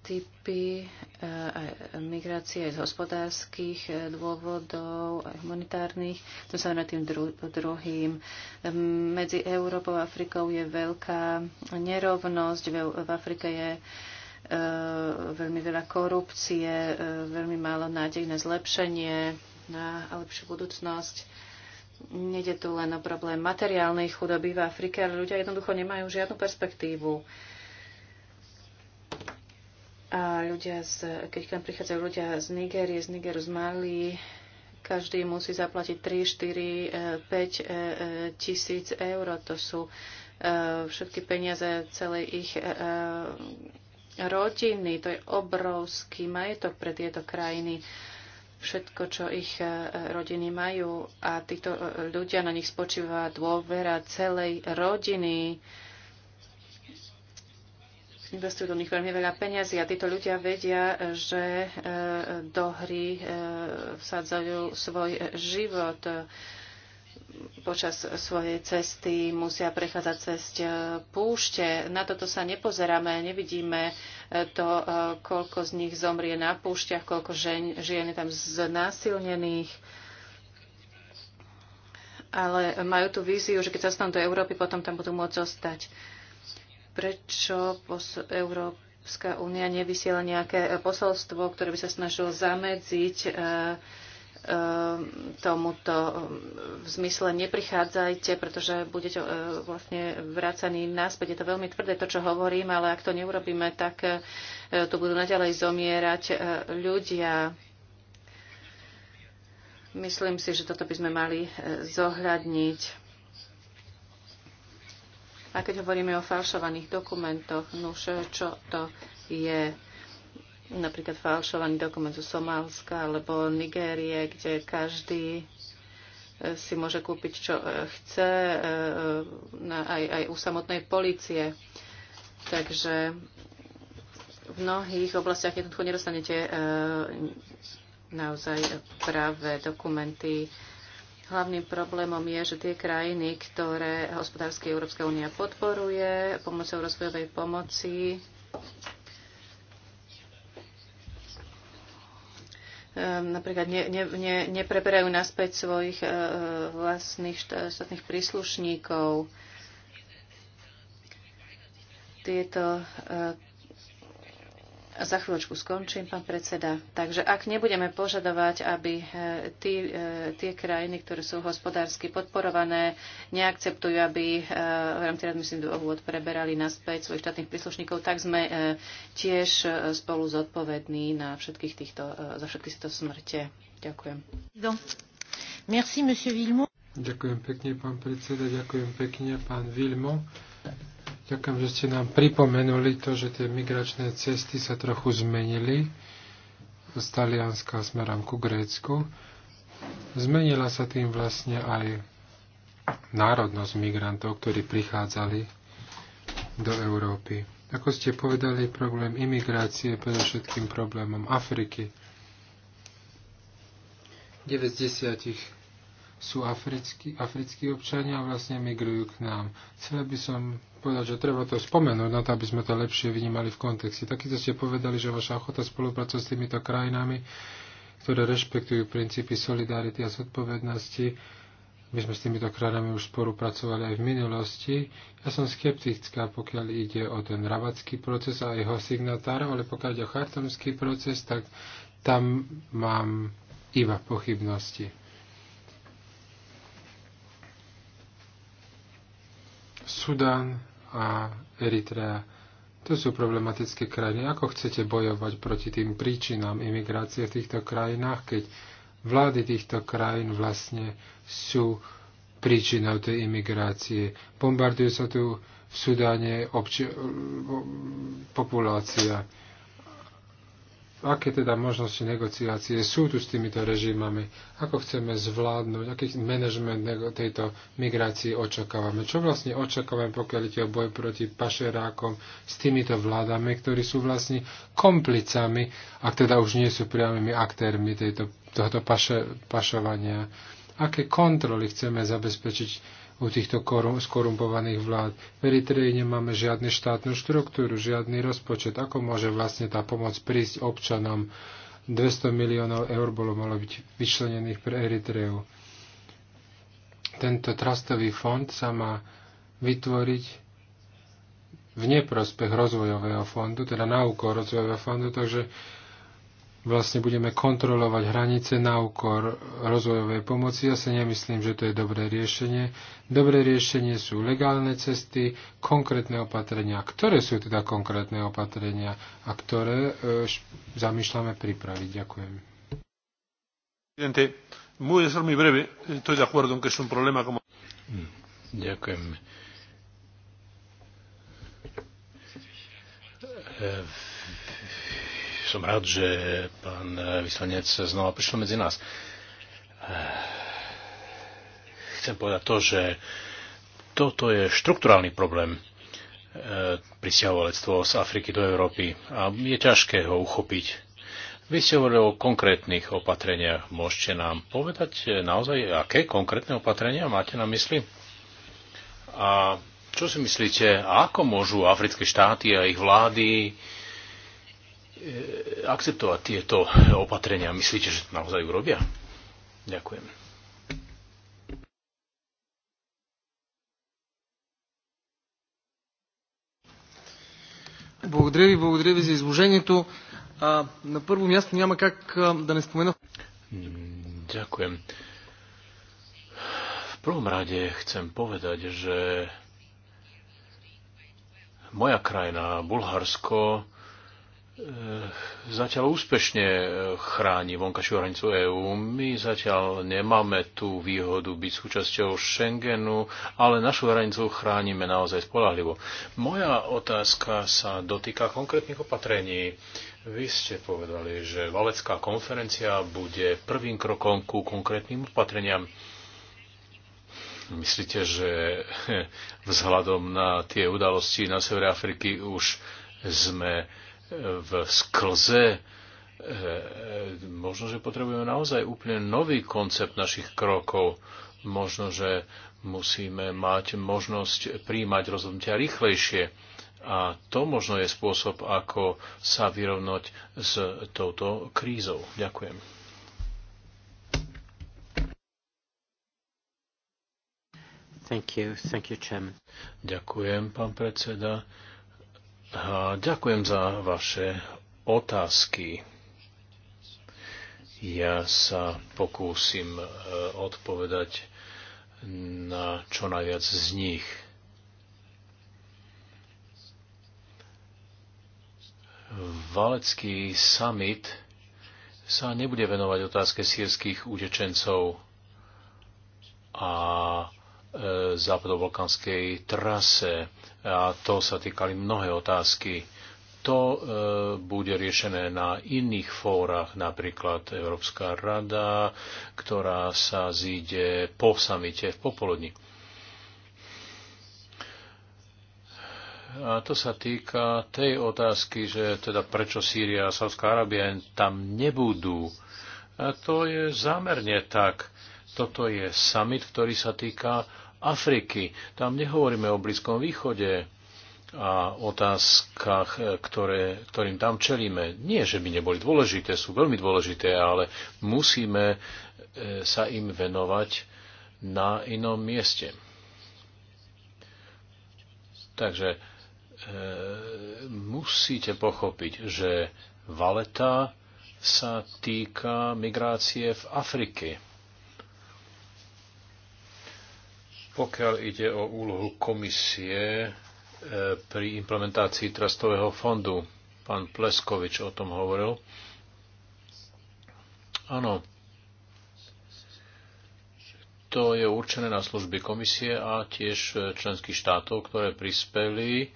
typy eh, migrácie z hospodárskych eh, dôvodov, aj humanitárnych. To sa na tým druhým. Medzi Európou a Afrikou je veľká nerovnosť. V Afrike je eh, veľmi veľa korupcie, veľmi málo nádej na zlepšenie, a lepšiu budúcnosť. Nede tu len o problém materiálnej chudoby v Afrike, ale ľudia jednoducho nemajú žiadnu perspektívu a ľudia z, keď k nám prichádzajú ľudia z Nigérie, z Nigeru, z Mali, každý musí zaplatiť 3, 4, 5 tisíc eur. To sú e, všetky peniaze celej ich e, e, rodiny. To je obrovský majetok pre tieto krajiny všetko, čo ich rodiny majú a títo ľudia, na nich spočíva dôvera celej rodiny investujú do nich veľmi veľa peniazy a títo ľudia vedia, že e, do hry e, vsádzajú svoj život počas svojej cesty musia prechádzať cez e, púšte. Na toto sa nepozeráme, nevidíme to, koľko z nich zomrie na púšťach, koľko žen, žien je tam znásilnených. Ale majú tú víziu, že keď sa stanú do Európy, potom tam budú môcť zostať prečo Európska únia nevysiela nejaké e, posolstvo, ktoré by sa snažilo zamedziť e, e, tomuto v zmysle neprichádzajte, pretože budete vlastne vracaní náspäť. Je to veľmi tvrdé to, čo hovorím, ale ak to neurobíme, tak tu budú naďalej zomierať ľudia. Myslím si, že toto by sme mali zohľadniť. A keď hovoríme o falšovaných dokumentoch, nuž čo to je napríklad falšovaný dokument zo Somálska alebo Nigérie, kde každý eh, si môže kúpiť, čo eh, chce, eh, aj, aj u samotnej policie. Takže v mnohých oblastiach jednoducho nedostanete naozaj práve dokumenty Hlavným problémom je, že tie krajiny, ktoré hospodárske Európska únia podporuje pomocou rozvojovej pomoci, ehm, napríklad ne, ne, ne, nepreberajú naspäť svojich eh, vlastných štátnych príslušníkov. Tieto eh, za chvíľočku skončím, pán predseda. Takže ak nebudeme požadovať, aby eh, tí, eh, tie krajiny, ktoré sú hospodársky podporované, neakceptujú, aby eh, v rámci myslím dôvod preberali naspäť svojich štátnych príslušníkov, tak sme tiež spolu zodpovední na všetkých týchto, za všetky tieto smrte. Ďakujem. Merci, Ďakujem pekne, pán predseda. Ďakujem pekne, pán Vilmo. Ďakujem, že ste nám pripomenuli to, že tie migračné cesty sa trochu zmenili z Talianska smerom ku Grécku. Zmenila sa tým vlastne aj národnosť migrantov, ktorí prichádzali do Európy. Ako ste povedali, problém imigrácie je predovšetkým problémom Afriky. 90 sú africkí, africkí občania a vlastne migrujú k nám. Chcel by som povedať, že treba to spomenúť na to, aby sme to lepšie vnímali v kontexte. Takisto ste povedali, že vaša ochota spolupracovať s týmito krajinami, ktoré rešpektujú princípy solidarity a zodpovednosti, my sme s týmito krajinami už spolupracovali aj v minulosti. Ja som skeptická, pokiaľ ide o ten rabatský proces a jeho signatár, ale pokiaľ ide o chartomský proces, tak tam mám iba pochybnosti. Sudan, a Eritrea. To sú problematické krajiny. Ako chcete bojovať proti tým príčinám imigrácie v týchto krajinách, keď vlády týchto krajín vlastne sú príčinou tej imigrácie. Bombardujú sa tu v Sudáne obči- populácia aké teda možnosti negociácie sú tu s týmito režimami, ako chceme zvládnuť, aký manažment tejto migrácie očakávame. Čo vlastne očakávame, pokiaľ ide o boj proti pašerákom s týmito vládami, ktorí sú vlastne komplicami, ak teda už nie sú priamými aktérmi tejto, tohoto paše, pašovania. Aké kontroly chceme zabezpečiť u týchto korum, skorumpovaných vlád. V Eritreji nemáme žiadnu štátnu štruktúru, žiadny rozpočet. Ako môže vlastne tá pomoc prísť občanom? 200 miliónov eur bolo malo byť vyčlenených pre Eritreju. Tento trastový fond sa má vytvoriť v neprospech rozvojového fondu, teda na úkor rozvojového fondu, takže vlastne budeme kontrolovať hranice na úkor rozvojovej pomoci. Ja si nemyslím, že to je dobré riešenie. Dobré riešenie sú legálne cesty, konkrétne opatrenia. Ktoré sú teda konkrétne opatrenia a ktoré e, zamýšľame pripraviť? Ďakujem. Mm, ďakujem. E, som rád, že pán vyslanec znova prišiel medzi nás. Chcem povedať to, že toto je štrukturálny problém eh, prisťahovalectvo z Afriky do Európy a je ťažké ho uchopiť. Vy ste hovorili o konkrétnych opatreniach. Môžete nám povedať eh, naozaj, aké konkrétne opatrenia máte na mysli? A čo si myslíte, ako môžu africké štáty a ich vlády akceptovať tieto opatrenia? Myslíte, že to naozaj urobia? Ďakujem. Благодаря ви, благодаря ви за изложението. А, на първо място няма как а, да не спомена. Дякуем. В първом раде хцем povedať, че моя крайна, Булгарско, Eh, zatiaľ úspešne eh, chráni vonkajšiu hranicu EÚ. My zatiaľ nemáme tú výhodu byť súčasťou Schengenu, ale našu hranicu chránime naozaj spolahlivo. Moja otázka sa dotýka konkrétnych opatrení. Vy ste povedali, že Valecká konferencia bude prvým krokom ku konkrétnym opatreniam. Myslíte, že eh, vzhľadom na tie udalosti na Severe Afriky už sme v sklze, e, možno, že potrebujeme naozaj úplne nový koncept našich krokov. Možno, že musíme mať možnosť príjmať rozhodnutia rýchlejšie. A to možno je spôsob, ako sa vyrovnať s touto krízou. Ďakujem. Thank you. Thank you, Ďakujem, pán predseda ďakujem za vaše otázky. Ja sa pokúsim e, odpovedať na čo najviac z nich. Valecký summit sa nebude venovať otázke sírskych utečencov a E, západobalkánskej trase a to sa týkali mnohé otázky. To e, bude riešené na iných fórach, napríklad Európska rada, ktorá sa zíde po samite v popoludni. A to sa týka tej otázky, že teda prečo Sýria a Sávská Arábia tam nebudú. A to je zámerne tak. Toto je summit, ktorý sa týka Afriky. Tam nehovoríme o Blízkom východe a otázkach, ktoré, ktorým tam čelíme. Nie, že by neboli dôležité, sú veľmi dôležité, ale musíme e, sa im venovať na inom mieste. Takže e, musíte pochopiť, že valeta sa týka migrácie v Afrike Pokiaľ ide o úlohu komisie e, pri implementácii trastového fondu, pán Pleskovič o tom hovoril. Áno, to je určené na služby komisie a tiež členských štátov, ktoré prispeli e,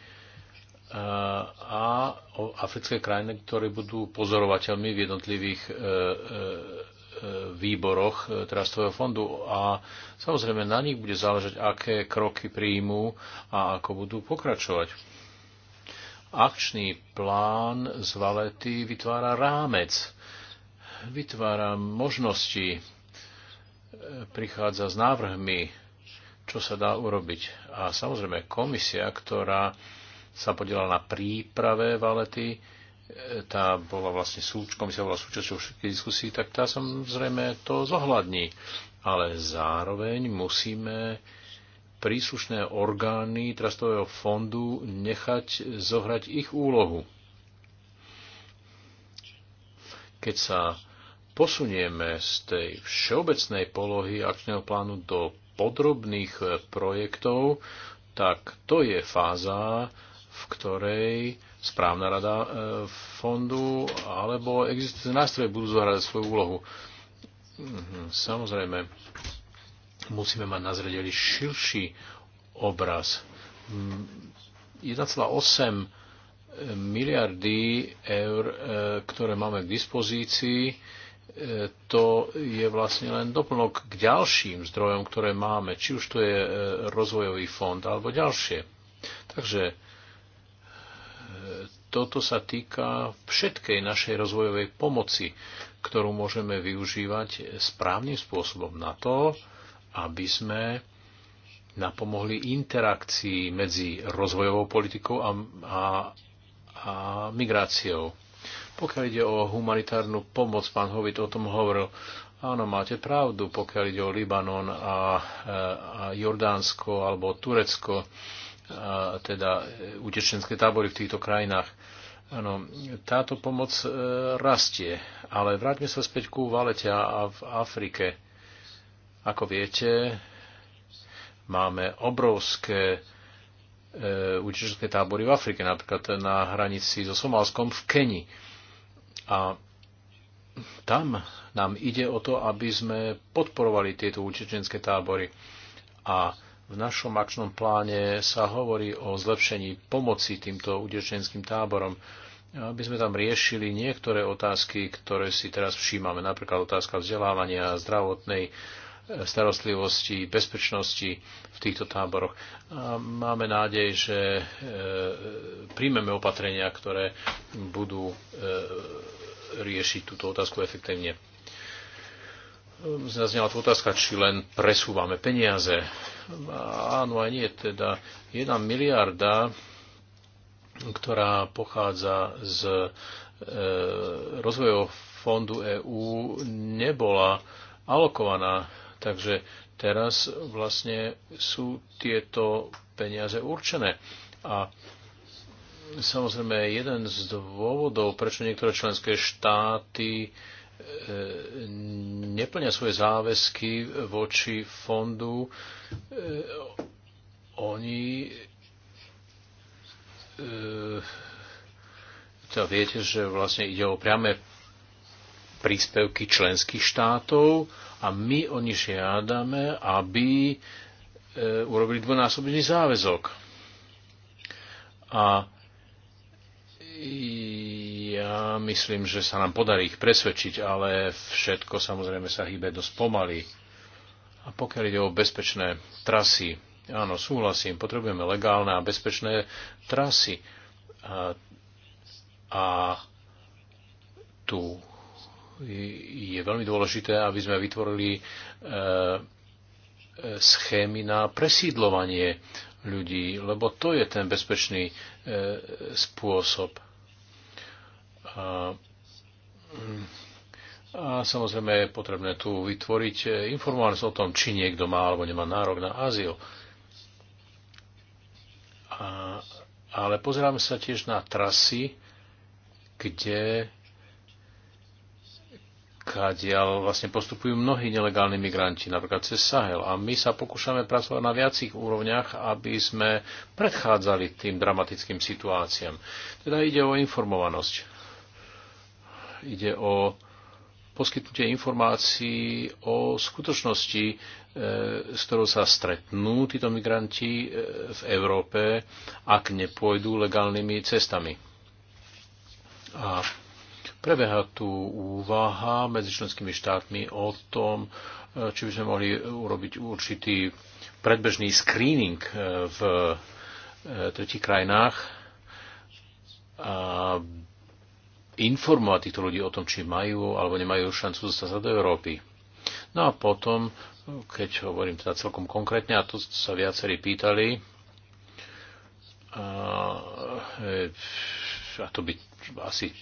a africké krajiny, ktoré budú pozorovateľmi v jednotlivých e, E, výboroch e, trastového fondu a samozrejme na nich bude záležať, aké kroky príjmú a ako budú pokračovať. Akčný plán z Valety vytvára rámec, vytvára možnosti, e, prichádza s návrhmi, čo sa dá urobiť. A samozrejme komisia, ktorá sa podiela na príprave Valety, tá bola vlastne súč, komisia bola súčasťou všetkých diskusí, tak tá samozrejme to zohľadní. Ale zároveň musíme príslušné orgány Trastového fondu nechať zohrať ich úlohu. Keď sa posunieme z tej všeobecnej polohy akčného plánu do podrobných projektov, tak to je fáza, v ktorej správna rada e, fondu alebo existujúce nástroje budú zohrať svoju úlohu. Mhm, samozrejme, musíme mať na zredeli širší obraz. 1,8 mm, e, miliardy eur, e, ktoré máme k dispozícii, to je vlastne len doplnok k ďalším zdrojom, ktoré máme, či už to je rozvojový fond alebo ďalšie. Takže toto sa týka všetkej našej rozvojovej pomoci, ktorú môžeme využívať správnym spôsobom na to, aby sme napomohli interakcii medzi rozvojovou politikou a, a, a migráciou. Pokiaľ ide o humanitárnu pomoc, pán Hovit o tom hovoril, áno, máte pravdu, pokiaľ ide o Libanon a, a Jordánsko alebo Turecko, a teda e, utečenské tábory v týchto krajinách. Áno, táto pomoc e, rastie, ale vráťme sa späť ku Valete a v Afrike. Ako viete, máme obrovské e, utečenské tábory v Afrike, napríklad na hranici so Somálskom v Keni. A tam nám ide o to, aby sme podporovali tieto utečenské tábory. A v našom akčnom pláne sa hovorí o zlepšení pomoci týmto utečenským táborom, aby sme tam riešili niektoré otázky, ktoré si teraz všímame, napríklad otázka vzdelávania, zdravotnej eh, starostlivosti, bezpečnosti v týchto táboroch. A máme nádej, že e, príjmeme opatrenia, ktoré budú e, riešiť túto otázku efektívne. Ehm, zaznela tu otázka, či len presúvame peniaze. Ehm, áno aj nie, teda jedna miliarda, ktorá pochádza z e, rozvojového fondu EÚ, nebola alokovaná. Takže teraz vlastne sú tieto peniaze určené. A samozrejme jeden z dôvodov, prečo niektoré členské štáty e, E, neplňa svoje záväzky voči fondu. E, oni teda viete, že vlastne ide o priame príspevky členských štátov a my oni žiadame, aby urobili dvojnásobný záväzok. A ja myslím, že sa nám podarí ich presvedčiť, ale všetko samozrejme sa hýbe dosť pomaly. A pokiaľ ide o bezpečné trasy, áno, súhlasím, potrebujeme legálne a bezpečné trasy. A, a tu je veľmi dôležité, aby sme vytvorili e, e, schémy na presídlovanie ľudí, lebo to je ten bezpečný e, spôsob a, mm, a samozrejme je potrebné tu vytvoriť e, informovanosť o tom, či niekto má alebo nemá nárok na azyl. A, ale pozeráme sa tiež na trasy, kde kadiaľ vlastne postupujú mnohí nelegálni migranti, napríklad cez Sahel. A my sa pokúšame pracovať na viacich úrovniach, aby sme predchádzali tým dramatickým situáciám. Teda ide o informovanosť. Ide o poskytnutie informácií o skutočnosti, e, s ktorou sa stretnú títo migranti e, v Európe, ak nepôjdu legálnymi cestami. A prebeha tu úvaha medzi členskými štátmi o tom, e, či by sme mohli urobiť určitý predbežný screening v tretich krajinách, informovať týchto ľudí o tom, či majú alebo nemajú šancu dostať sa do Európy. No a potom, keď hovorím teda celkom konkrétne, a to sa viacerí pýtali, a, e, a to by asi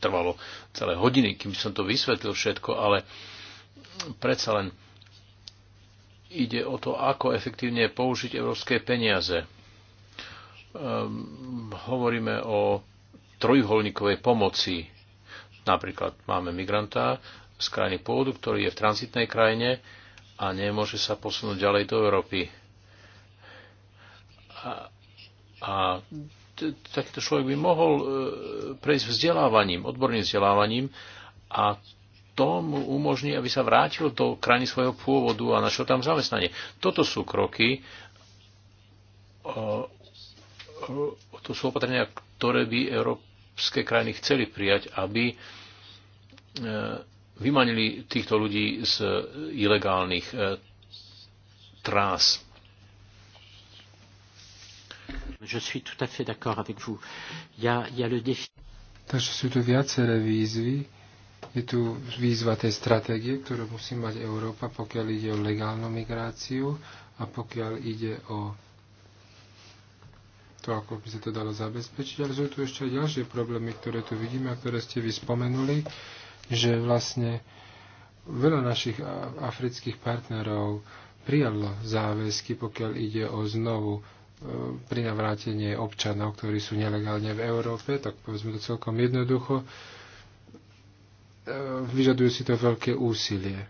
trvalo celé hodiny, kým som to vysvetlil všetko, ale predsa len ide o to, ako efektívne použiť európske peniaze. Um, hovoríme o trojuholníkovej pomoci. Napríklad máme migranta z krajiny pôvodu, ktorý je v transitnej krajine a nemôže sa posunúť ďalej do Európy. A, a takýto človek by mohol e, prejsť vzdelávaním, odborným vzdelávaním a to mu umožní, aby sa vrátil do krajiny svojho pôvodu a našiel tam zamestnanie. Toto sú kroky, e, e, to sú opatrenia, ktoré by európske krajiny chceli prijať, aby e, vymanili týchto ľudí z ilegálnych e, trás. Je suis tout à fait d'accord avec vous. Il y a, il y a le défi. Takže sú tu viaceré výzvy. Je tu výzva tej stratégie, ktorú musí mať Európa, pokiaľ ide o legálnu migráciu a pokiaľ ide o to, ako by sa to dalo zabezpečiť, ale sú tu ešte aj ďalšie problémy, ktoré tu vidíme a ktoré ste vyspomenuli, spomenuli, že vlastne veľa našich afrických partnerov prijalo záväzky, pokiaľ ide o znovu e, pri navrátenie občanov, ktorí sú nelegálne v Európe, tak povedzme to celkom jednoducho, e, vyžadujú si to veľké úsilie.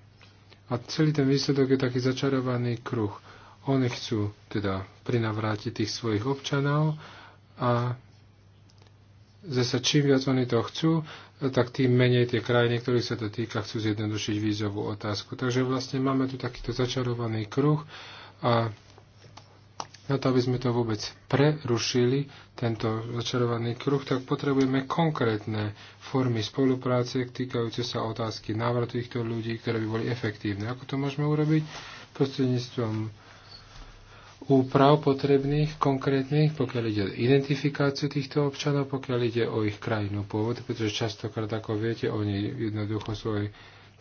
A celý ten výsledok je taký začarovaný kruh. Oni chcú teda prinavrátiť tých svojich občanov a zase čím viac oni to chcú, tak tým menej tie krajiny, ktorých sa to týka, chcú zjednodušiť vízovú otázku. Takže vlastne máme tu takýto začarovaný kruh a na to, aby sme to vôbec prerušili, tento začarovaný kruh, tak potrebujeme konkrétne formy spolupráce týkajúce sa otázky návratu týchto ľudí, ktoré by boli efektívne. Ako to môžeme urobiť? Prostredníctvom úprav potrebných, konkrétnych, pokiaľ ide o identifikáciu týchto občanov, pokiaľ ide o ich krajinu pôvod, pretože častokrát, ako viete, oni jednoducho svoj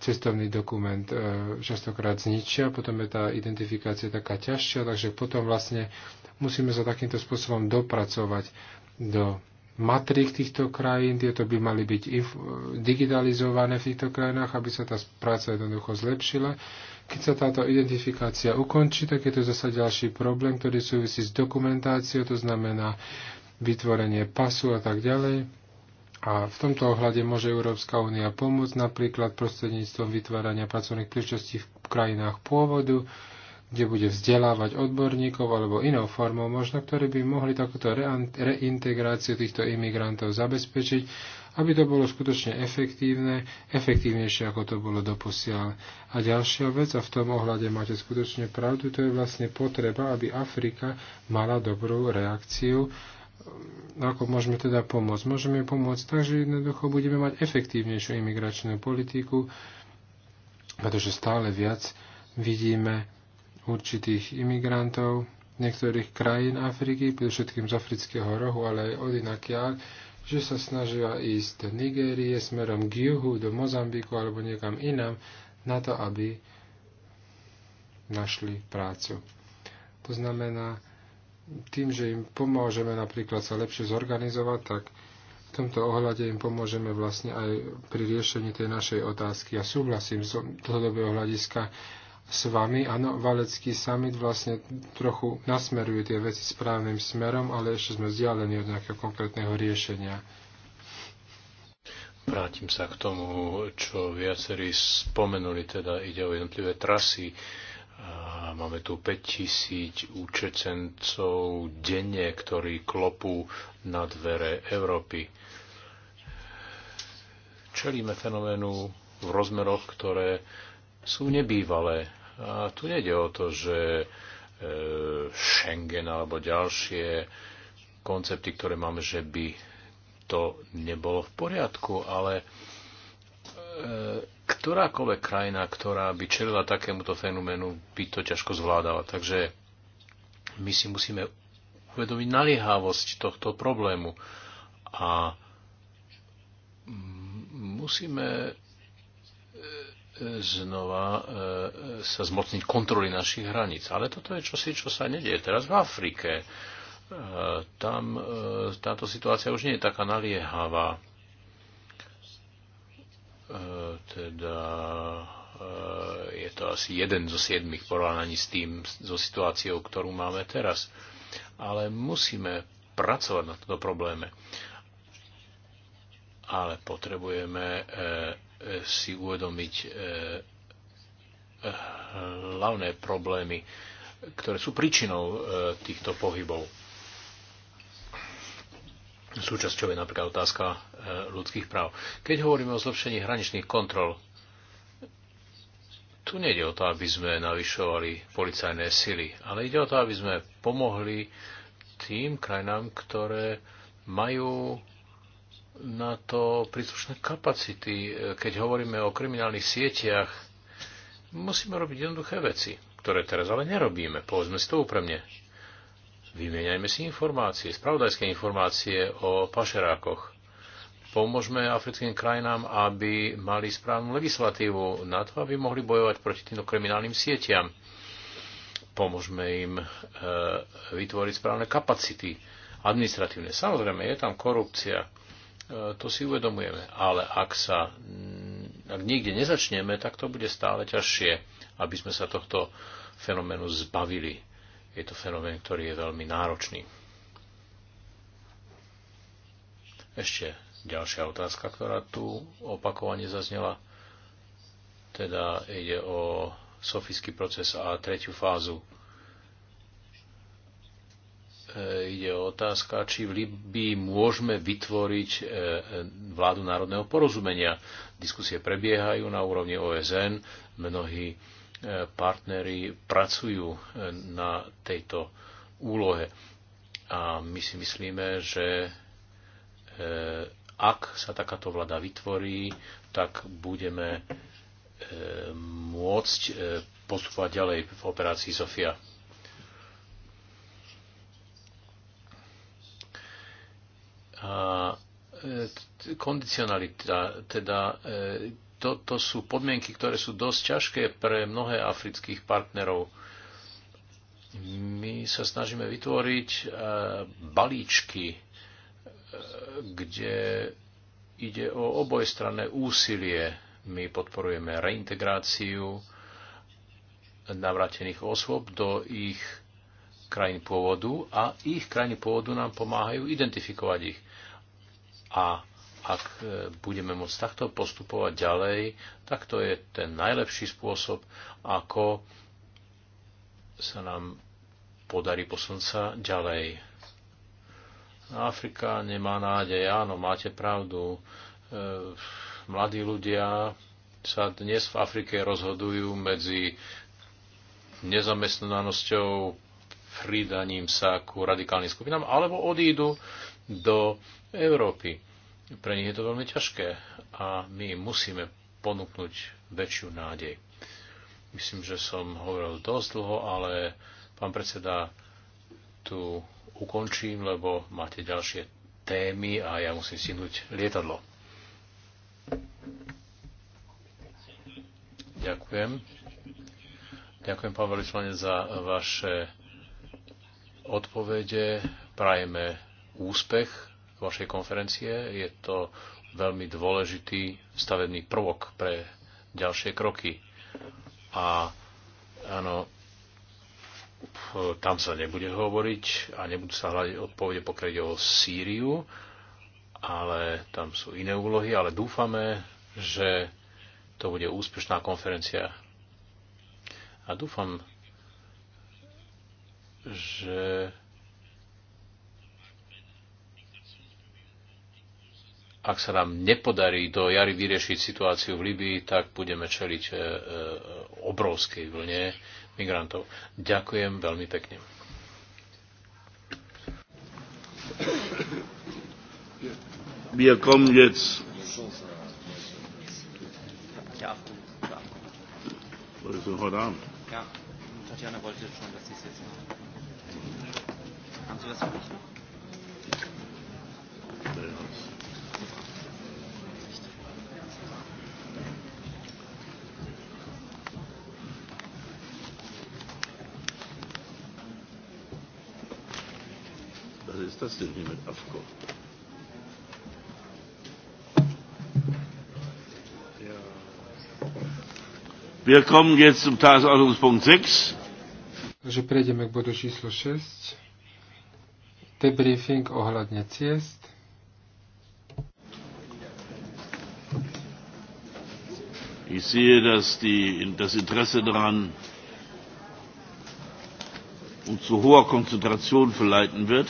cestovný dokument e, častokrát zničia, potom je tá identifikácia taká ťažšia, takže potom vlastne musíme sa takýmto spôsobom dopracovať do matrik týchto krajín, tieto by mali byť digitalizované v týchto krajinách, aby sa tá práca jednoducho zlepšila. Keď sa táto identifikácia ukončí, tak je to zase ďalší problém, ktorý súvisí s dokumentáciou, to znamená vytvorenie pasu a tak ďalej. A v tomto ohľade môže Európska únia pomôcť napríklad prostredníctvom vytvárania pracovných príležitostí v krajinách pôvodu, kde bude vzdelávať odborníkov alebo inou formou možno, ktorí by mohli takúto reintegráciu týchto imigrantov zabezpečiť aby to bolo skutočne efektívne, efektívnejšie, ako to bolo doposiaľ. A ďalšia vec, a v tom ohľade máte skutočne pravdu, to je vlastne potreba, aby Afrika mala dobrú reakciu ako môžeme teda pomôcť? Môžeme pomôcť tak, že jednoducho budeme mať efektívnejšiu imigračnú politiku, pretože stále viac vidíme určitých imigrantov niektorých krajín Afriky, predovšetkým z afrického rohu, ale aj od inakiaľ, že sa snažila ísť do Nigérie smerom k juhu, do Mozambiku alebo niekam inam, na to, aby našli prácu. To znamená, tým, že im pomôžeme napríklad sa lepšie zorganizovať, tak v tomto ohľade im pomôžeme vlastne aj pri riešení tej našej otázky. Ja súhlasím z dlhodobého hľadiska s vami. Áno, Valecký summit vlastne trochu nasmeruje tie veci správnym smerom, ale ešte sme vzdialení od nejakého konkrétneho riešenia. Vrátim sa k tomu, čo viacerí spomenuli, teda ide o jednotlivé trasy. A máme tu 5000 účecencov denne, ktorí klopú na dvere Európy. Čelíme fenoménu v rozmeroch, ktoré sú nebývalé. A tu nejde o to, že e, Schengen alebo ďalšie koncepty, ktoré máme, že by to nebolo v poriadku, ale e, ktorákoľvek krajina, ktorá by čelila takémuto fenoménu, by to ťažko zvládala. Takže my si musíme uvedomiť naliehavosť tohto problému a musíme znova e, sa zmocniť kontroly našich hraníc. Ale toto je čosi, čo sa nedieje teraz v Afrike. E, tam e, táto situácia už nie je taká naliehavá. Teda je to asi jeden zo siedmých porovnaní s tým, so situáciou, ktorú máme teraz. Ale musíme pracovať na tomto probléme. Ale potrebujeme si uvedomiť e, hlavné problémy, ktoré sú príčinou e, týchto pohybov. Súčasťou je napríklad otázka e, ľudských práv. Keď hovoríme o zlepšení hraničných kontrol, tu nejde o to, aby sme navyšovali policajné sily, ale ide o to, aby sme pomohli tým krajinám, ktoré majú na to príslušné kapacity. Keď hovoríme o kriminálnych sieťach, musíme robiť jednoduché veci, ktoré teraz ale nerobíme. Povedzme si to úprimne. Vymieňajme si informácie, spravodajské informácie o pašerákoch. Pomôžme africkým krajinám, aby mali správnu legislatívu na to, aby mohli bojovať proti týmto kriminálnym sieťam. Pomôžme im e, vytvoriť správne kapacity administratívne. Samozrejme, je tam korupcia, E, to si uvedomujeme. Ale ak sa mm, ak niekde nezačneme, tak to bude stále ťažšie, aby sme sa tohto fenoménu zbavili. Je to fenomén, ktorý je veľmi náročný. Ešte ďalšia otázka, ktorá tu opakovane zaznela. Teda ide o sofický proces a tretiu fázu E, ide o otázka, či v Libii môžeme vytvoriť e, vládu národného porozumenia. Diskusie prebiehajú na úrovni OSN, mnohí e, partnery pracujú na tejto úlohe. A my si myslíme, že ak sa takáto vláda vytvorí, tak budeme môcť postupovať ďalej v operácii Sofia. A e, kondicionalita, teda e, to, to sú podmienky, ktoré sú dosť ťažké pre mnohé afrických partnerov. My sa snažíme vytvoriť e, balíčky, kde ide o obojstranné úsilie. My podporujeme reintegráciu navrátených osôb do ich krajiny pôvodu a ich krajiny pôvodu nám pomáhajú identifikovať ich. A ak e, budeme môcť takto postupovať ďalej, tak to je ten najlepší spôsob, ako sa nám podarí posunúť sa ďalej. Afrika nemá nádej, áno, máte pravdu. E, mladí ľudia sa dnes v Afrike rozhodujú medzi nezamestnanosťou, pridaním sa ku radikálnym skupinám, alebo odídu do Európy. Pre nich je to veľmi ťažké a my musíme ponúknuť väčšiu nádej. Myslím, že som hovoril dosť dlho, ale pán predseda, tu ukončím, lebo máte ďalšie témy a ja musím stihnúť lietadlo. Ďakujem. Ďakujem, pán veľvyslanec, za vaše odpovede. Prajeme úspech vašej konferencie. Je to veľmi dôležitý stavebný prvok pre ďalšie kroky. A áno, tam sa nebude hovoriť a nebudú sa hľadať odpovede pokiaľ ide o Sýriu, ale tam sú iné úlohy, ale dúfame, že to bude úspešná konferencia. A dúfam, že ak sa nám nepodarí do jary vyriešiť situáciu v Libii, tak budeme čeliť e, e, obrovskej vlne migrantov. Ďakujem veľmi pekne. Wir kommen jetzt. Heute Abend. Ja, Tatjana wollte schon, dass sie es jetzt machen und sowas habe ich noch. Was ist das denn hier mit AFCO? Wir kommen jetzt zum Tagesordnungspunkt 6. Takže prejdeme k bodu číslo 6 debriefing ohľadne ciest. Ich sehe, dass die, das Interesse daran und zu hoher Konzentration verleiten wird.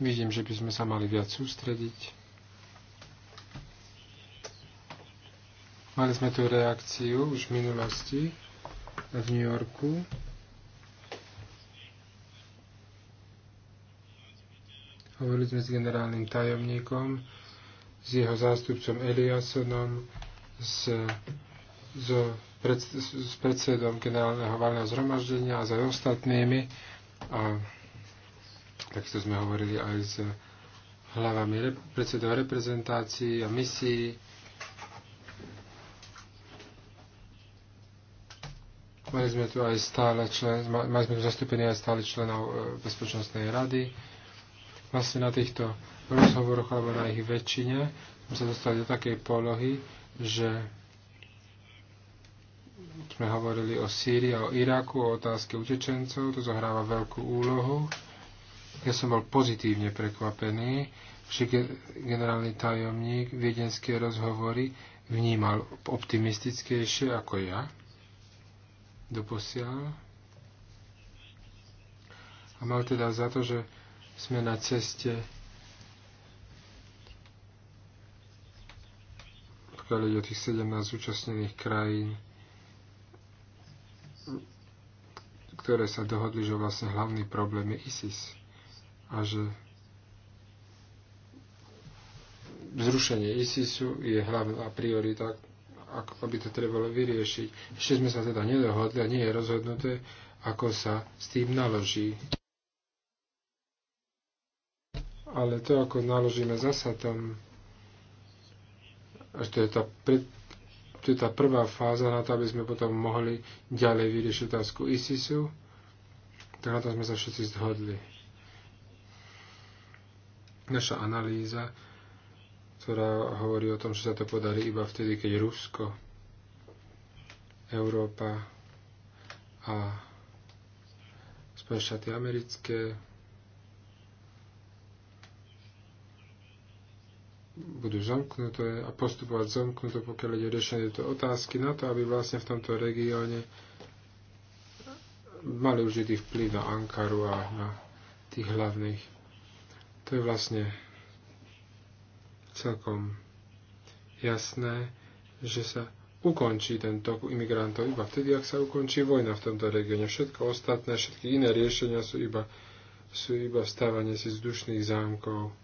Vidím, že by sme sa mali viac sústrediť. Mali sme tu reakciu už v minulosti v New Yorku. Hovorili sme s generálnym tajomníkom, s jeho zástupcom Eliasonom, s, s, pred, s predsedom generálneho valného zhromaždenia a s aj ostatnými. A takisto sme hovorili aj s hlavami rep- predsedov reprezentácií a misií. Mali sme tu aj stále člen, mali sme tu zastúpenie aj stále členov e, Bezpečnostnej rady vlastne na týchto rozhovoroch alebo na ich väčšine sme sa dostali do takej polohy, že sme hovorili o Sýrii a o Iraku, o otázke utečencov, to zohráva veľkú úlohu. Ja som bol pozitívne prekvapený, že generálny tajomník viedenské rozhovory vnímal optimistickejšie ako ja doposiaľ. A mal teda za to, že sme na ceste pokiaľ ide o tých 17 zúčastnených krajín, ktoré sa dohodli, že vlastne hlavný problém je ISIS a že zrušenie ISISu je hlavná priorita, ako by to trebalo vyriešiť. Ešte sme sa teda nedohodli a nie je rozhodnuté, ako sa s tým naloží ale to, ako naložíme zasa tam, až to je tá, pred, to je tá prvá fáza na to, aby sme potom mohli ďalej vyriešiť otázku ISISu, tak na to sme sa všetci zhodli. Naša analýza, ktorá hovorí o tom, že sa to podarí iba vtedy, keď Rusko, Európa a Spojené štáty americké budú zomknuté a postupovať zomknuté, pokiaľ ide riešenie tejto otázky, na to, aby vlastne v tomto regióne mali užitý vplyv na Ankaru a na tých hlavných. To je vlastne celkom jasné, že sa ukončí ten tok imigrantov iba vtedy, ak sa ukončí vojna v tomto regióne. Všetko ostatné, všetky iné riešenia sú iba, sú iba stávanie si vzdušných zámkov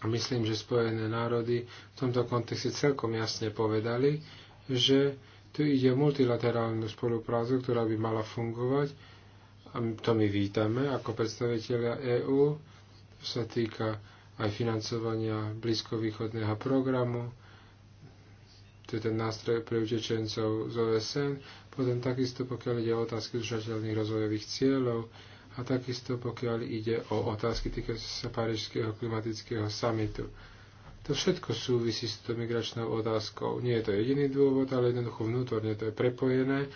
a myslím, že Spojené národy v tomto kontexte celkom jasne povedali, že tu ide o multilaterálnu spoluprácu, ktorá by mala fungovať. A to my vítame ako predstaviteľa EÚ. To sa týka aj financovania blízkovýchodného programu, to je ten nástroj pre utečencov z OSN, potom takisto pokiaľ ide o otázky udržateľných rozvojových cieľov, a takisto pokiaľ ide o otázky týkajúce sa Parížského klimatického samitu. To všetko súvisí s tou migračnou otázkou. Nie je to jediný dôvod, ale jednoducho vnútorne to je prepojené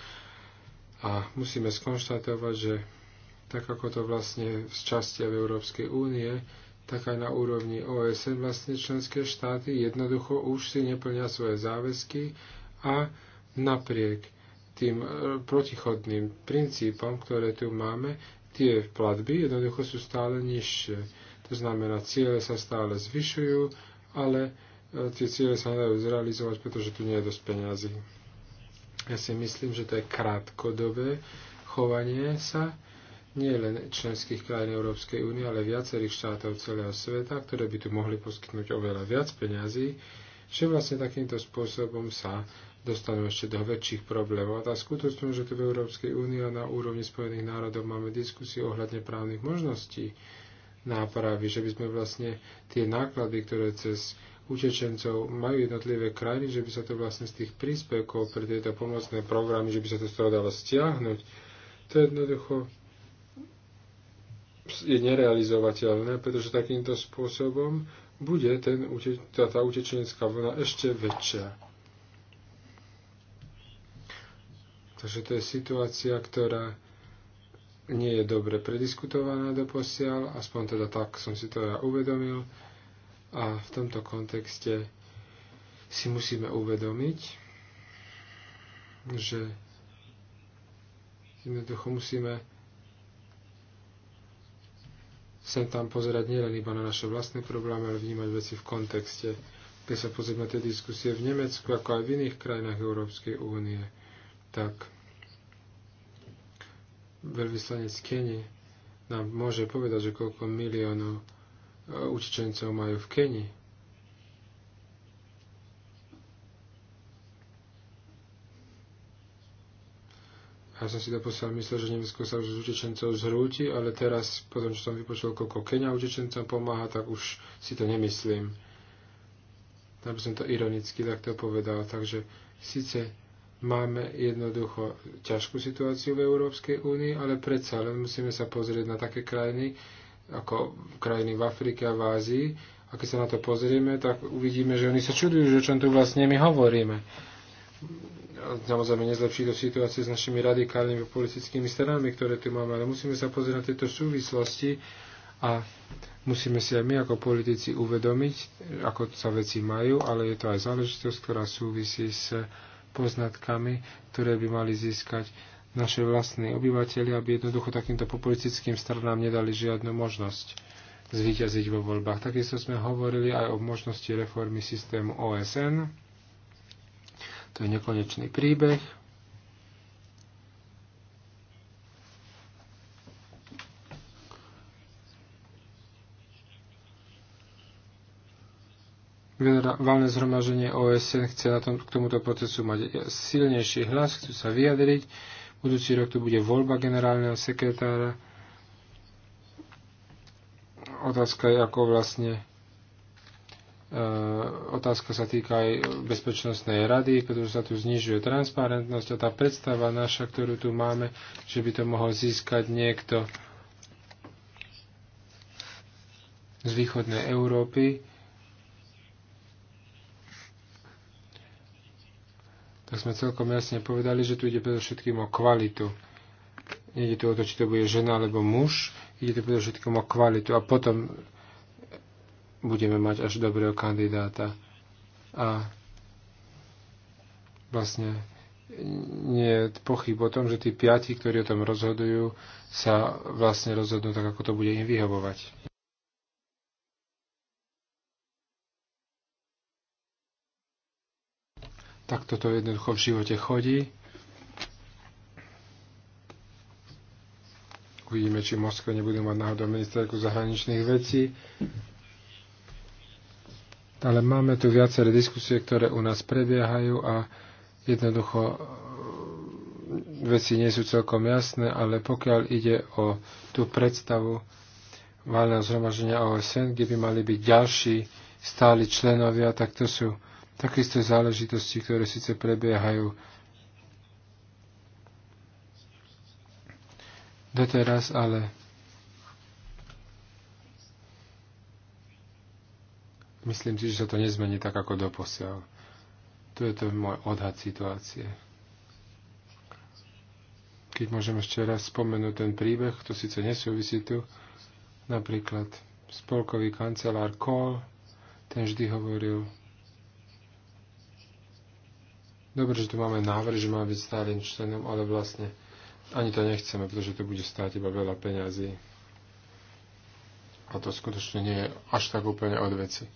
a musíme skonštatovať, že tak ako to vlastne z častia v Európskej únie, tak aj na úrovni OSN vlastne členské štáty jednoducho už si neplňa svoje záväzky a napriek tým e, protichodným princípom, ktoré tu máme, tie platby jednoducho sú stále nižšie. To znamená, ciele sa stále zvyšujú, ale e, tie ciele sa nedajú zrealizovať, pretože tu nie je dosť peňazí. Ja si myslím, že to je krátkodobé chovanie sa nie len členských krajín Európskej únie, ale viacerých štátov celého sveta, ktoré by tu mohli poskytnúť oveľa viac peňazí, že vlastne takýmto spôsobom sa dostanú ešte do väčších problémov. A tá skutočnosť, že tu v Európskej únii a na úrovni Spojených národov máme diskusiu ohľadne právnych možností nápravy, že by sme vlastne tie náklady, ktoré cez utečencov majú jednotlivé krajiny, že by sa to vlastne z tých príspevkov pre tieto pomocné programy, že by sa to z toho dalo stiahnuť, to jednoducho je nerealizovateľné, pretože takýmto spôsobom bude ten, tá, tá utečenecká vlna ešte väčšia. Takže to je situácia, ktorá nie je dobre prediskutovaná do posiaľ, aspoň teda tak som si to ja uvedomil. A v tomto kontexte si musíme uvedomiť, že jednoducho musíme sem tam pozerať nielen iba na naše vlastné problémy, ale vnímať veci v kontexte. Keď sa pozrieme na tie diskusie v Nemecku, ako aj v iných krajinách Európskej únie, tak veľvyslanec Keni nám môže povedať, že koľko miliónov e, učičencov majú v Keni. Ja som si doposiaľ myslel, že Nemecko sa už z utečencov zhrúti, ale teraz, potom čo som vypočul, koľko Kenia utečencom pomáha, tak už si to nemyslím. Tam by som to ironicky takto povedal. Takže síce Máme jednoducho ťažkú situáciu v Európskej únii, ale predsa len musíme sa pozrieť na také krajiny, ako krajiny v Afrike a v Ázii. A keď sa na to pozrieme, tak uvidíme, že oni sa čudujú, že o čom tu vlastne my hovoríme. Samozrejme, nezlepší to situácie s našimi radikálnymi politickými stranami, ktoré tu máme, ale musíme sa pozrieť na tieto súvislosti a musíme si aj my ako politici uvedomiť, ako sa veci majú, ale je to aj záležitosť, ktorá súvisí s poznatkami, ktoré by mali získať naše vlastní obyvateľi, aby jednoducho takýmto populistickým stranám nedali žiadnu možnosť zvíťaziť vo voľbách. Takisto sme hovorili aj o možnosti reformy systému OSN. To je nekonečný príbeh. generálne zhromaženie OSN chce na tom, k tomuto procesu mať silnejší hlas, chcú sa vyjadriť. Budúci rok tu bude voľba generálneho sekretára. Otázka je, ako vlastne e, otázka sa týka aj bezpečnostnej rady, pretože sa tu znižuje transparentnosť a tá predstava naša, ktorú tu máme, že by to mohol získať niekto z východnej Európy, tak sme celkom jasne povedali, že tu ide predovšetkým o kvalitu. Nejde tu o to, či to bude žena alebo muž, ide tu predovšetkým o kvalitu a potom budeme mať až dobrého kandidáta. A vlastne nie je pochyb o tom, že tí piati, ktorí o tom rozhodujú, sa vlastne rozhodnú tak, ako to bude im vyhovovať. Tak toto jednoducho v živote chodí. Uvidíme, či Moskva nebude mať náhodou ministerku zahraničných vecí. Ale máme tu viaceré diskusie, ktoré u nás prebiehajú a jednoducho e, veci nie sú celkom jasné, ale pokiaľ ide o tú predstavu valného zhromaždenia OSN, kde by mali byť ďalší stáli členovia, tak to sú takisto záležitosti, ktoré síce prebiehajú doteraz, ale myslím si, že sa to nezmení tak ako doposiaľ. To je to môj odhad situácie keď môžem ešte raz spomenúť ten príbeh, to síce nesúvisí tu, napríklad spolkový kancelár Kohl, ten vždy hovoril, Dobre, že tu máme návrh, že má byť stálym členom, ale vlastne ani to nechceme, pretože to bude stáť iba veľa peňazí. A to skutočne nie je až tak úplne od veci.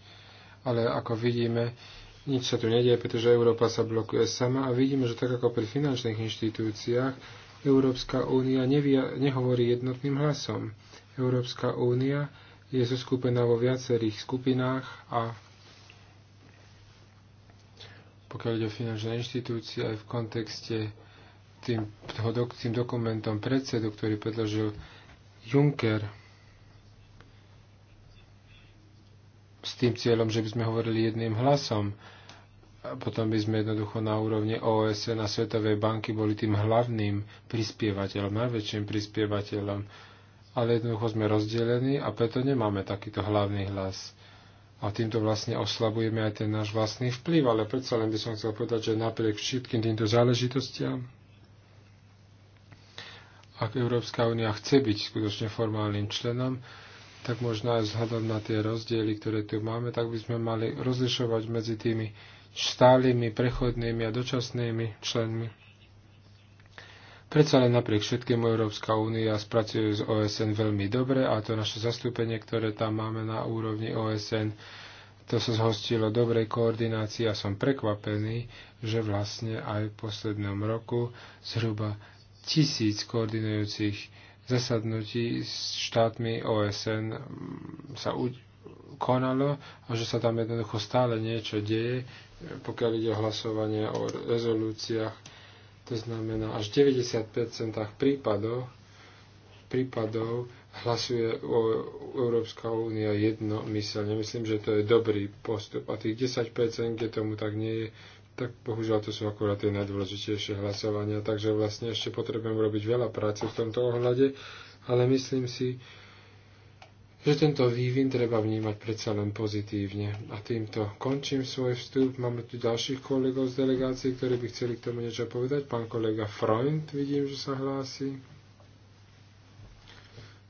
Ale ako vidíme, nič sa tu nedie, pretože Európa sa blokuje sama a vidíme, že tak ako pri finančných inštitúciách, Európska únia nevia, nehovorí jednotným hlasom. Európska únia je zoskupená vo viacerých skupinách a pokiaľ ide o finančné inštitúcie, aj v kontexte tým, tým dokumentom predsedu, ktorý predložil Juncker s tým cieľom, že by sme hovorili jedným hlasom. A potom by sme jednoducho na úrovni OSN a Svetovej banky boli tým hlavným prispievateľom, najväčším prispievateľom. Ale jednoducho sme rozdelení a preto nemáme takýto hlavný hlas a týmto vlastne oslabujeme aj ten náš vlastný vplyv, ale predsa len by som chcel povedať, že napriek všetkým týmto záležitostiam, ak Európska únia chce byť skutočne formálnym členom, tak možno aj vzhľadom na tie rozdiely, ktoré tu máme, tak by sme mali rozlišovať medzi tými stálymi, prechodnými a dočasnými členmi Predsa len napriek všetkému Európska únia spracuje z OSN veľmi dobre a to naše zastúpenie, ktoré tam máme na úrovni OSN, to sa zhostilo dobrej koordinácii a som prekvapený, že vlastne aj v poslednom roku zhruba tisíc koordinujúcich zasadnutí s štátmi OSN sa konalo a že sa tam jednoducho stále niečo deje, pokiaľ ide o hlasovanie o rezolúciách to znamená, až 90% prípadov, prípadov hlasuje o Európska únia jednomyselne. Myslím, že to je dobrý postup. A tých 10%, kde tomu tak nie je, tak bohužiaľ to sú akurát tie najdôležitejšie hlasovania. Takže vlastne ešte potrebujem robiť veľa práce v tomto ohľade, ale myslím si, že tento vývin treba vnímať predsa len pozitívne. A týmto končím svoj vstup. Máme tu ďalších kolegov z delegácie, ktorí by chceli k tomu niečo povedať. Pán kolega Freund, vidím, že sa hlási.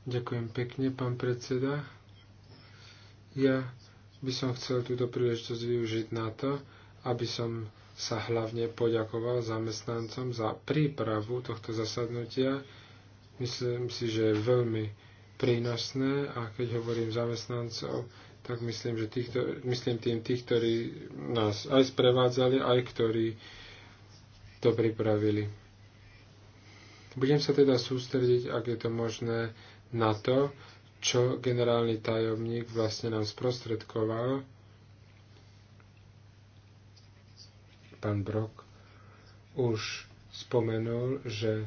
Ďakujem pekne, pán predseda. Ja by som chcel túto príležitosť využiť na to, aby som sa hlavne poďakoval zamestnancom za prípravu tohto zasadnutia. Myslím si, že je veľmi prínosné a keď hovorím zamestnancov, tak myslím, že tých, myslím tým tých, ktorí nás aj sprevádzali, aj ktorí to pripravili. Budem sa teda sústrediť, ak je to možné, na to, čo generálny tajomník vlastne nám sprostredkoval, pán Brok, už spomenul, že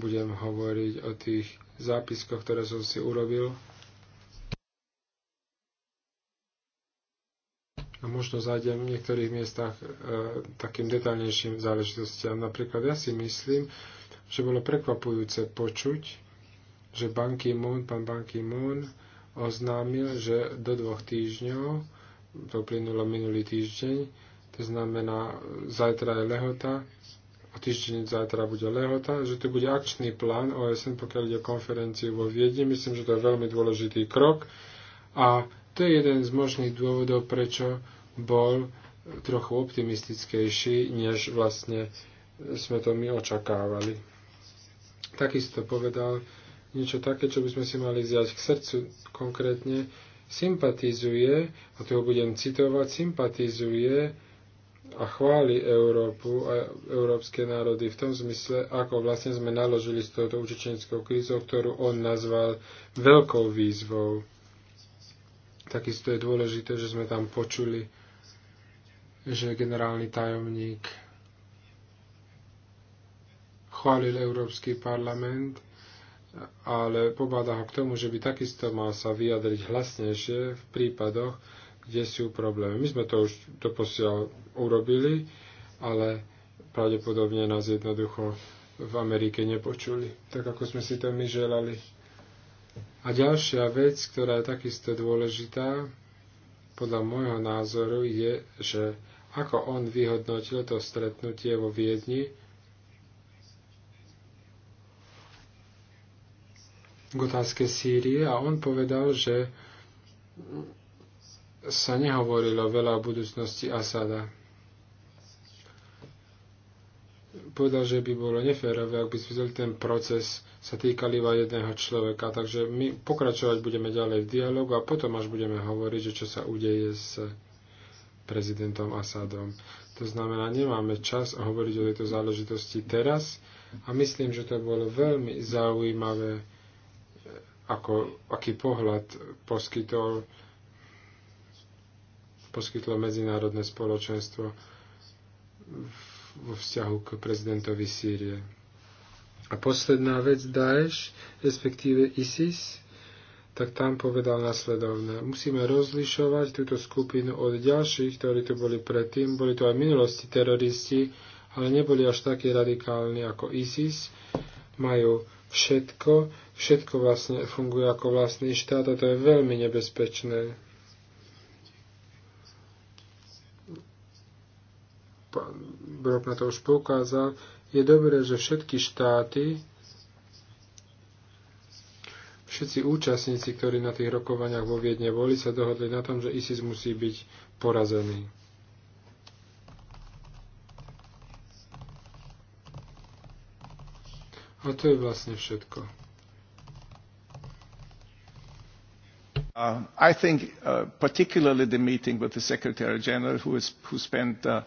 budem hovoriť o tých zápiskoch, ktoré som si urobil. A možno zájdem v niektorých miestach e, takým detaľnejším záležitostiam. Napríklad ja si myslím, že bolo prekvapujúce počuť, že Ban Ki-moon, pán Ban Ki-moon oznámil, že do dvoch týždňov, to plynulo minulý týždeň, to znamená, zajtra je lehota, a týždeň zajtra bude lehota, že tu bude akčný plán OSN, pokiaľ ide konferenciu vo Viedni. Myslím, že to je veľmi dôležitý krok a to je jeden z možných dôvodov, prečo bol trochu optimistickejší, než vlastne sme to my očakávali. Takisto povedal niečo také, čo by sme si mali vziať k srdcu konkrétne, sympatizuje, a toho budem citovať, sympatizuje a chváli Európu a európske národy v tom zmysle, ako vlastne sme naložili s touto učečenskou krízou, ktorú on nazval veľkou výzvou. Takisto je dôležité, že sme tam počuli, že generálny tajomník chválil Európsky parlament, ale pobáda ho k tomu, že by takisto mal sa vyjadriť hlasnejšie v prípadoch, kde sú problémy. My sme to už doposiaľ urobili, ale pravdepodobne nás jednoducho v Amerike nepočuli, tak ako sme si to my želali. A ďalšia vec, ktorá je takisto dôležitá, podľa môjho názoru, je, že ako on vyhodnotil to stretnutie vo Viedni, k otázke Sýrie a on povedal, že sa nehovorilo veľa o budúcnosti Asada. Povedal, že by bolo neférové, ak by celý ten proces sa týkal iba jedného človeka. Takže my pokračovať budeme ďalej v dialogu a potom až budeme hovoriť, že čo sa udeje s prezidentom Asadom. To znamená, nemáme čas hovoriť o tejto záležitosti teraz a myslím, že to bolo veľmi zaujímavé, ako, aký pohľad poskytol poskytlo medzinárodné spoločenstvo vo vzťahu k prezidentovi Sýrie. A posledná vec, Daesh, respektíve ISIS, tak tam povedal nasledovné. Musíme rozlišovať túto skupinu od ďalších, ktorí tu boli predtým. Boli tu aj v minulosti teroristi, ale neboli až takí radikálni ako ISIS. Majú všetko, všetko vlastne funguje ako vlastný štát a to je veľmi nebezpečné. pán Brok na to už poukázal, je dobré, že všetky štáty, všetci účastníci, ktorí na tých rokovaniach vo Viedne boli, sa dohodli na tom, že ISIS musí byť porazený. A to je vlastne všetko. Uh, I think uh, particularly the meeting with the Secretary General who, is, who spent uh,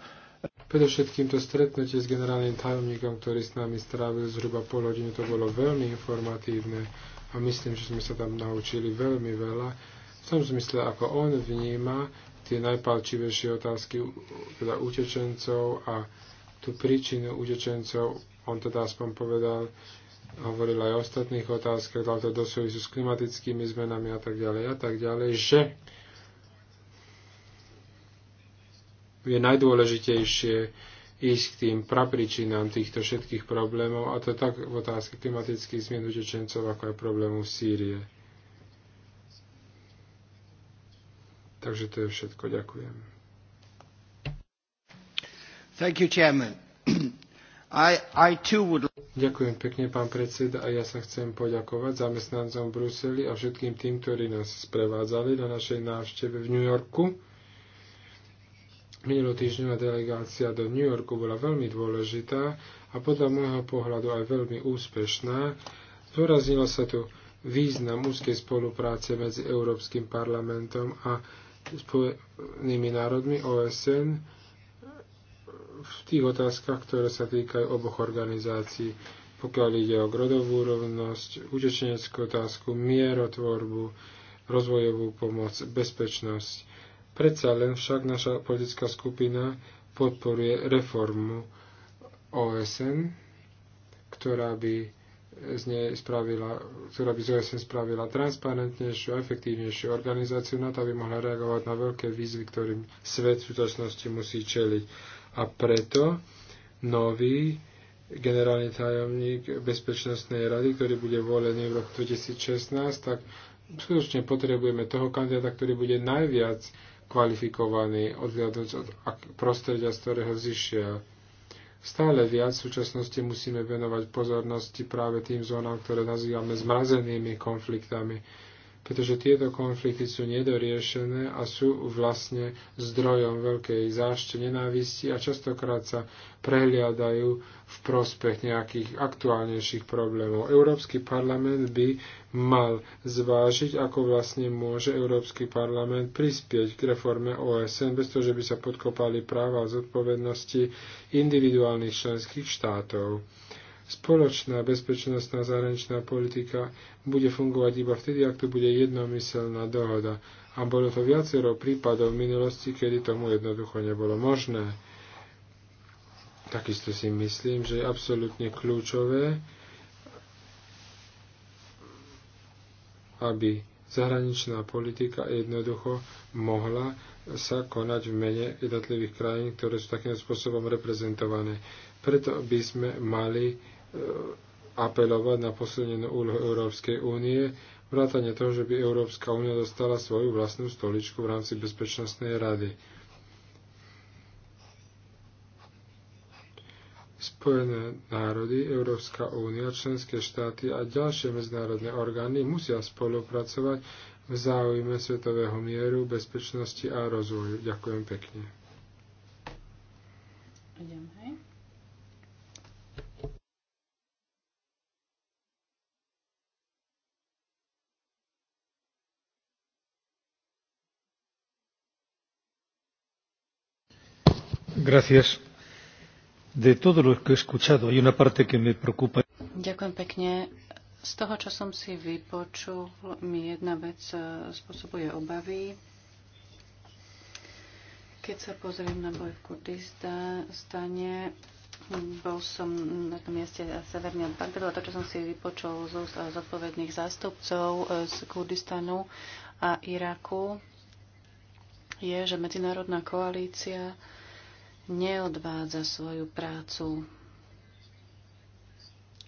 Predovšetkým to stretnutie s generálnym tajomníkom, ktorý s nami strávil zhruba pol hodinu, to bolo veľmi informatívne a myslím, že sme sa tam naučili veľmi veľa. V tom zmysle, ako on vníma tie najpalčivejšie otázky teda utečencov a tú príčinu utečencov, on teda aspoň povedal, hovoril aj o ostatných otázkach, dal to do súvisu s klimatickými zmenami a tak ďalej a tak ďalej, že je najdôležitejšie ísť k tým prapričinám týchto všetkých problémov, a to tak v otázke klimatických zmien utečencov, ako aj problémov Sýrie. Takže to je všetko. Ďakujem. Thank you, Chairman. I, I too would... Ďakujem pekne, pán predseda, a ja sa chcem poďakovať zamestnancom v Bruseli a všetkým tým, ktorí nás sprevádzali na našej návšteve v New Yorku. Minulotýždňová delegácia do New Yorku bola veľmi dôležitá a podľa môjho pohľadu aj veľmi úspešná. Zdôraznilo sa tu význam úzkej spolupráce medzi Európskym parlamentom a Spojenými národmi OSN v tých otázkach, ktoré sa týkajú oboch organizácií, pokiaľ ide o grodovú rovnosť, utečeneckú otázku, mierotvorbu, rozvojovú pomoc, bezpečnosť Predsa len však naša politická skupina podporuje reformu OSN, ktorá by z nej spravila, ktorá by z OSN spravila transparentnejšiu a efektívnejšiu organizáciu na to, aby mohla reagovať na veľké výzvy, ktorým svet v súčasnosti musí čeliť. A preto nový generálny tajomník Bezpečnostnej rady, ktorý bude volený v roku 2016, tak skutočne potrebujeme toho kandidáta, ktorý bude najviac kvalifikovaný, odhľadnúť od prostredia, z ktorého zišiel. Stále viac v súčasnosti musíme venovať pozornosti práve tým zónam, ktoré nazývame zmrazenými konfliktami pretože tieto konflikty sú nedoriešené a sú vlastne zdrojom veľkej zášte nenávisti a častokrát sa prehliadajú v prospech nejakých aktuálnejších problémov. Európsky parlament by mal zvážiť, ako vlastne môže Európsky parlament prispieť k reforme OSN, bez toho, že by sa podkopali práva a zodpovednosti individuálnych členských štátov spoločná bezpečnostná zahraničná politika bude fungovať iba vtedy, ak to bude jednomyselná dohoda. A bolo to viacero prípadov v minulosti, kedy tomu jednoducho nebolo možné. Takisto si myslím, že je absolútne kľúčové, aby zahraničná politika jednoducho mohla sa konať v mene jednotlivých krajín, ktoré sú takým spôsobom reprezentované. Preto by sme mali E, apelovať na posilnenú úlohu Európskej únie, vrátane toho, že by Európska únia dostala svoju vlastnú stoličku v rámci Bezpečnostnej rady. Spojené národy, Európska únia, členské štáty a ďalšie medzinárodné orgány musia spolupracovať v záujme svetového mieru, bezpečnosti a rozvoju. Ďakujem pekne. Ďakujem. De todo lo que he escuchado, hay una parte que me preocupa. Ďakujem pekne. Z toho, čo som si vypočul, mi jedna vec eh, spôsobuje obavy. Keď sa pozriem na boj v Kurdistane, bol som na tom mieste severne od Bagdadu a to, čo som si vypočul z eh, zodpovedných zástupcov eh, z Kurdistanu a Iraku, je, že medzinárodná koalícia neodvádza svoju prácu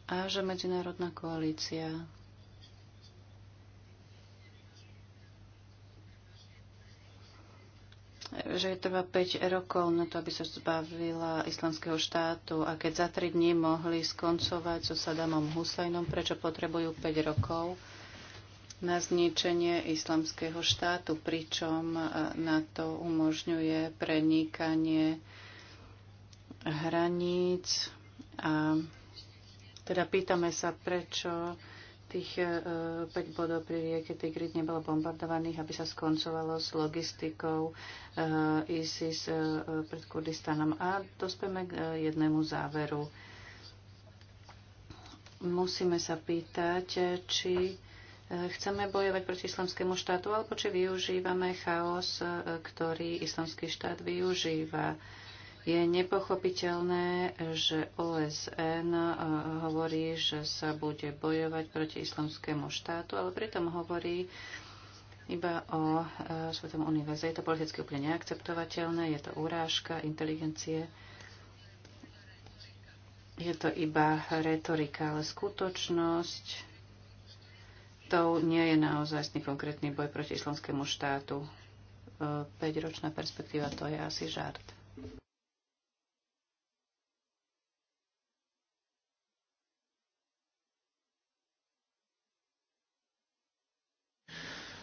a že medzinárodná koalícia že je treba 5 rokov na to, aby sa zbavila islamského štátu a keď za 3 dní mohli skoncovať so Sadamom Husajnom, prečo potrebujú 5 rokov na zničenie islamského štátu, pričom na to umožňuje prenikanie hraníc. A teda pýtame sa, prečo tých 5 e, bodov pri rieke Tigrit nebolo bombardovaných, aby sa skoncovalo s logistikou e, ISIS e, pred Kurdistanom. A dospeme k jednému záveru. Musíme sa pýtať, či chceme bojovať proti islamskému štátu, alebo či využívame chaos, ktorý islamský štát využíva je nepochopiteľné, že OSN e, hovorí, že sa bude bojovať proti islamskému štátu, ale pritom hovorí iba o e, Svetom univerze. Je to politicky úplne neakceptovateľné, je to urážka inteligencie. Je to iba retorika, ale skutočnosť to nie je naozaj konkrétny boj proti islamskému štátu. 5-ročná e, perspektíva to je asi žart.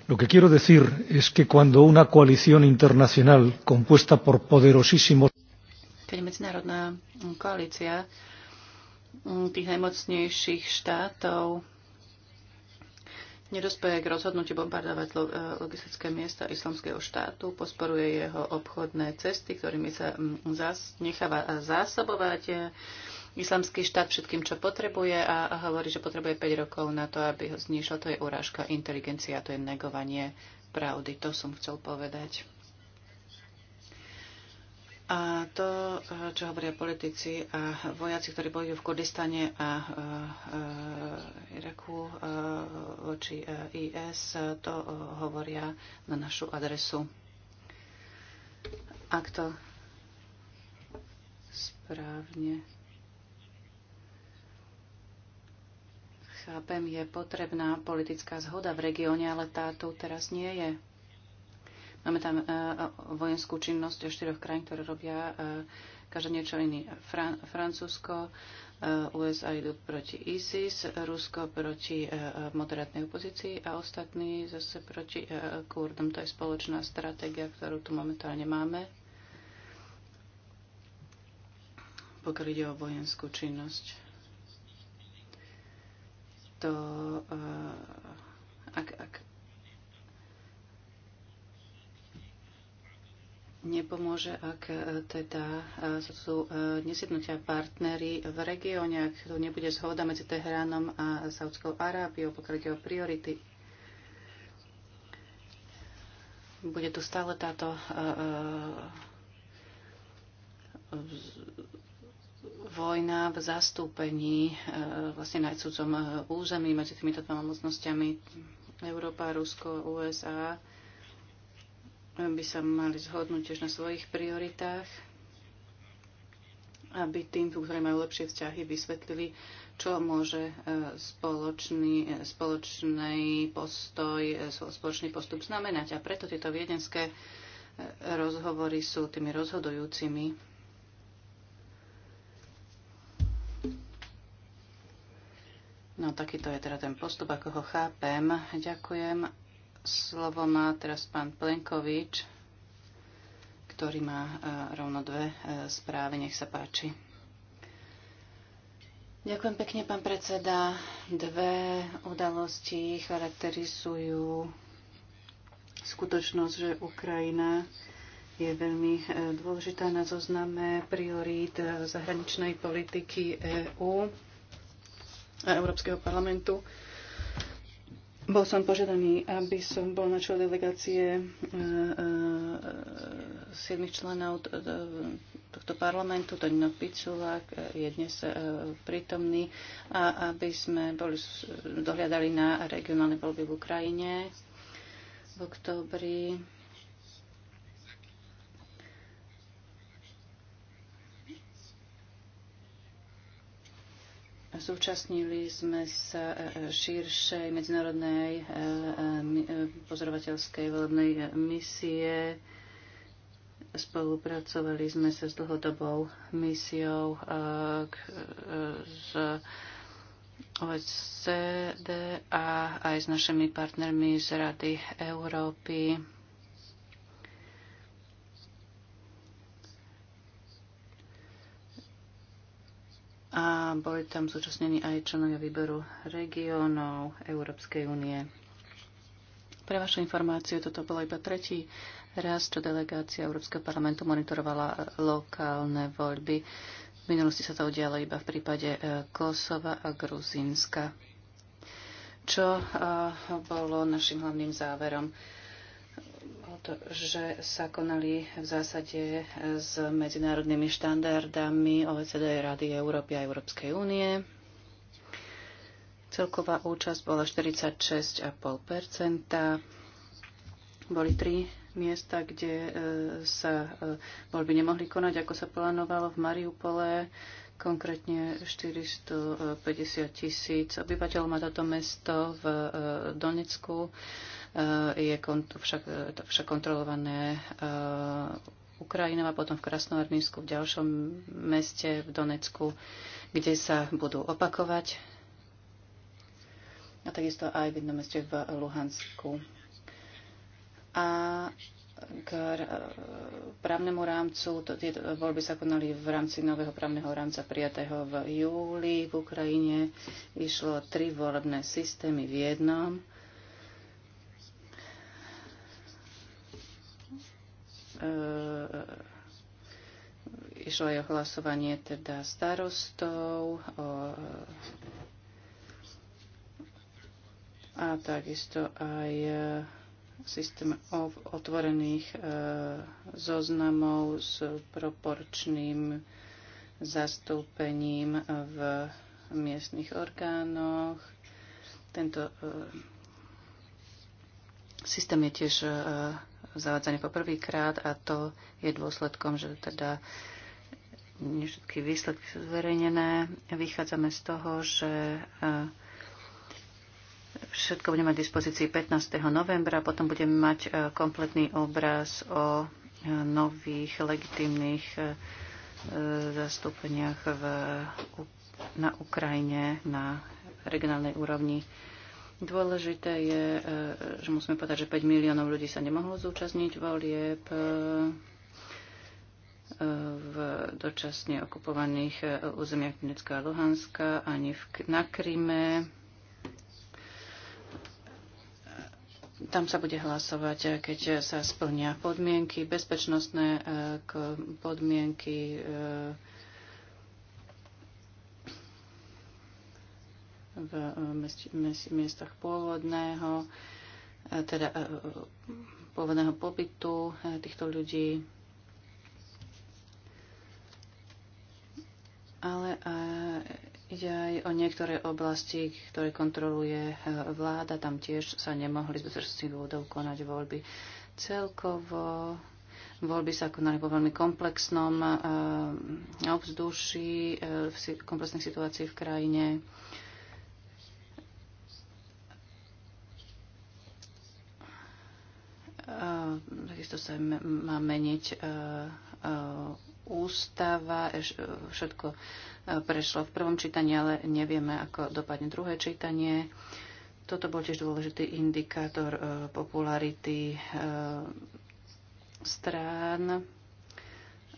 Lo que quiero decir es que cuando una coalición internacional compuesta por poderosísimos keď medzinárodná koalícia mm, tých najmocnejších štátov nedospeje k rozhodnutiu bombardovať eh, logistické miesta islamského štátu, posporuje jeho obchodné cesty, ktorými sa mm, necháva zásobovať eh, islamský štát všetkým, čo potrebuje a hovorí, že potrebuje 5 rokov na to, aby ho znišil. To je urážka inteligencia, to je negovanie pravdy. To som chcel povedať. A to, čo hovoria politici a vojaci, ktorí bojujú v Kurdistane a Iraku voči IS, to hovoria na našu adresu. Ak to správne chápem, je potrebná politická zhoda v regióne, ale táto teraz nie je. Máme tam e, e, vojenskú činnosť o štyroch krajín, ktoré robia e, každé niečo iné. Fran- Francúzsko, USA idú proti ISIS, Rusko proti moderátnej opozícii a ostatní zase proti Kurdom. To je spoločná stratégia, ktorú tu momentálne máme, pokiaľ ide o vojenskú činnosť to, eh, ak, ak nepomôže, ak eh, teda sú uh, eh, nesednutia partnery v regióne, ak tu nebude zhoda medzi Teheránom a Saudskou Arábiou, pokiaľ ide o priority. Bude tu stále táto vojna v zastúpení e, vlastne na cudzom e, území medzi týmito dvoma mocnosťami Európa, Rusko, USA by sa mali zhodnúť tiež na svojich prioritách, aby tým, ktorí majú lepšie vzťahy, vysvetlili, čo môže e, spoločný, spoločný postoj, spoločný postup znamenať. A preto tieto viedenské rozhovory sú tými rozhodujúcimi No takýto je teda ten postup, ako ho chápem. Ďakujem. Slovo má teraz pán Plenkovič, ktorý má e, rovno dve e, správy. Nech sa páči. Ďakujem pekne, pán predseda. Dve udalosti charakterizujú skutočnosť, že Ukrajina je veľmi e, dôležitá na zozname priorít zahraničnej politiky EÚ. Európskeho parlamentu. Bol som požiadaný, aby som bol na čele delegácie e, e, siedmých členov tohto parlamentu, Tonino Piculák je dnes e, prítomný, a aby sme boli, dohľadali na regionálne voľby v Ukrajine v oktobri. Zúčastnili sme sa e, e, širšej medzinárodnej e, pozorovateľskej volebnej misie. Spolupracovali sme sa s dlhodobou misiou z OECD a aj s našimi partnermi z Rady Európy a boli tam zúčastnení aj členovia výberu regiónov Európskej únie. Pre vašu informáciu, toto bolo iba tretí raz, čo delegácia Európskeho parlamentu monitorovala lokálne voľby. V minulosti sa to udialo iba v prípade e, Kosova a Gruzínska. Čo e, bolo našim hlavným záverom? to, že sa konali v zásade e, s medzinárodnými štandardami OECD Rady Európy a Európskej únie. Celková účasť bola 46,5 Boli tri miesta, kde e, sa e, voľby nemohli konať, ako sa plánovalo v Mariupole. Konkrétne 450 tisíc obyvateľov má toto mesto v Donecku. Eh, je však, eh, však kontrolované eh, Ukrajinou a potom v Krasnoarmínsku, v ďalšom meste v Donecku, kde sa budú opakovať a takisto aj v jednom meste v Luhansku. A k právnemu rámcu, tie voľby sa konali v rámci nového právneho rámca prijatého v júli v Ukrajine. Išlo tri volebné systémy v jednom E, e, išlo aj o hlasovanie teda starostov, o, a takisto aj e, systém otvorených zoznamov s proporčným zastúpením v miestnych orgánoch. Tento systém je tiež zavádzané poprvýkrát a to je dôsledkom, že teda nie všetky výsledky sú zverejnené. Vychádzame z toho, že e, všetko budeme mať v dispozícii 15. novembra, potom budeme mať e, kompletný obraz o e, nových legitimných zastúpeniach v, na Ukrajine na regionálnej úrovni. Dôležité je, e, že musíme povedať, že 5 miliónov ľudí sa nemohlo zúčastniť volieb e, e, v dočasne okupovaných územiach Donetska a Luhanska, ani v, na Kryme. Tam sa bude hlasovať, keď sa splnia podmienky, bezpečnostné podmienky, v eh, miestach pôvodného, eh, teda eh, pôvodného pobytu týchto ľudí, ale ide aj o niektoré oblasti, ktoré kontroluje vláda. Tam tiež sa nemohli z bezpečnostných dôvodov konať voľby. Celkovo voľby sa konali vo veľmi komplexnom obzduší, v komplexnej situácii v krajine. Takisto sa má meniť e, e, ústava, e, všetko prešlo v prvom čítaní, ale nevieme, ako dopadne druhé čítanie. Toto bol tiež dôležitý indikátor popularity strán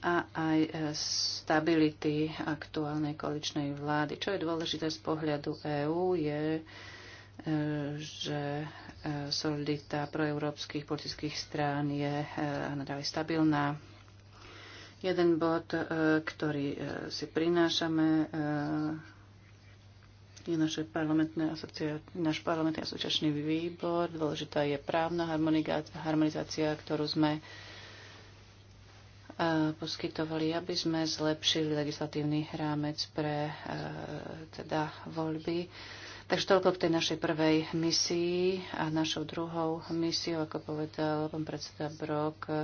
a aj stability aktuálnej koaličnej vlády. Čo je dôležité z pohľadu EÚ je, že solidita proeurópskych politických strán je eh, nadalej stabilná. Jeden bod, eh, ktorý eh, si prinášame, je naše parlamentné asocia- náš parlamentný asociačný výbor. Dôležitá je právna harmonizácia, ktorú sme poskytovali, aby sme zlepšili legislatívny rámec pre teda voľby. Takže toľko k tej našej prvej misii a našou druhou misiou, ako povedal pán predseda Brok, e,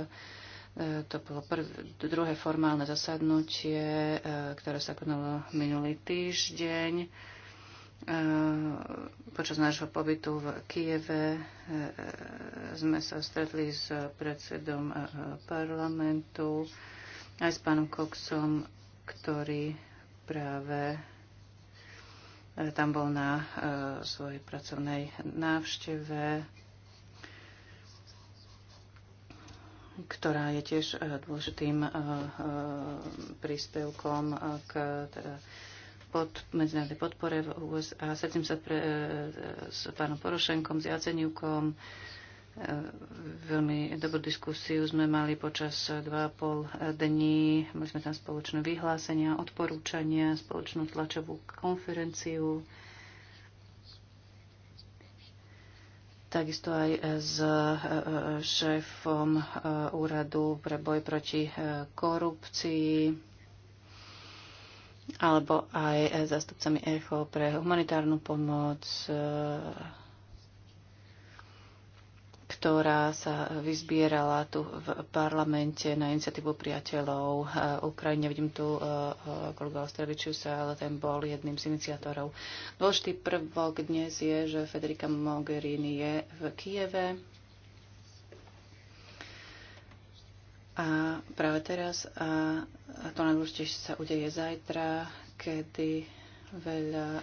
to bolo prv, druhé formálne zasadnutie, e, ktoré sa konalo minulý týždeň e, počas nášho pobytu v Kieve sme sa stretli s predsedom parlamentu aj s pánom Coxom, ktorý práve E, tam bol na e, svojej pracovnej návšteve, ktorá je tiež e, dôležitým príspevkom k teda, pod, medzinárodnej podpore v USA. Sedím sa pre, s pánom Porošenkom, s Jaceniukom, Veľmi dobrú diskusiu sme mali počas 2,5 dní. Mali sme tam spoločné vyhlásenia, odporúčania, spoločnú tlačovú konferenciu. Takisto aj s e, e, šéfom e, úradu pre boj proti korupcii alebo aj zástupcami ECHO pre humanitárnu pomoc, ktorá sa vyzbierala tu v parlamente na iniciatívu priateľov eh, Ukrajine. Vidím tu eh, eh, kolega Ostrevičusa, ale ten bol jedným z iniciátorov. Dôležitý prvok dnes je, že Federica Mogherini je v Kieve. A práve teraz, a to najdôležitejšie sa udeje zajtra, kedy veľa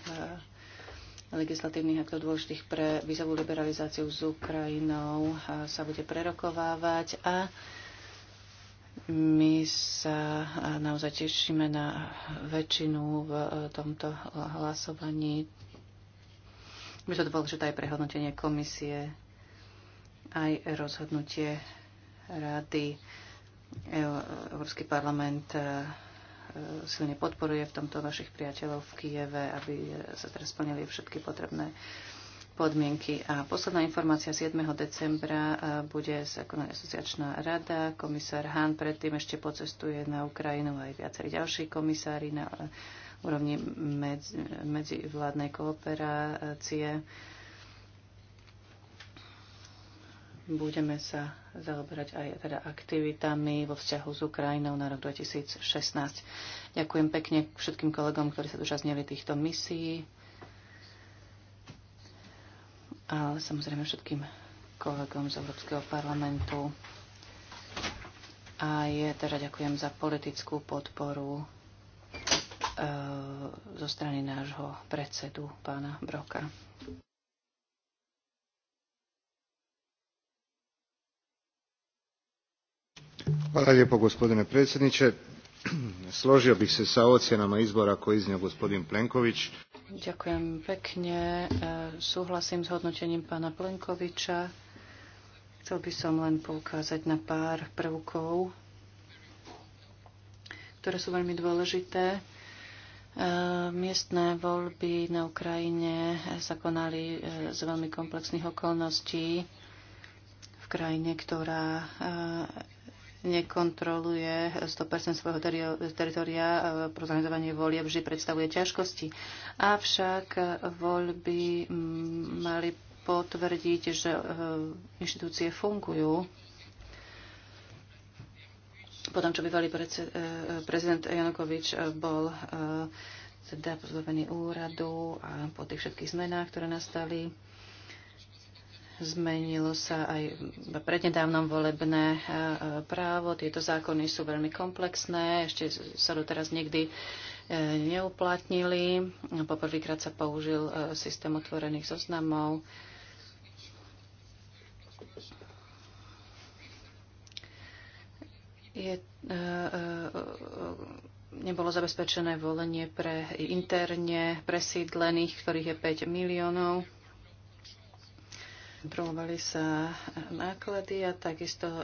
legislatívnych aktov dôležitých pre vízovú liberalizáciu s Ukrajinou sa bude prerokovávať a my sa naozaj tešíme na väčšinu v e, tomto hlasovaní. že to dôležité aj prehodnotenie komisie, aj rozhodnutie rady. E, Európsky parlament e, E, silne podporuje v tomto vašich priateľov v Kieve, aby sa teraz splnili všetky potrebné podmienky. A posledná informácia 7. decembra e, bude sa konať asociačná rada. Komisár Hahn predtým ešte pocestuje na Ukrajinu aj viacerí ďalší komisári na úrovni medzi, medzivládnej kooperácie budeme sa zaoberať aj teda aktivitami vo vzťahu s Ukrajinou na rok 2016. Ďakujem pekne všetkým kolegom, ktorí sa zúčastnili týchto misií a samozrejme všetkým kolegom z Európskeho parlamentu. A je teda ďakujem za politickú podporu e, zo strany nášho predsedu pána Broka. Hvala lijepo gospodine predsjedniče. Složio bih se s ocjenama izbora koje iznio gospodin Plenković. Ďakujem pekne. E, súhlasím s hodnotením pána Plenkoviča. Chcel by som len poukázať na pár prvkov, ktoré sú veľmi dôležité. E, miestne voľby na Ukrajine sa konali e, z veľmi komplexných okolností v krajine, ktorá nekontroluje 100% svojho teritoria pro e, organizovanie volieb vždy predstavuje ťažkosti. Avšak voľby mali potvrdiť, že e, inštitúcie fungujú. Potom, čo bývalý e, prezident Janukovič bol teda pozbavený úradu a po tých všetkých zmenách, ktoré nastali, Zmenilo sa aj prednedávnom volebné e, právo. Tieto zákony sú veľmi komplexné, ešte sa doteraz nikdy e, neuplatnili. Poprvýkrát sa použil e, systém otvorených zoznamov. Je, nebolo zabezpečené volenie pre interne presídlených, ktorých je 5 miliónov. Promovali sa náklady a takisto e,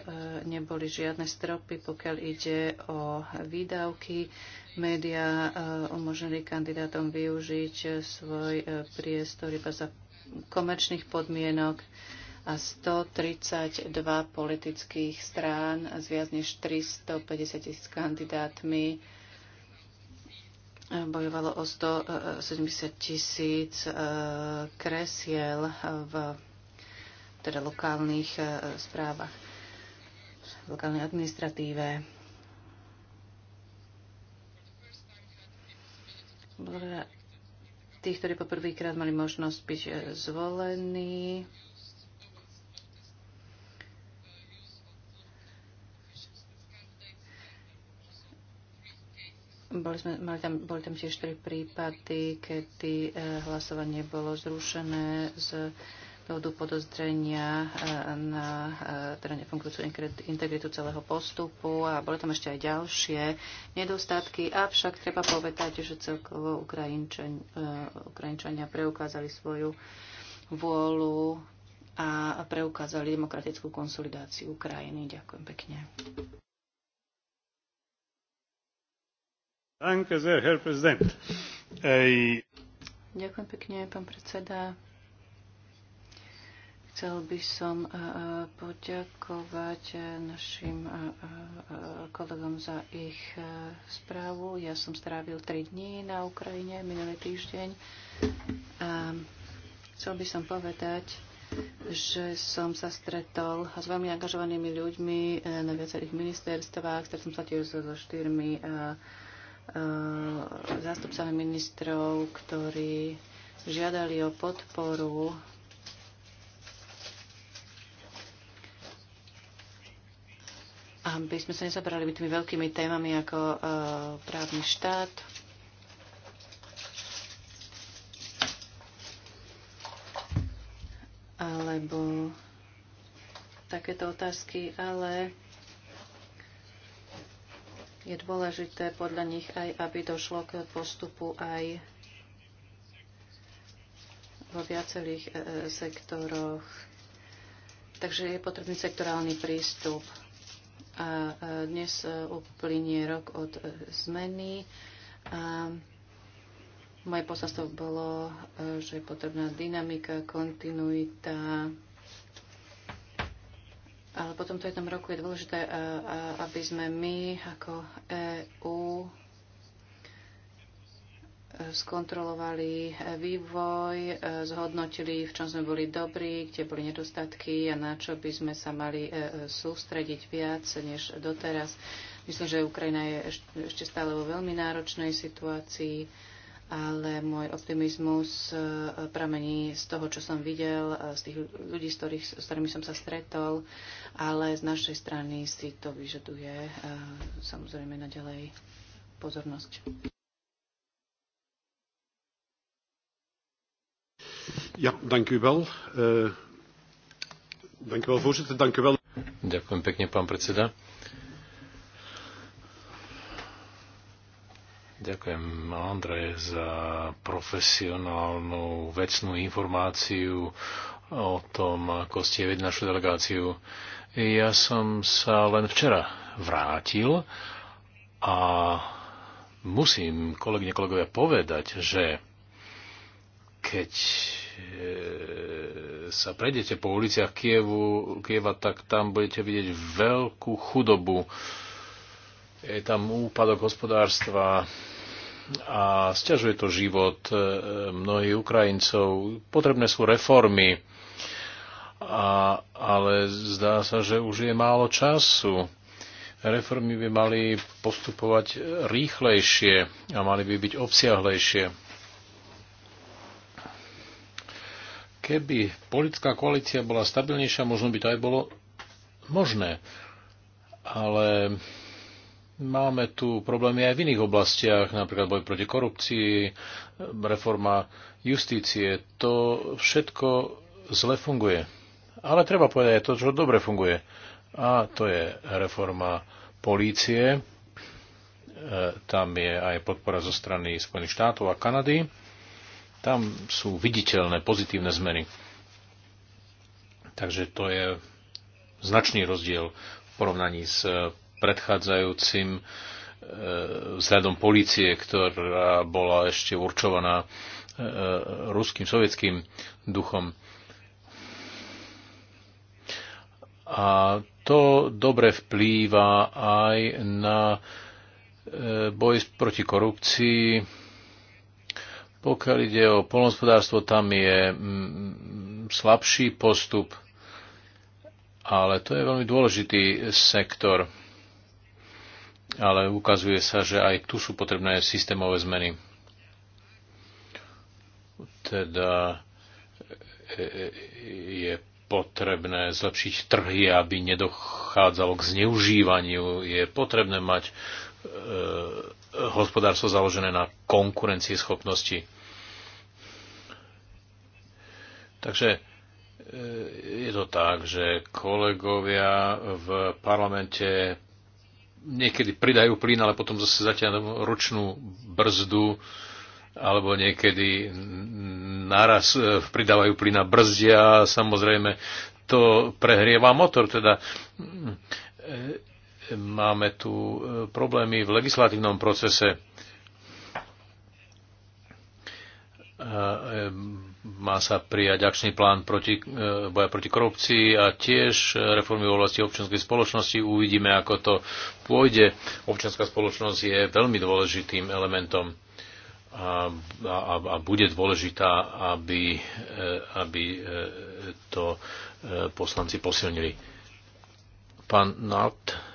neboli žiadne stropy, pokiaľ ide o výdavky. Média e, umožnili kandidátom využiť e, svoj priestor iba za komerčných podmienok a 132 politických strán s viac než 350 tisíc kandidátmi bojovalo o 170 tisíc kresiel v teda lokálnych e, správach, v lokálnej administratíve. Tí, tých, ktorí poprvýkrát mali možnosť byť e, zvolení. Boli, sme, mali tam, boli tam tiež tri prípady, kedy e, hlasovanie bolo zrušené z dôvodu podozrenia eh, na eh, teda nefungujúcu integritu celého postupu a boli tam ešte aj ďalšie nedostatky. Avšak treba povedať, že celkovo Ukrajinčania, eh, Ukrajinčania preukázali svoju vôľu a preukázali demokratickú konsolidáciu Ukrajiny. Ďakujem pekne. Ďakujem pekne, pán predseda. Chcel by som e, e, poďakovať e, našim kolegom za ich správu. Ja som strávil 3 dní na Ukrajine minulý týždeň a chcel by som povedať, že som sa stretol s veľmi angažovanými ľuďmi na viacerých ministerstvách. Stretol som sa tiež so, so štyrmi zástupcami ministrov, ktorí žiadali o podporu aby sme sa nezabrali by tými veľkými témami ako uh, právny štát. alebo takéto otázky, ale je dôležité podľa nich aj, aby došlo k postupu aj vo viacerých e, e sektoroch. Takže je potrebný sektorálny prístup. A dnes e, uplynie rok od e, zmeny. A moje posolstvo bolo, e, že je potrebná dynamika, kontinuita. Ale po tomto jednom roku je dôležité, aby sme my ako EU skontrolovali vývoj, e, zhodnotili, v čom sme boli dobrí, kde boli nedostatky a na čo by sme sa mali e, e, sústrediť viac než doteraz. Myslím, že Ukrajina je ešte stále vo veľmi náročnej situácii, ale môj optimizmus pramení z toho, čo som videl, z tých ľudí, s, ktorých, s ktorými som sa stretol, ale z našej strany si to vyžaduje samozrejme naďalej pozornosť. Ja, dank u wel. Uh, dank u wel, voorzitter. Dank u wel. Ďakujem pekne, pán predseda. Ďakujem, Andrej, za profesionálnu vecnú informáciu o tom, ako ste vedli našu delegáciu. Ja som sa len včera vrátil a musím, kolegyne, kolegovia, povedať, že keď E, sa prejdete po uliciach Kievu, Kieva, tak tam budete vidieť veľkú chudobu. Je tam úpadok hospodárstva a stiažuje to život e, mnohých Ukrajincov. Potrebné sú reformy, a, ale zdá sa, že už je málo času. Reformy by mali postupovať rýchlejšie a mali by byť obsiahlejšie Keby politická koalícia bola stabilnejšia, možno by to aj bolo možné. Ale máme tu problémy aj v iných oblastiach, napríklad boj proti korupcii, reforma justície. To všetko zle funguje. Ale treba povedať aj to, čo dobre funguje. A to je reforma polície. E, tam je aj podpora zo strany Spojených štátov a Kanady tam sú viditeľné pozitívne zmeny. Takže to je značný rozdiel v porovnaní s eh, predchádzajúcim eh, vzhľadom policie, ktorá bola ešte určovaná eh, ruským, sovietským duchom. A to dobre vplýva aj na boj proti korupcii, pokiaľ ide o polnospodárstvo, tam je mm, slabší postup, ale to je veľmi dôležitý sektor. Ale ukazuje sa, že aj tu sú potrebné systémové zmeny. Teda e, e, je potrebné zlepšiť trhy, aby nedochádzalo k zneužívaniu. Je potrebné mať e, hospodárstvo založené na konkurencii schopnosti. Takže e, je to tak, že kolegovia v parlamente niekedy pridajú plyn, ale potom zase zatiaľ ručnú brzdu, alebo niekedy naraz e, pridávajú plyn a brzdia. Samozrejme, to prehrieva motor. Teda e, Máme tu e, problémy v legislatívnom procese. E, e, má sa prijať akčný plán proti, boja proti korupcii a tiež reformy v oblasti občianskej spoločnosti. Uvidíme, ako to pôjde. Občianská spoločnosť je veľmi dôležitým elementom a, a, a bude dôležitá, aby, aby to poslanci posilnili. Pán Nalt.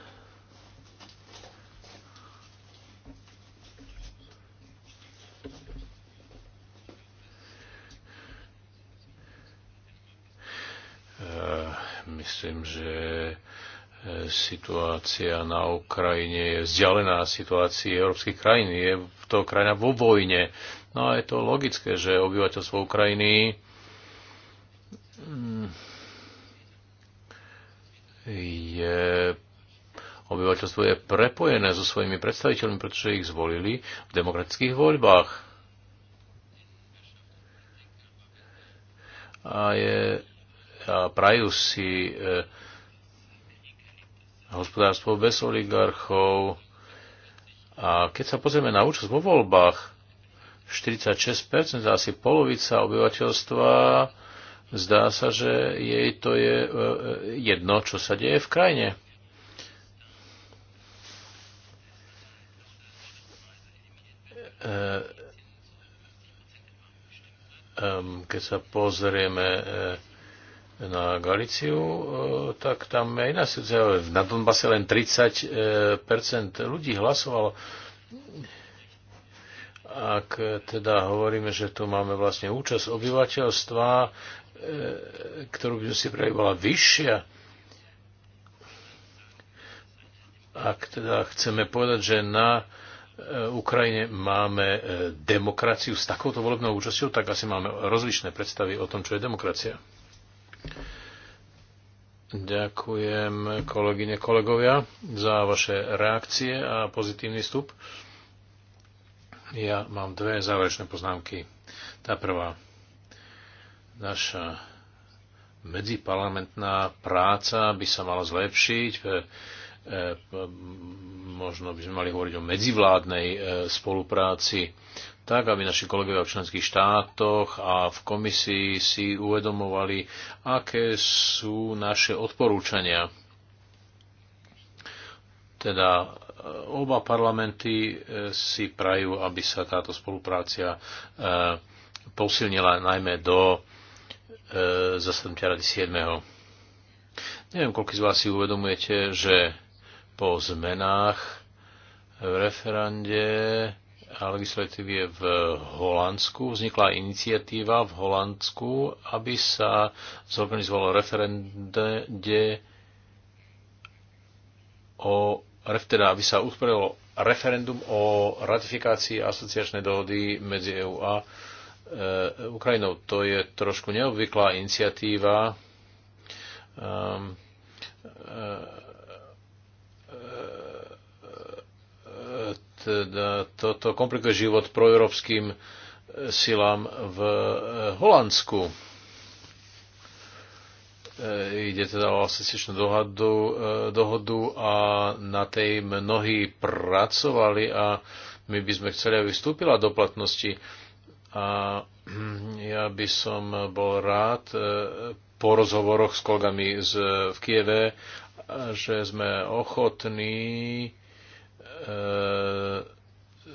Myslím, že e, situácia na Ukrajine je vzdialená situácii európskych krajín. Je to krajina vo vojne. No a je to logické, že obyvateľstvo Ukrajiny mm, je obyvateľstvo je prepojené so svojimi predstaviteľmi, pretože ich zvolili v demokratických voľbách. A je a prajú si e, hospodárstvo bez oligarchov. A keď sa pozrieme na účasť vo voľbách, 46%, asi polovica obyvateľstva, zdá sa, že jej to je e, e, jedno, čo sa deje v krajine. Keď sa pozrieme na Galiciu, e, tak tam aj na, na Donbase len 30 e, ľudí hlasovalo. Ak teda hovoríme, že tu máme vlastne účasť obyvateľstva, e, ktorú by si prejavila bola vyššia, ak teda chceme povedať, že na Ukrajine máme demokraciu s takouto volebnou účasťou, tak asi máme rozličné predstavy o tom, čo je demokracia. Ďakujem kolegyne, kolegovia za vaše reakcie a pozitívny vstup. Ja mám dve záverečné poznámky. Tá prvá. Naša medziparlamentná práca by sa mala zlepšiť. E, e, možno by sme mali hovoriť o medzivládnej e, spolupráci tak aby naši kolegovia v členských štátoch a v komisii si uvedomovali, aké sú naše odporúčania. Teda e, oba parlamenty e, si prajú, aby sa táto spolupráca e, posilnila najmä do zasadnutia rady 7. Neviem, koľko z vás si uvedomujete, že po zmenách v referande legislatívy v Holandsku. Vznikla iniciatíva v Holandsku, aby sa zorganizovalo referende o, teda aby sa usporiadalo referendum o ratifikácii asociačnej dohody medzi EU a e, Ukrajinou. To je trošku neobvyklá iniciatíva. um, teda toto komplikuje život proeurópskym e, silám v e, Holandsku. E, ide teda o asističnú dohodu, dohodu a na tej mnohí pracovali a my by sme chceli, aby vstúpila do platnosti. A ja by som bol rád po rozhovoroch s kolegami v Kieve, že sme ochotní E,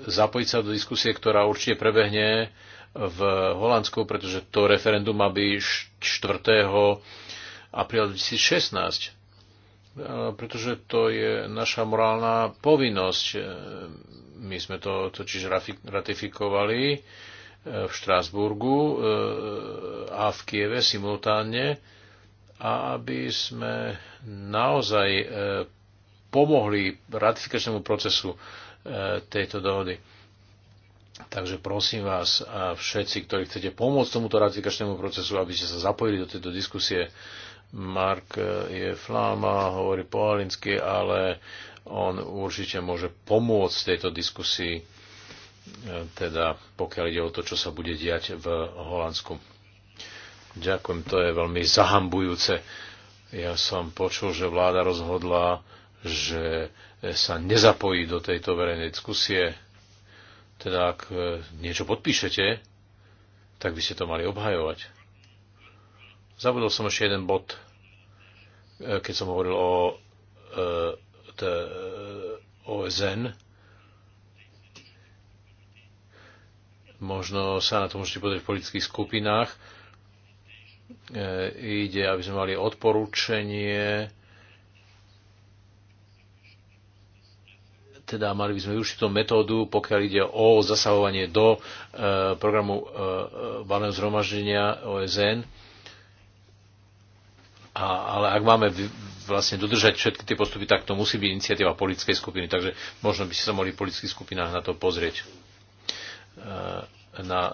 zapojiť sa do diskusie, ktorá určite prebehne v Holandsku, pretože to referendum má byť 4. apríla 2016 e, pretože to je naša morálna povinnosť. E, my sme to totiž ratifikovali v Štrásburgu a v Kieve simultánne, aby sme naozaj pomohli ratifikačnému procesu e, tejto dohody. Takže prosím vás a všetci, ktorí chcete pomôcť tomuto ratifikačnému procesu, aby ste sa zapojili do tejto diskusie. Mark e, je fláma, hovorí po alinsky, ale on určite môže pomôcť tejto diskusii, e, teda pokiaľ ide o to, čo sa bude diať v Holandsku. Ďakujem, to je veľmi zahambujúce. Ja som počul, že vláda rozhodla že sa nezapojí do tejto verejnej diskusie. Teda ak e, niečo podpíšete, tak by ste to mali obhajovať. Zabudol som ešte jeden bod, e, keď som hovoril o e, OSN. Možno sa na to môžete pozrieť v politických skupinách. Ide, aby sme mali odporúčanie teda mali by sme využiť tú metódu, pokiaľ ide o zasahovanie do e, programu e, e valného zhromaždenia OSN. A, ale ak máme v, vlastne dodržať všetky tie postupy, tak to musí byť iniciatíva politickej skupiny. Takže možno by si sa mohli v politických skupinách na to pozrieť. E, na,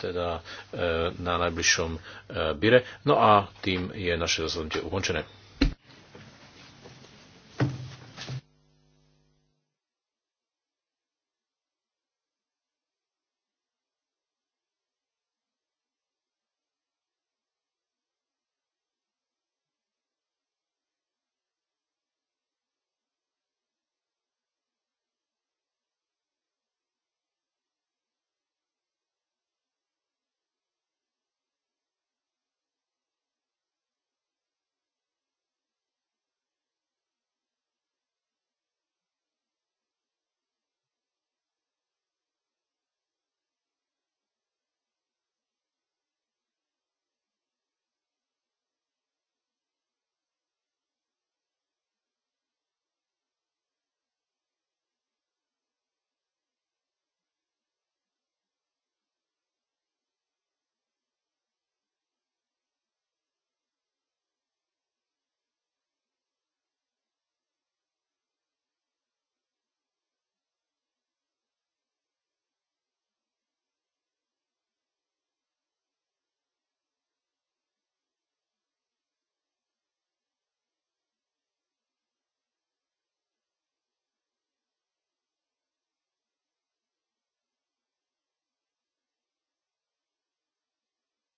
teda, e, na najbližšom e, bire. No a tým je naše zasadnutie ukončené.